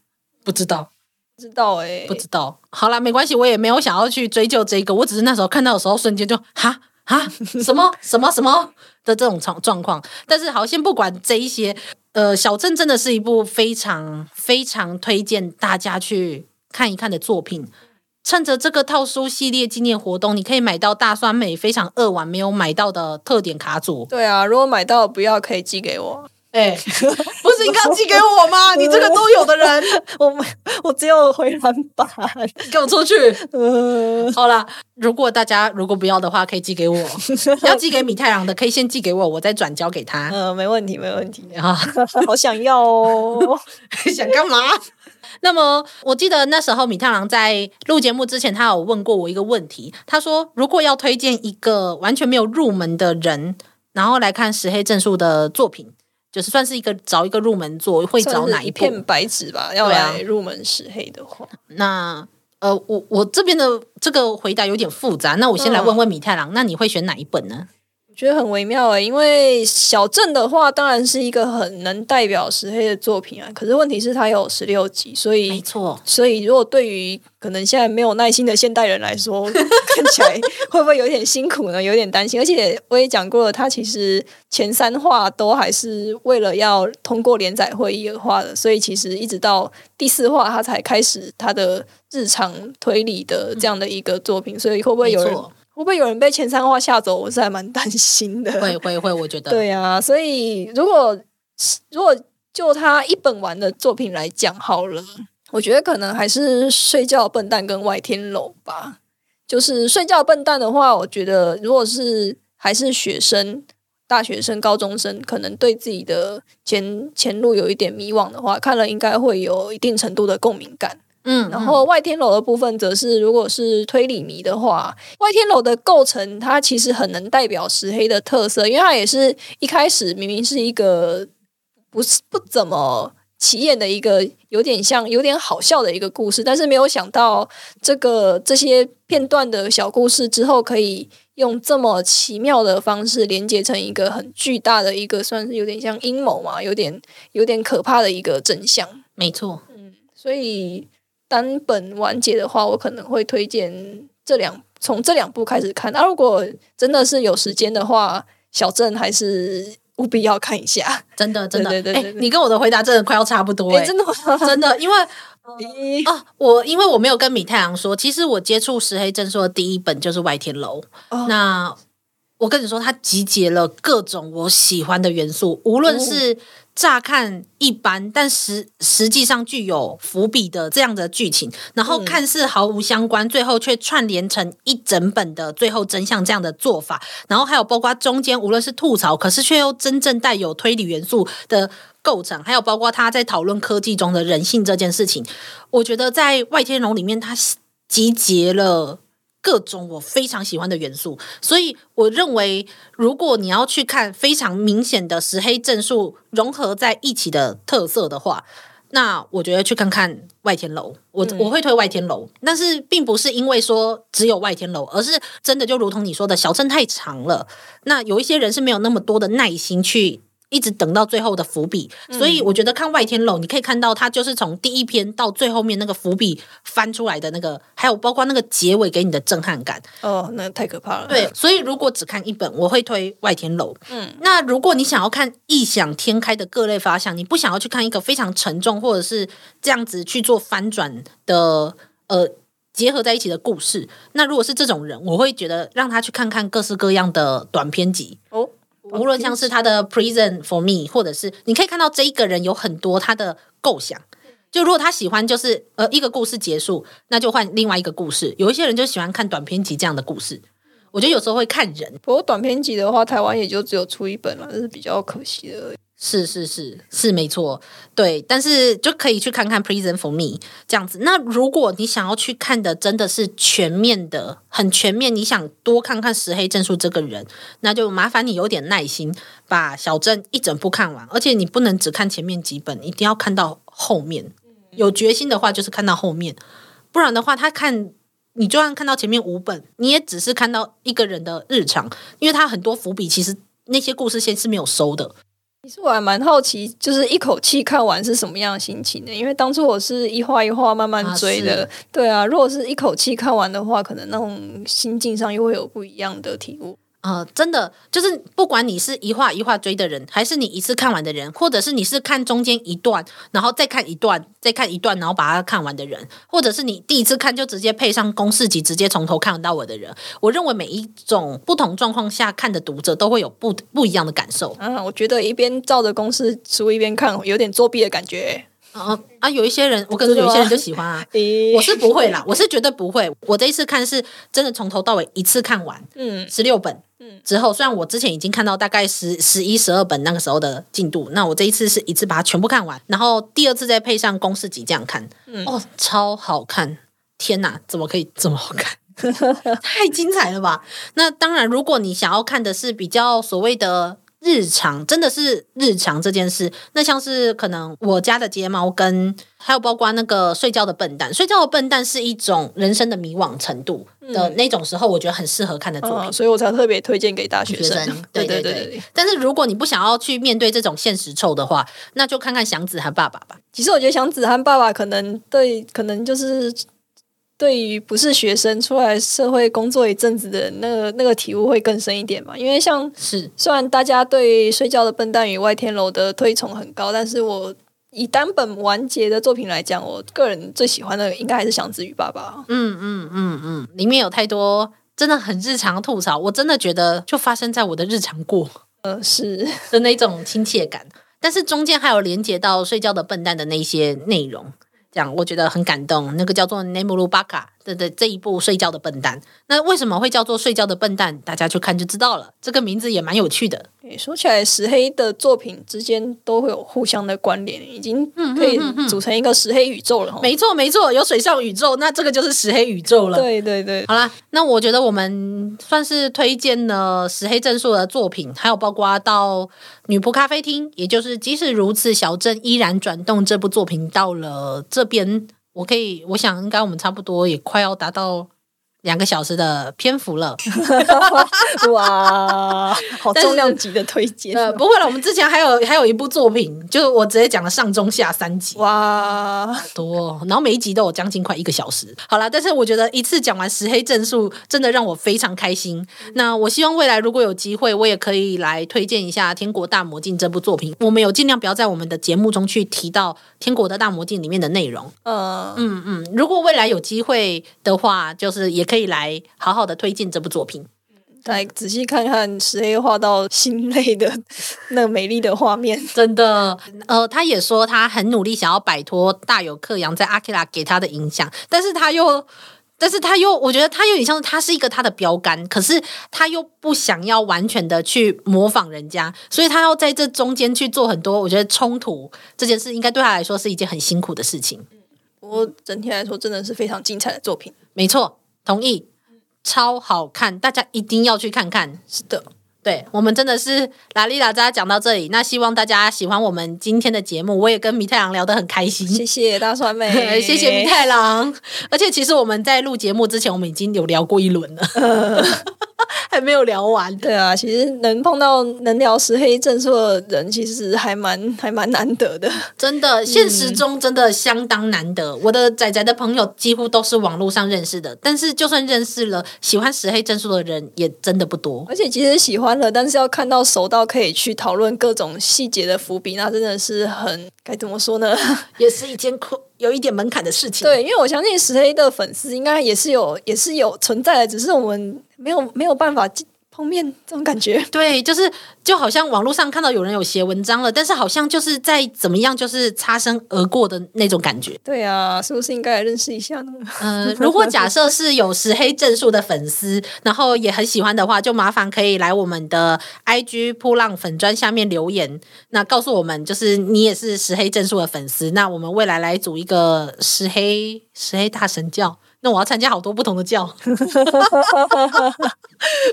不知道。不知道誒、欸，不知道。好啦，沒關係，我也沒有想要去追究這個，我只是那時候看到的時候，瞬間就哈哈什麼什麼什麼 的這種狀狀況。但是好，先不管這一些。呃，小鎮真的是一部非常非常推薦大家去看一看的作品。趁着這個套書系列紀念活動，你可以買到大酸梅非常扼腕沒有買到的特典卡組。對啊，如果買到不要可以寄給我。哎、欸，不是應該寄給我嗎、？ 嗯？你這個都有的人，我我只有回藍板。給我出去。嗯、好啦，如果大家如果不要的話，可以寄給我。要寄給米太郎的，可以先寄給我，我再轉交給他。嗯，沒問題，沒問題 好想要哦， 想幹幹嘛？ 那麼我記得那時候米太郎在錄節目之前，他有問過我一個問題。他說，如果要推薦一個完全沒有入門的人，然後來看石黑正數的作品。就是算是一個找一個入門作，會找哪一,一片白紙吧，要來入門石黑的話？啊、那呃，我我這邊的這個回答有點複雜，那我先來問問米太郎，嗯、那你會選哪一本呢？覺得很微妙誒、欸，因為小鎮的話當然是一個很能代表石黑的作品啊。可是問題是，他有十六集，所以沒錯。所以如果對於可能現在沒有耐心的現代人來說， 看起來會不會有點辛苦呢？有點擔心。而且也我也講過了，他其實前三話都還是為了要通過連載會議而畫的，所以其實一直到第四話他才開始他的日常推理的這樣的一個作品。嗯、所以會不會有人會不會有人被前三話嚇走？我是還蠻擔心的。會會會，我覺得。對呀、啊，所以如果如果就他一本完的作品來講好了，我覺得可能還是《睡覺笨蛋》跟《外天樓》吧。就是《睡覺笨蛋》的話，我覺得如果是還是學生、大學生、高中生，可能對自己的前前路有一點迷惘的話，看了應該會有一定程度的共鳴感。嗯，然後外天樓的部分則是，如果是推理迷的話，外天樓的構成它其實很能代表石黑的特色，因為它也是一開始明明是一個不是不怎麼起眼的一個，有點像有點好笑的一個故事，但是沒有想到這個這些片段的小故事之後，可以用這麼奇妙的方式連接成一個很巨大的一個，算是有點像陰謀嘛，有點有點可怕的一個真相。沒錯，嗯，所以。三本完結的話，我可能會推薦這兩從這兩部開始看。那、啊、如果真的是有時間的話，小鎮還是務必要看一下。 真的，真的對對對對對、欸，你跟我的回答真的快要差不多，欸、真的真的，因為哦、 呃啊，我因為我沒有跟米太郎說，其實我接觸石黑正數的第一本就是《外天樓》。哦，那我跟你說，他集結了各種我喜歡的元素，無論是乍看一般，但實實際上具有伏筆的這樣的劇情，然後看似毫無相關，最後卻串聯成一整本的最後真相這樣的做法，然後還有包括中間無論是吐槽，可是卻又真正帶有推理元素的構成，還有包括他在討論科技中的人性這件事情，我覺得在外天樓裡面，他集結了。各種我非常喜歡的元素，所以我認為，如果你要去看非常明顯的石黑正數融合在一起的特色的話，那我覺得去看看外天樓。我我會推外天樓，嗯，但是並不是因為說只有外天樓，而是真的就如同你說的小鎮太長了，那有一些人是沒有那麼多的耐心去。一直等到最後的伏筆，所以我覺得看外天樓，你可以看到它就是從第一篇到最後面那個伏筆翻出來的那個，還有包括那個結尾給你的震撼感。哦，那太可怕了。對，所以如果只看一本，我會推外天樓。嗯，那如果你想要看異想天開的各類發想，你不想要去看一個非常沉重或者是這樣子去做翻轉的呃結合在一起的故事，那如果是這種人，我會覺得讓他去看看各式各樣的短篇集哦。無論像是他的《Present for me》，或者是你可以看到這一個人有很多他的構想。就如果他喜歡，就是呃一個故事結束，那就換另外一個故事。有一些人就喜歡看短篇集這樣的故事。我覺得有時候會看人。不過短篇集的話，台灣也就只有出一本了，這是比較可惜的而已。是是是是沒錯，對，但是就可以去看看《Present for Me》這樣子。那如果你想要去看的真的是全面的、很全面，你想多看看石黑正數這個人，那就麻煩你有點耐心，把小鎮一整部看完。而且你不能只看前面幾本，一定要看到後面。有決心的話，就是看到後面；不然的話，他看你就算看到前面五本，你也只是看到一個人的日常，因為他很多伏筆，其實那些故事線是沒有收的。其實我還蠻好奇，就是一口氣看完是什麼樣的心情呢？因為當初我是一畫一畫慢慢追的，啊，對啊，如果是一口氣看完的話，可能那種心境上又會有不一樣的體悟。呃，真的就是，不管你是一話一話追的人，還是你一次看完的人，或者是你是看中間一段，然後再看一段，再看一段，然後把它看完的人，或者是你第一次看就直接配上公式集，直接從頭看到尾的人，我認為每一種不同狀況下看的讀者都會有不不一樣的感受。嗯，我覺得一邊照着公式書一邊看，有點作弊的感覺。啊、嗯、啊！有一些人，我跟你說，有一些人就喜歡啊。我，我，我是不會啦， 我是絕對不會。我這一次看是真的從頭到尾一次看完，嗯，十六本，嗯，之後雖然我之前已經看到大概十、十一、十二本那個時候的進度，那我這一次是一次把它全部看完，然後第二次再配上公式集這樣看，嗯，哦，超好看！天吶，怎麼可以這麼好看？ 太精彩了吧？那當然，如果你想要看的是比較所謂的。日常真的是日常這件事，那像是可能我家的睫毛跟還有包括那個睡覺的笨蛋，睡覺的笨蛋是一種人生的迷惘程度的那種時候，我覺得很適合看的作品，嗯啊、所以我才特別推薦給大學生，學生對對對對。對對對，但是如果你不想要去面對這種現實臭的話，那就看看響子和爸爸吧。其實我覺得響子和爸爸可能對，可能就是。對於不是學生出來社會工作一陣子的人，那個那個體悟會更深一點嘛？因為像是雖然大家對《睡覺的笨蛋》與《外天樓》的推崇很高，但是我以單本完結的作品來講，我個人最喜歡的應該還是《響子與爸爸》嗯。嗯嗯嗯嗯，裡面有太多真的很日常吐槽，我真的覺得就發生在我的日常過。嗯、呃，是的那種親切感， 但是中間還有連接到《睡覺的笨蛋》的那些內容。講，我覺得很感動，那個叫做、Nemurubaka《內姆魯巴卡》。對對，這一部《睡覺的笨蛋》。那為什麼會叫做睡覺的笨蛋？大家去看就知道了。這個名字也蠻有趣的。誒，說起來，石黑的作品之間都會有互相的關聯，已經可以組成一個石黑宇宙了。嗯哼哼哼。沒錯，沒錯，有水上宇宙，那這個就是石黑宇宙了。哦。對對對，好啦，那我覺得我們算是推薦了石黑正數的作品，還有包括到《女僕咖啡廳》，也就是即使如此，小鎮依然轉動這部作品到了這邊。我可以，我想應該我們差不多也快要達到兩個小時的篇幅了， 哇，好重量級的推薦。 呃，不會了，我們之前還有還有一部作品，就是我直接講了上中下三集，哇，多，然後每一集都有將近快一個小時。好啦，但是我覺得一次講完《石黑正數》真的讓我非常開心。那我希望未來如果有機會，我也可以來推薦一下《天國大魔境》這部作品。我們有儘量不要在我們的節目中去提到《天國的大魔境》裡面的內容。呃、嗯嗯嗯，如果未來有機會的話，就是也可以。可以來好好的推薦這部作品，來仔細看看石黑畫到心累的那個美麗的畫面，真的。呃，他也說他很努力想要擺脫大友克洋在 AKIRA 給他的影響，但是他又，但是他又，我覺得他有點像，他是一個他的標桿，可是他又不想要完全的去模仿人家，所以他要在這中間去做很多。我覺得衝突這件事應該對他來說是一件很辛苦的事情。我整體來說真的是非常精彩的作品，沒錯。同意，超好看，大家一定要去看看。是的，對，我們真的是拉哩拉雜講到這裡，那希望大家喜歡我們今天的節目。我也跟米太郎聊得很開心，謝謝大酸梅， 謝謝米太郎。而且其實我們在錄節目之前，我們已經有聊過一輪了。呃 還沒有聊完。對啊，其實能碰到能聊石黑正數的人，其實還蠻還蠻難得的。真的、嗯，現實中真的相當難得。我的宅宅的朋友幾乎都是網絡上認識的，但是就算認識了，喜歡石黑正數的人也真的不多。而且其實喜歡了，但是要看到熟到可以去討論各種細節的伏筆，那真的是很該怎麼說呢？也是一件苦、有一點門檻的事情。 對，因為我相信石黑的粉絲應該也是有也是有存在的，只是我們。沒有沒有辦法碰面，這種感覺。對，就是就好像網絡上看到有人有寫文章了，但是好像就是在怎麼樣，就是擦身而過的那種感覺。對啊，是不是應該來認識一下呢？呃、 如果假設是有石黑正數的粉絲， 然後也很喜歡的話，就麻煩可以來我們的 IG 噗浪粉專下面留言，那告訴我們就是你也是石黑正數的粉絲，那我們未來來組一個石黑石黑大神教。那我要參加好多不同的教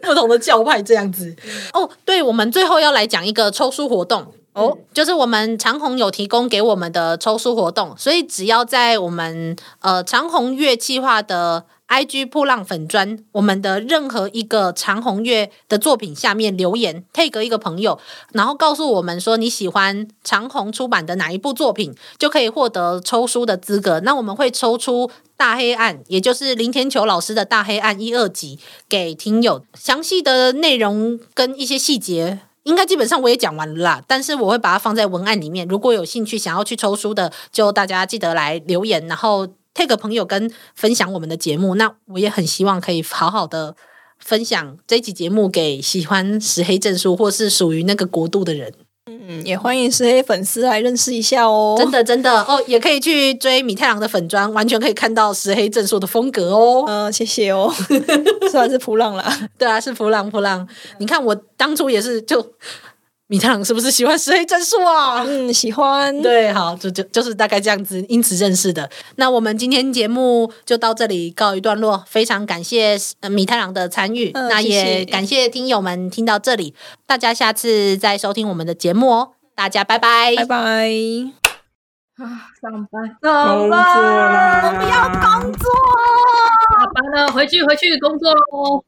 不同的教派這樣子 哦。對，我們最後要來講一個抽書活動哦、嗯，就是我們長鴻有提供給我們的抽書活動，所以只要在我們呃長鴻月計劃的。IG 噗浪、粉專，我們的任何一個長鴻月的作品下面留言，tag 一個朋友，然後告訴我們說你喜歡長鴻出版的哪一部作品，就可以獲得抽書的資格。那我們會抽出《大黑暗》，也就是林田球老師的大黑暗一二集給聽友。詳細的內容跟一些細節，應該基本上我也講完了啦，但是我會把它放在文案裡面。如果有興趣想要去抽書的，就大家記得來留言，然後。Take 朋友跟分享我們的節目，那我也很希望可以好好的分享這期節目給喜歡石黑正數或是屬於那個國度的人。嗯，嗯，也歡迎石黑粉絲來認識一下哦。真的，真的哦，也可以去追米太郎的粉專，完全可以看到石黑正數的風格哦。嗯、呃，謝謝哦， 算是噗浪了。 對啊，是噗浪噗浪，嗯。你看我當初也是就。 米太郎是不是喜歡石黑正數啊？嗯，喜歡。對，好，就就就是大概這樣子，因此認識的。那我們今天節目就到這裡告一段落，非常感謝、呃、米太郎的參與，那也感謝聽友們聽到這裡，謝謝大家，下次再收聽我們的節目哦、喔。大家拜拜，拜拜。 啊，上班，上班啦，不要工作，上班了，回去回去工作嘍。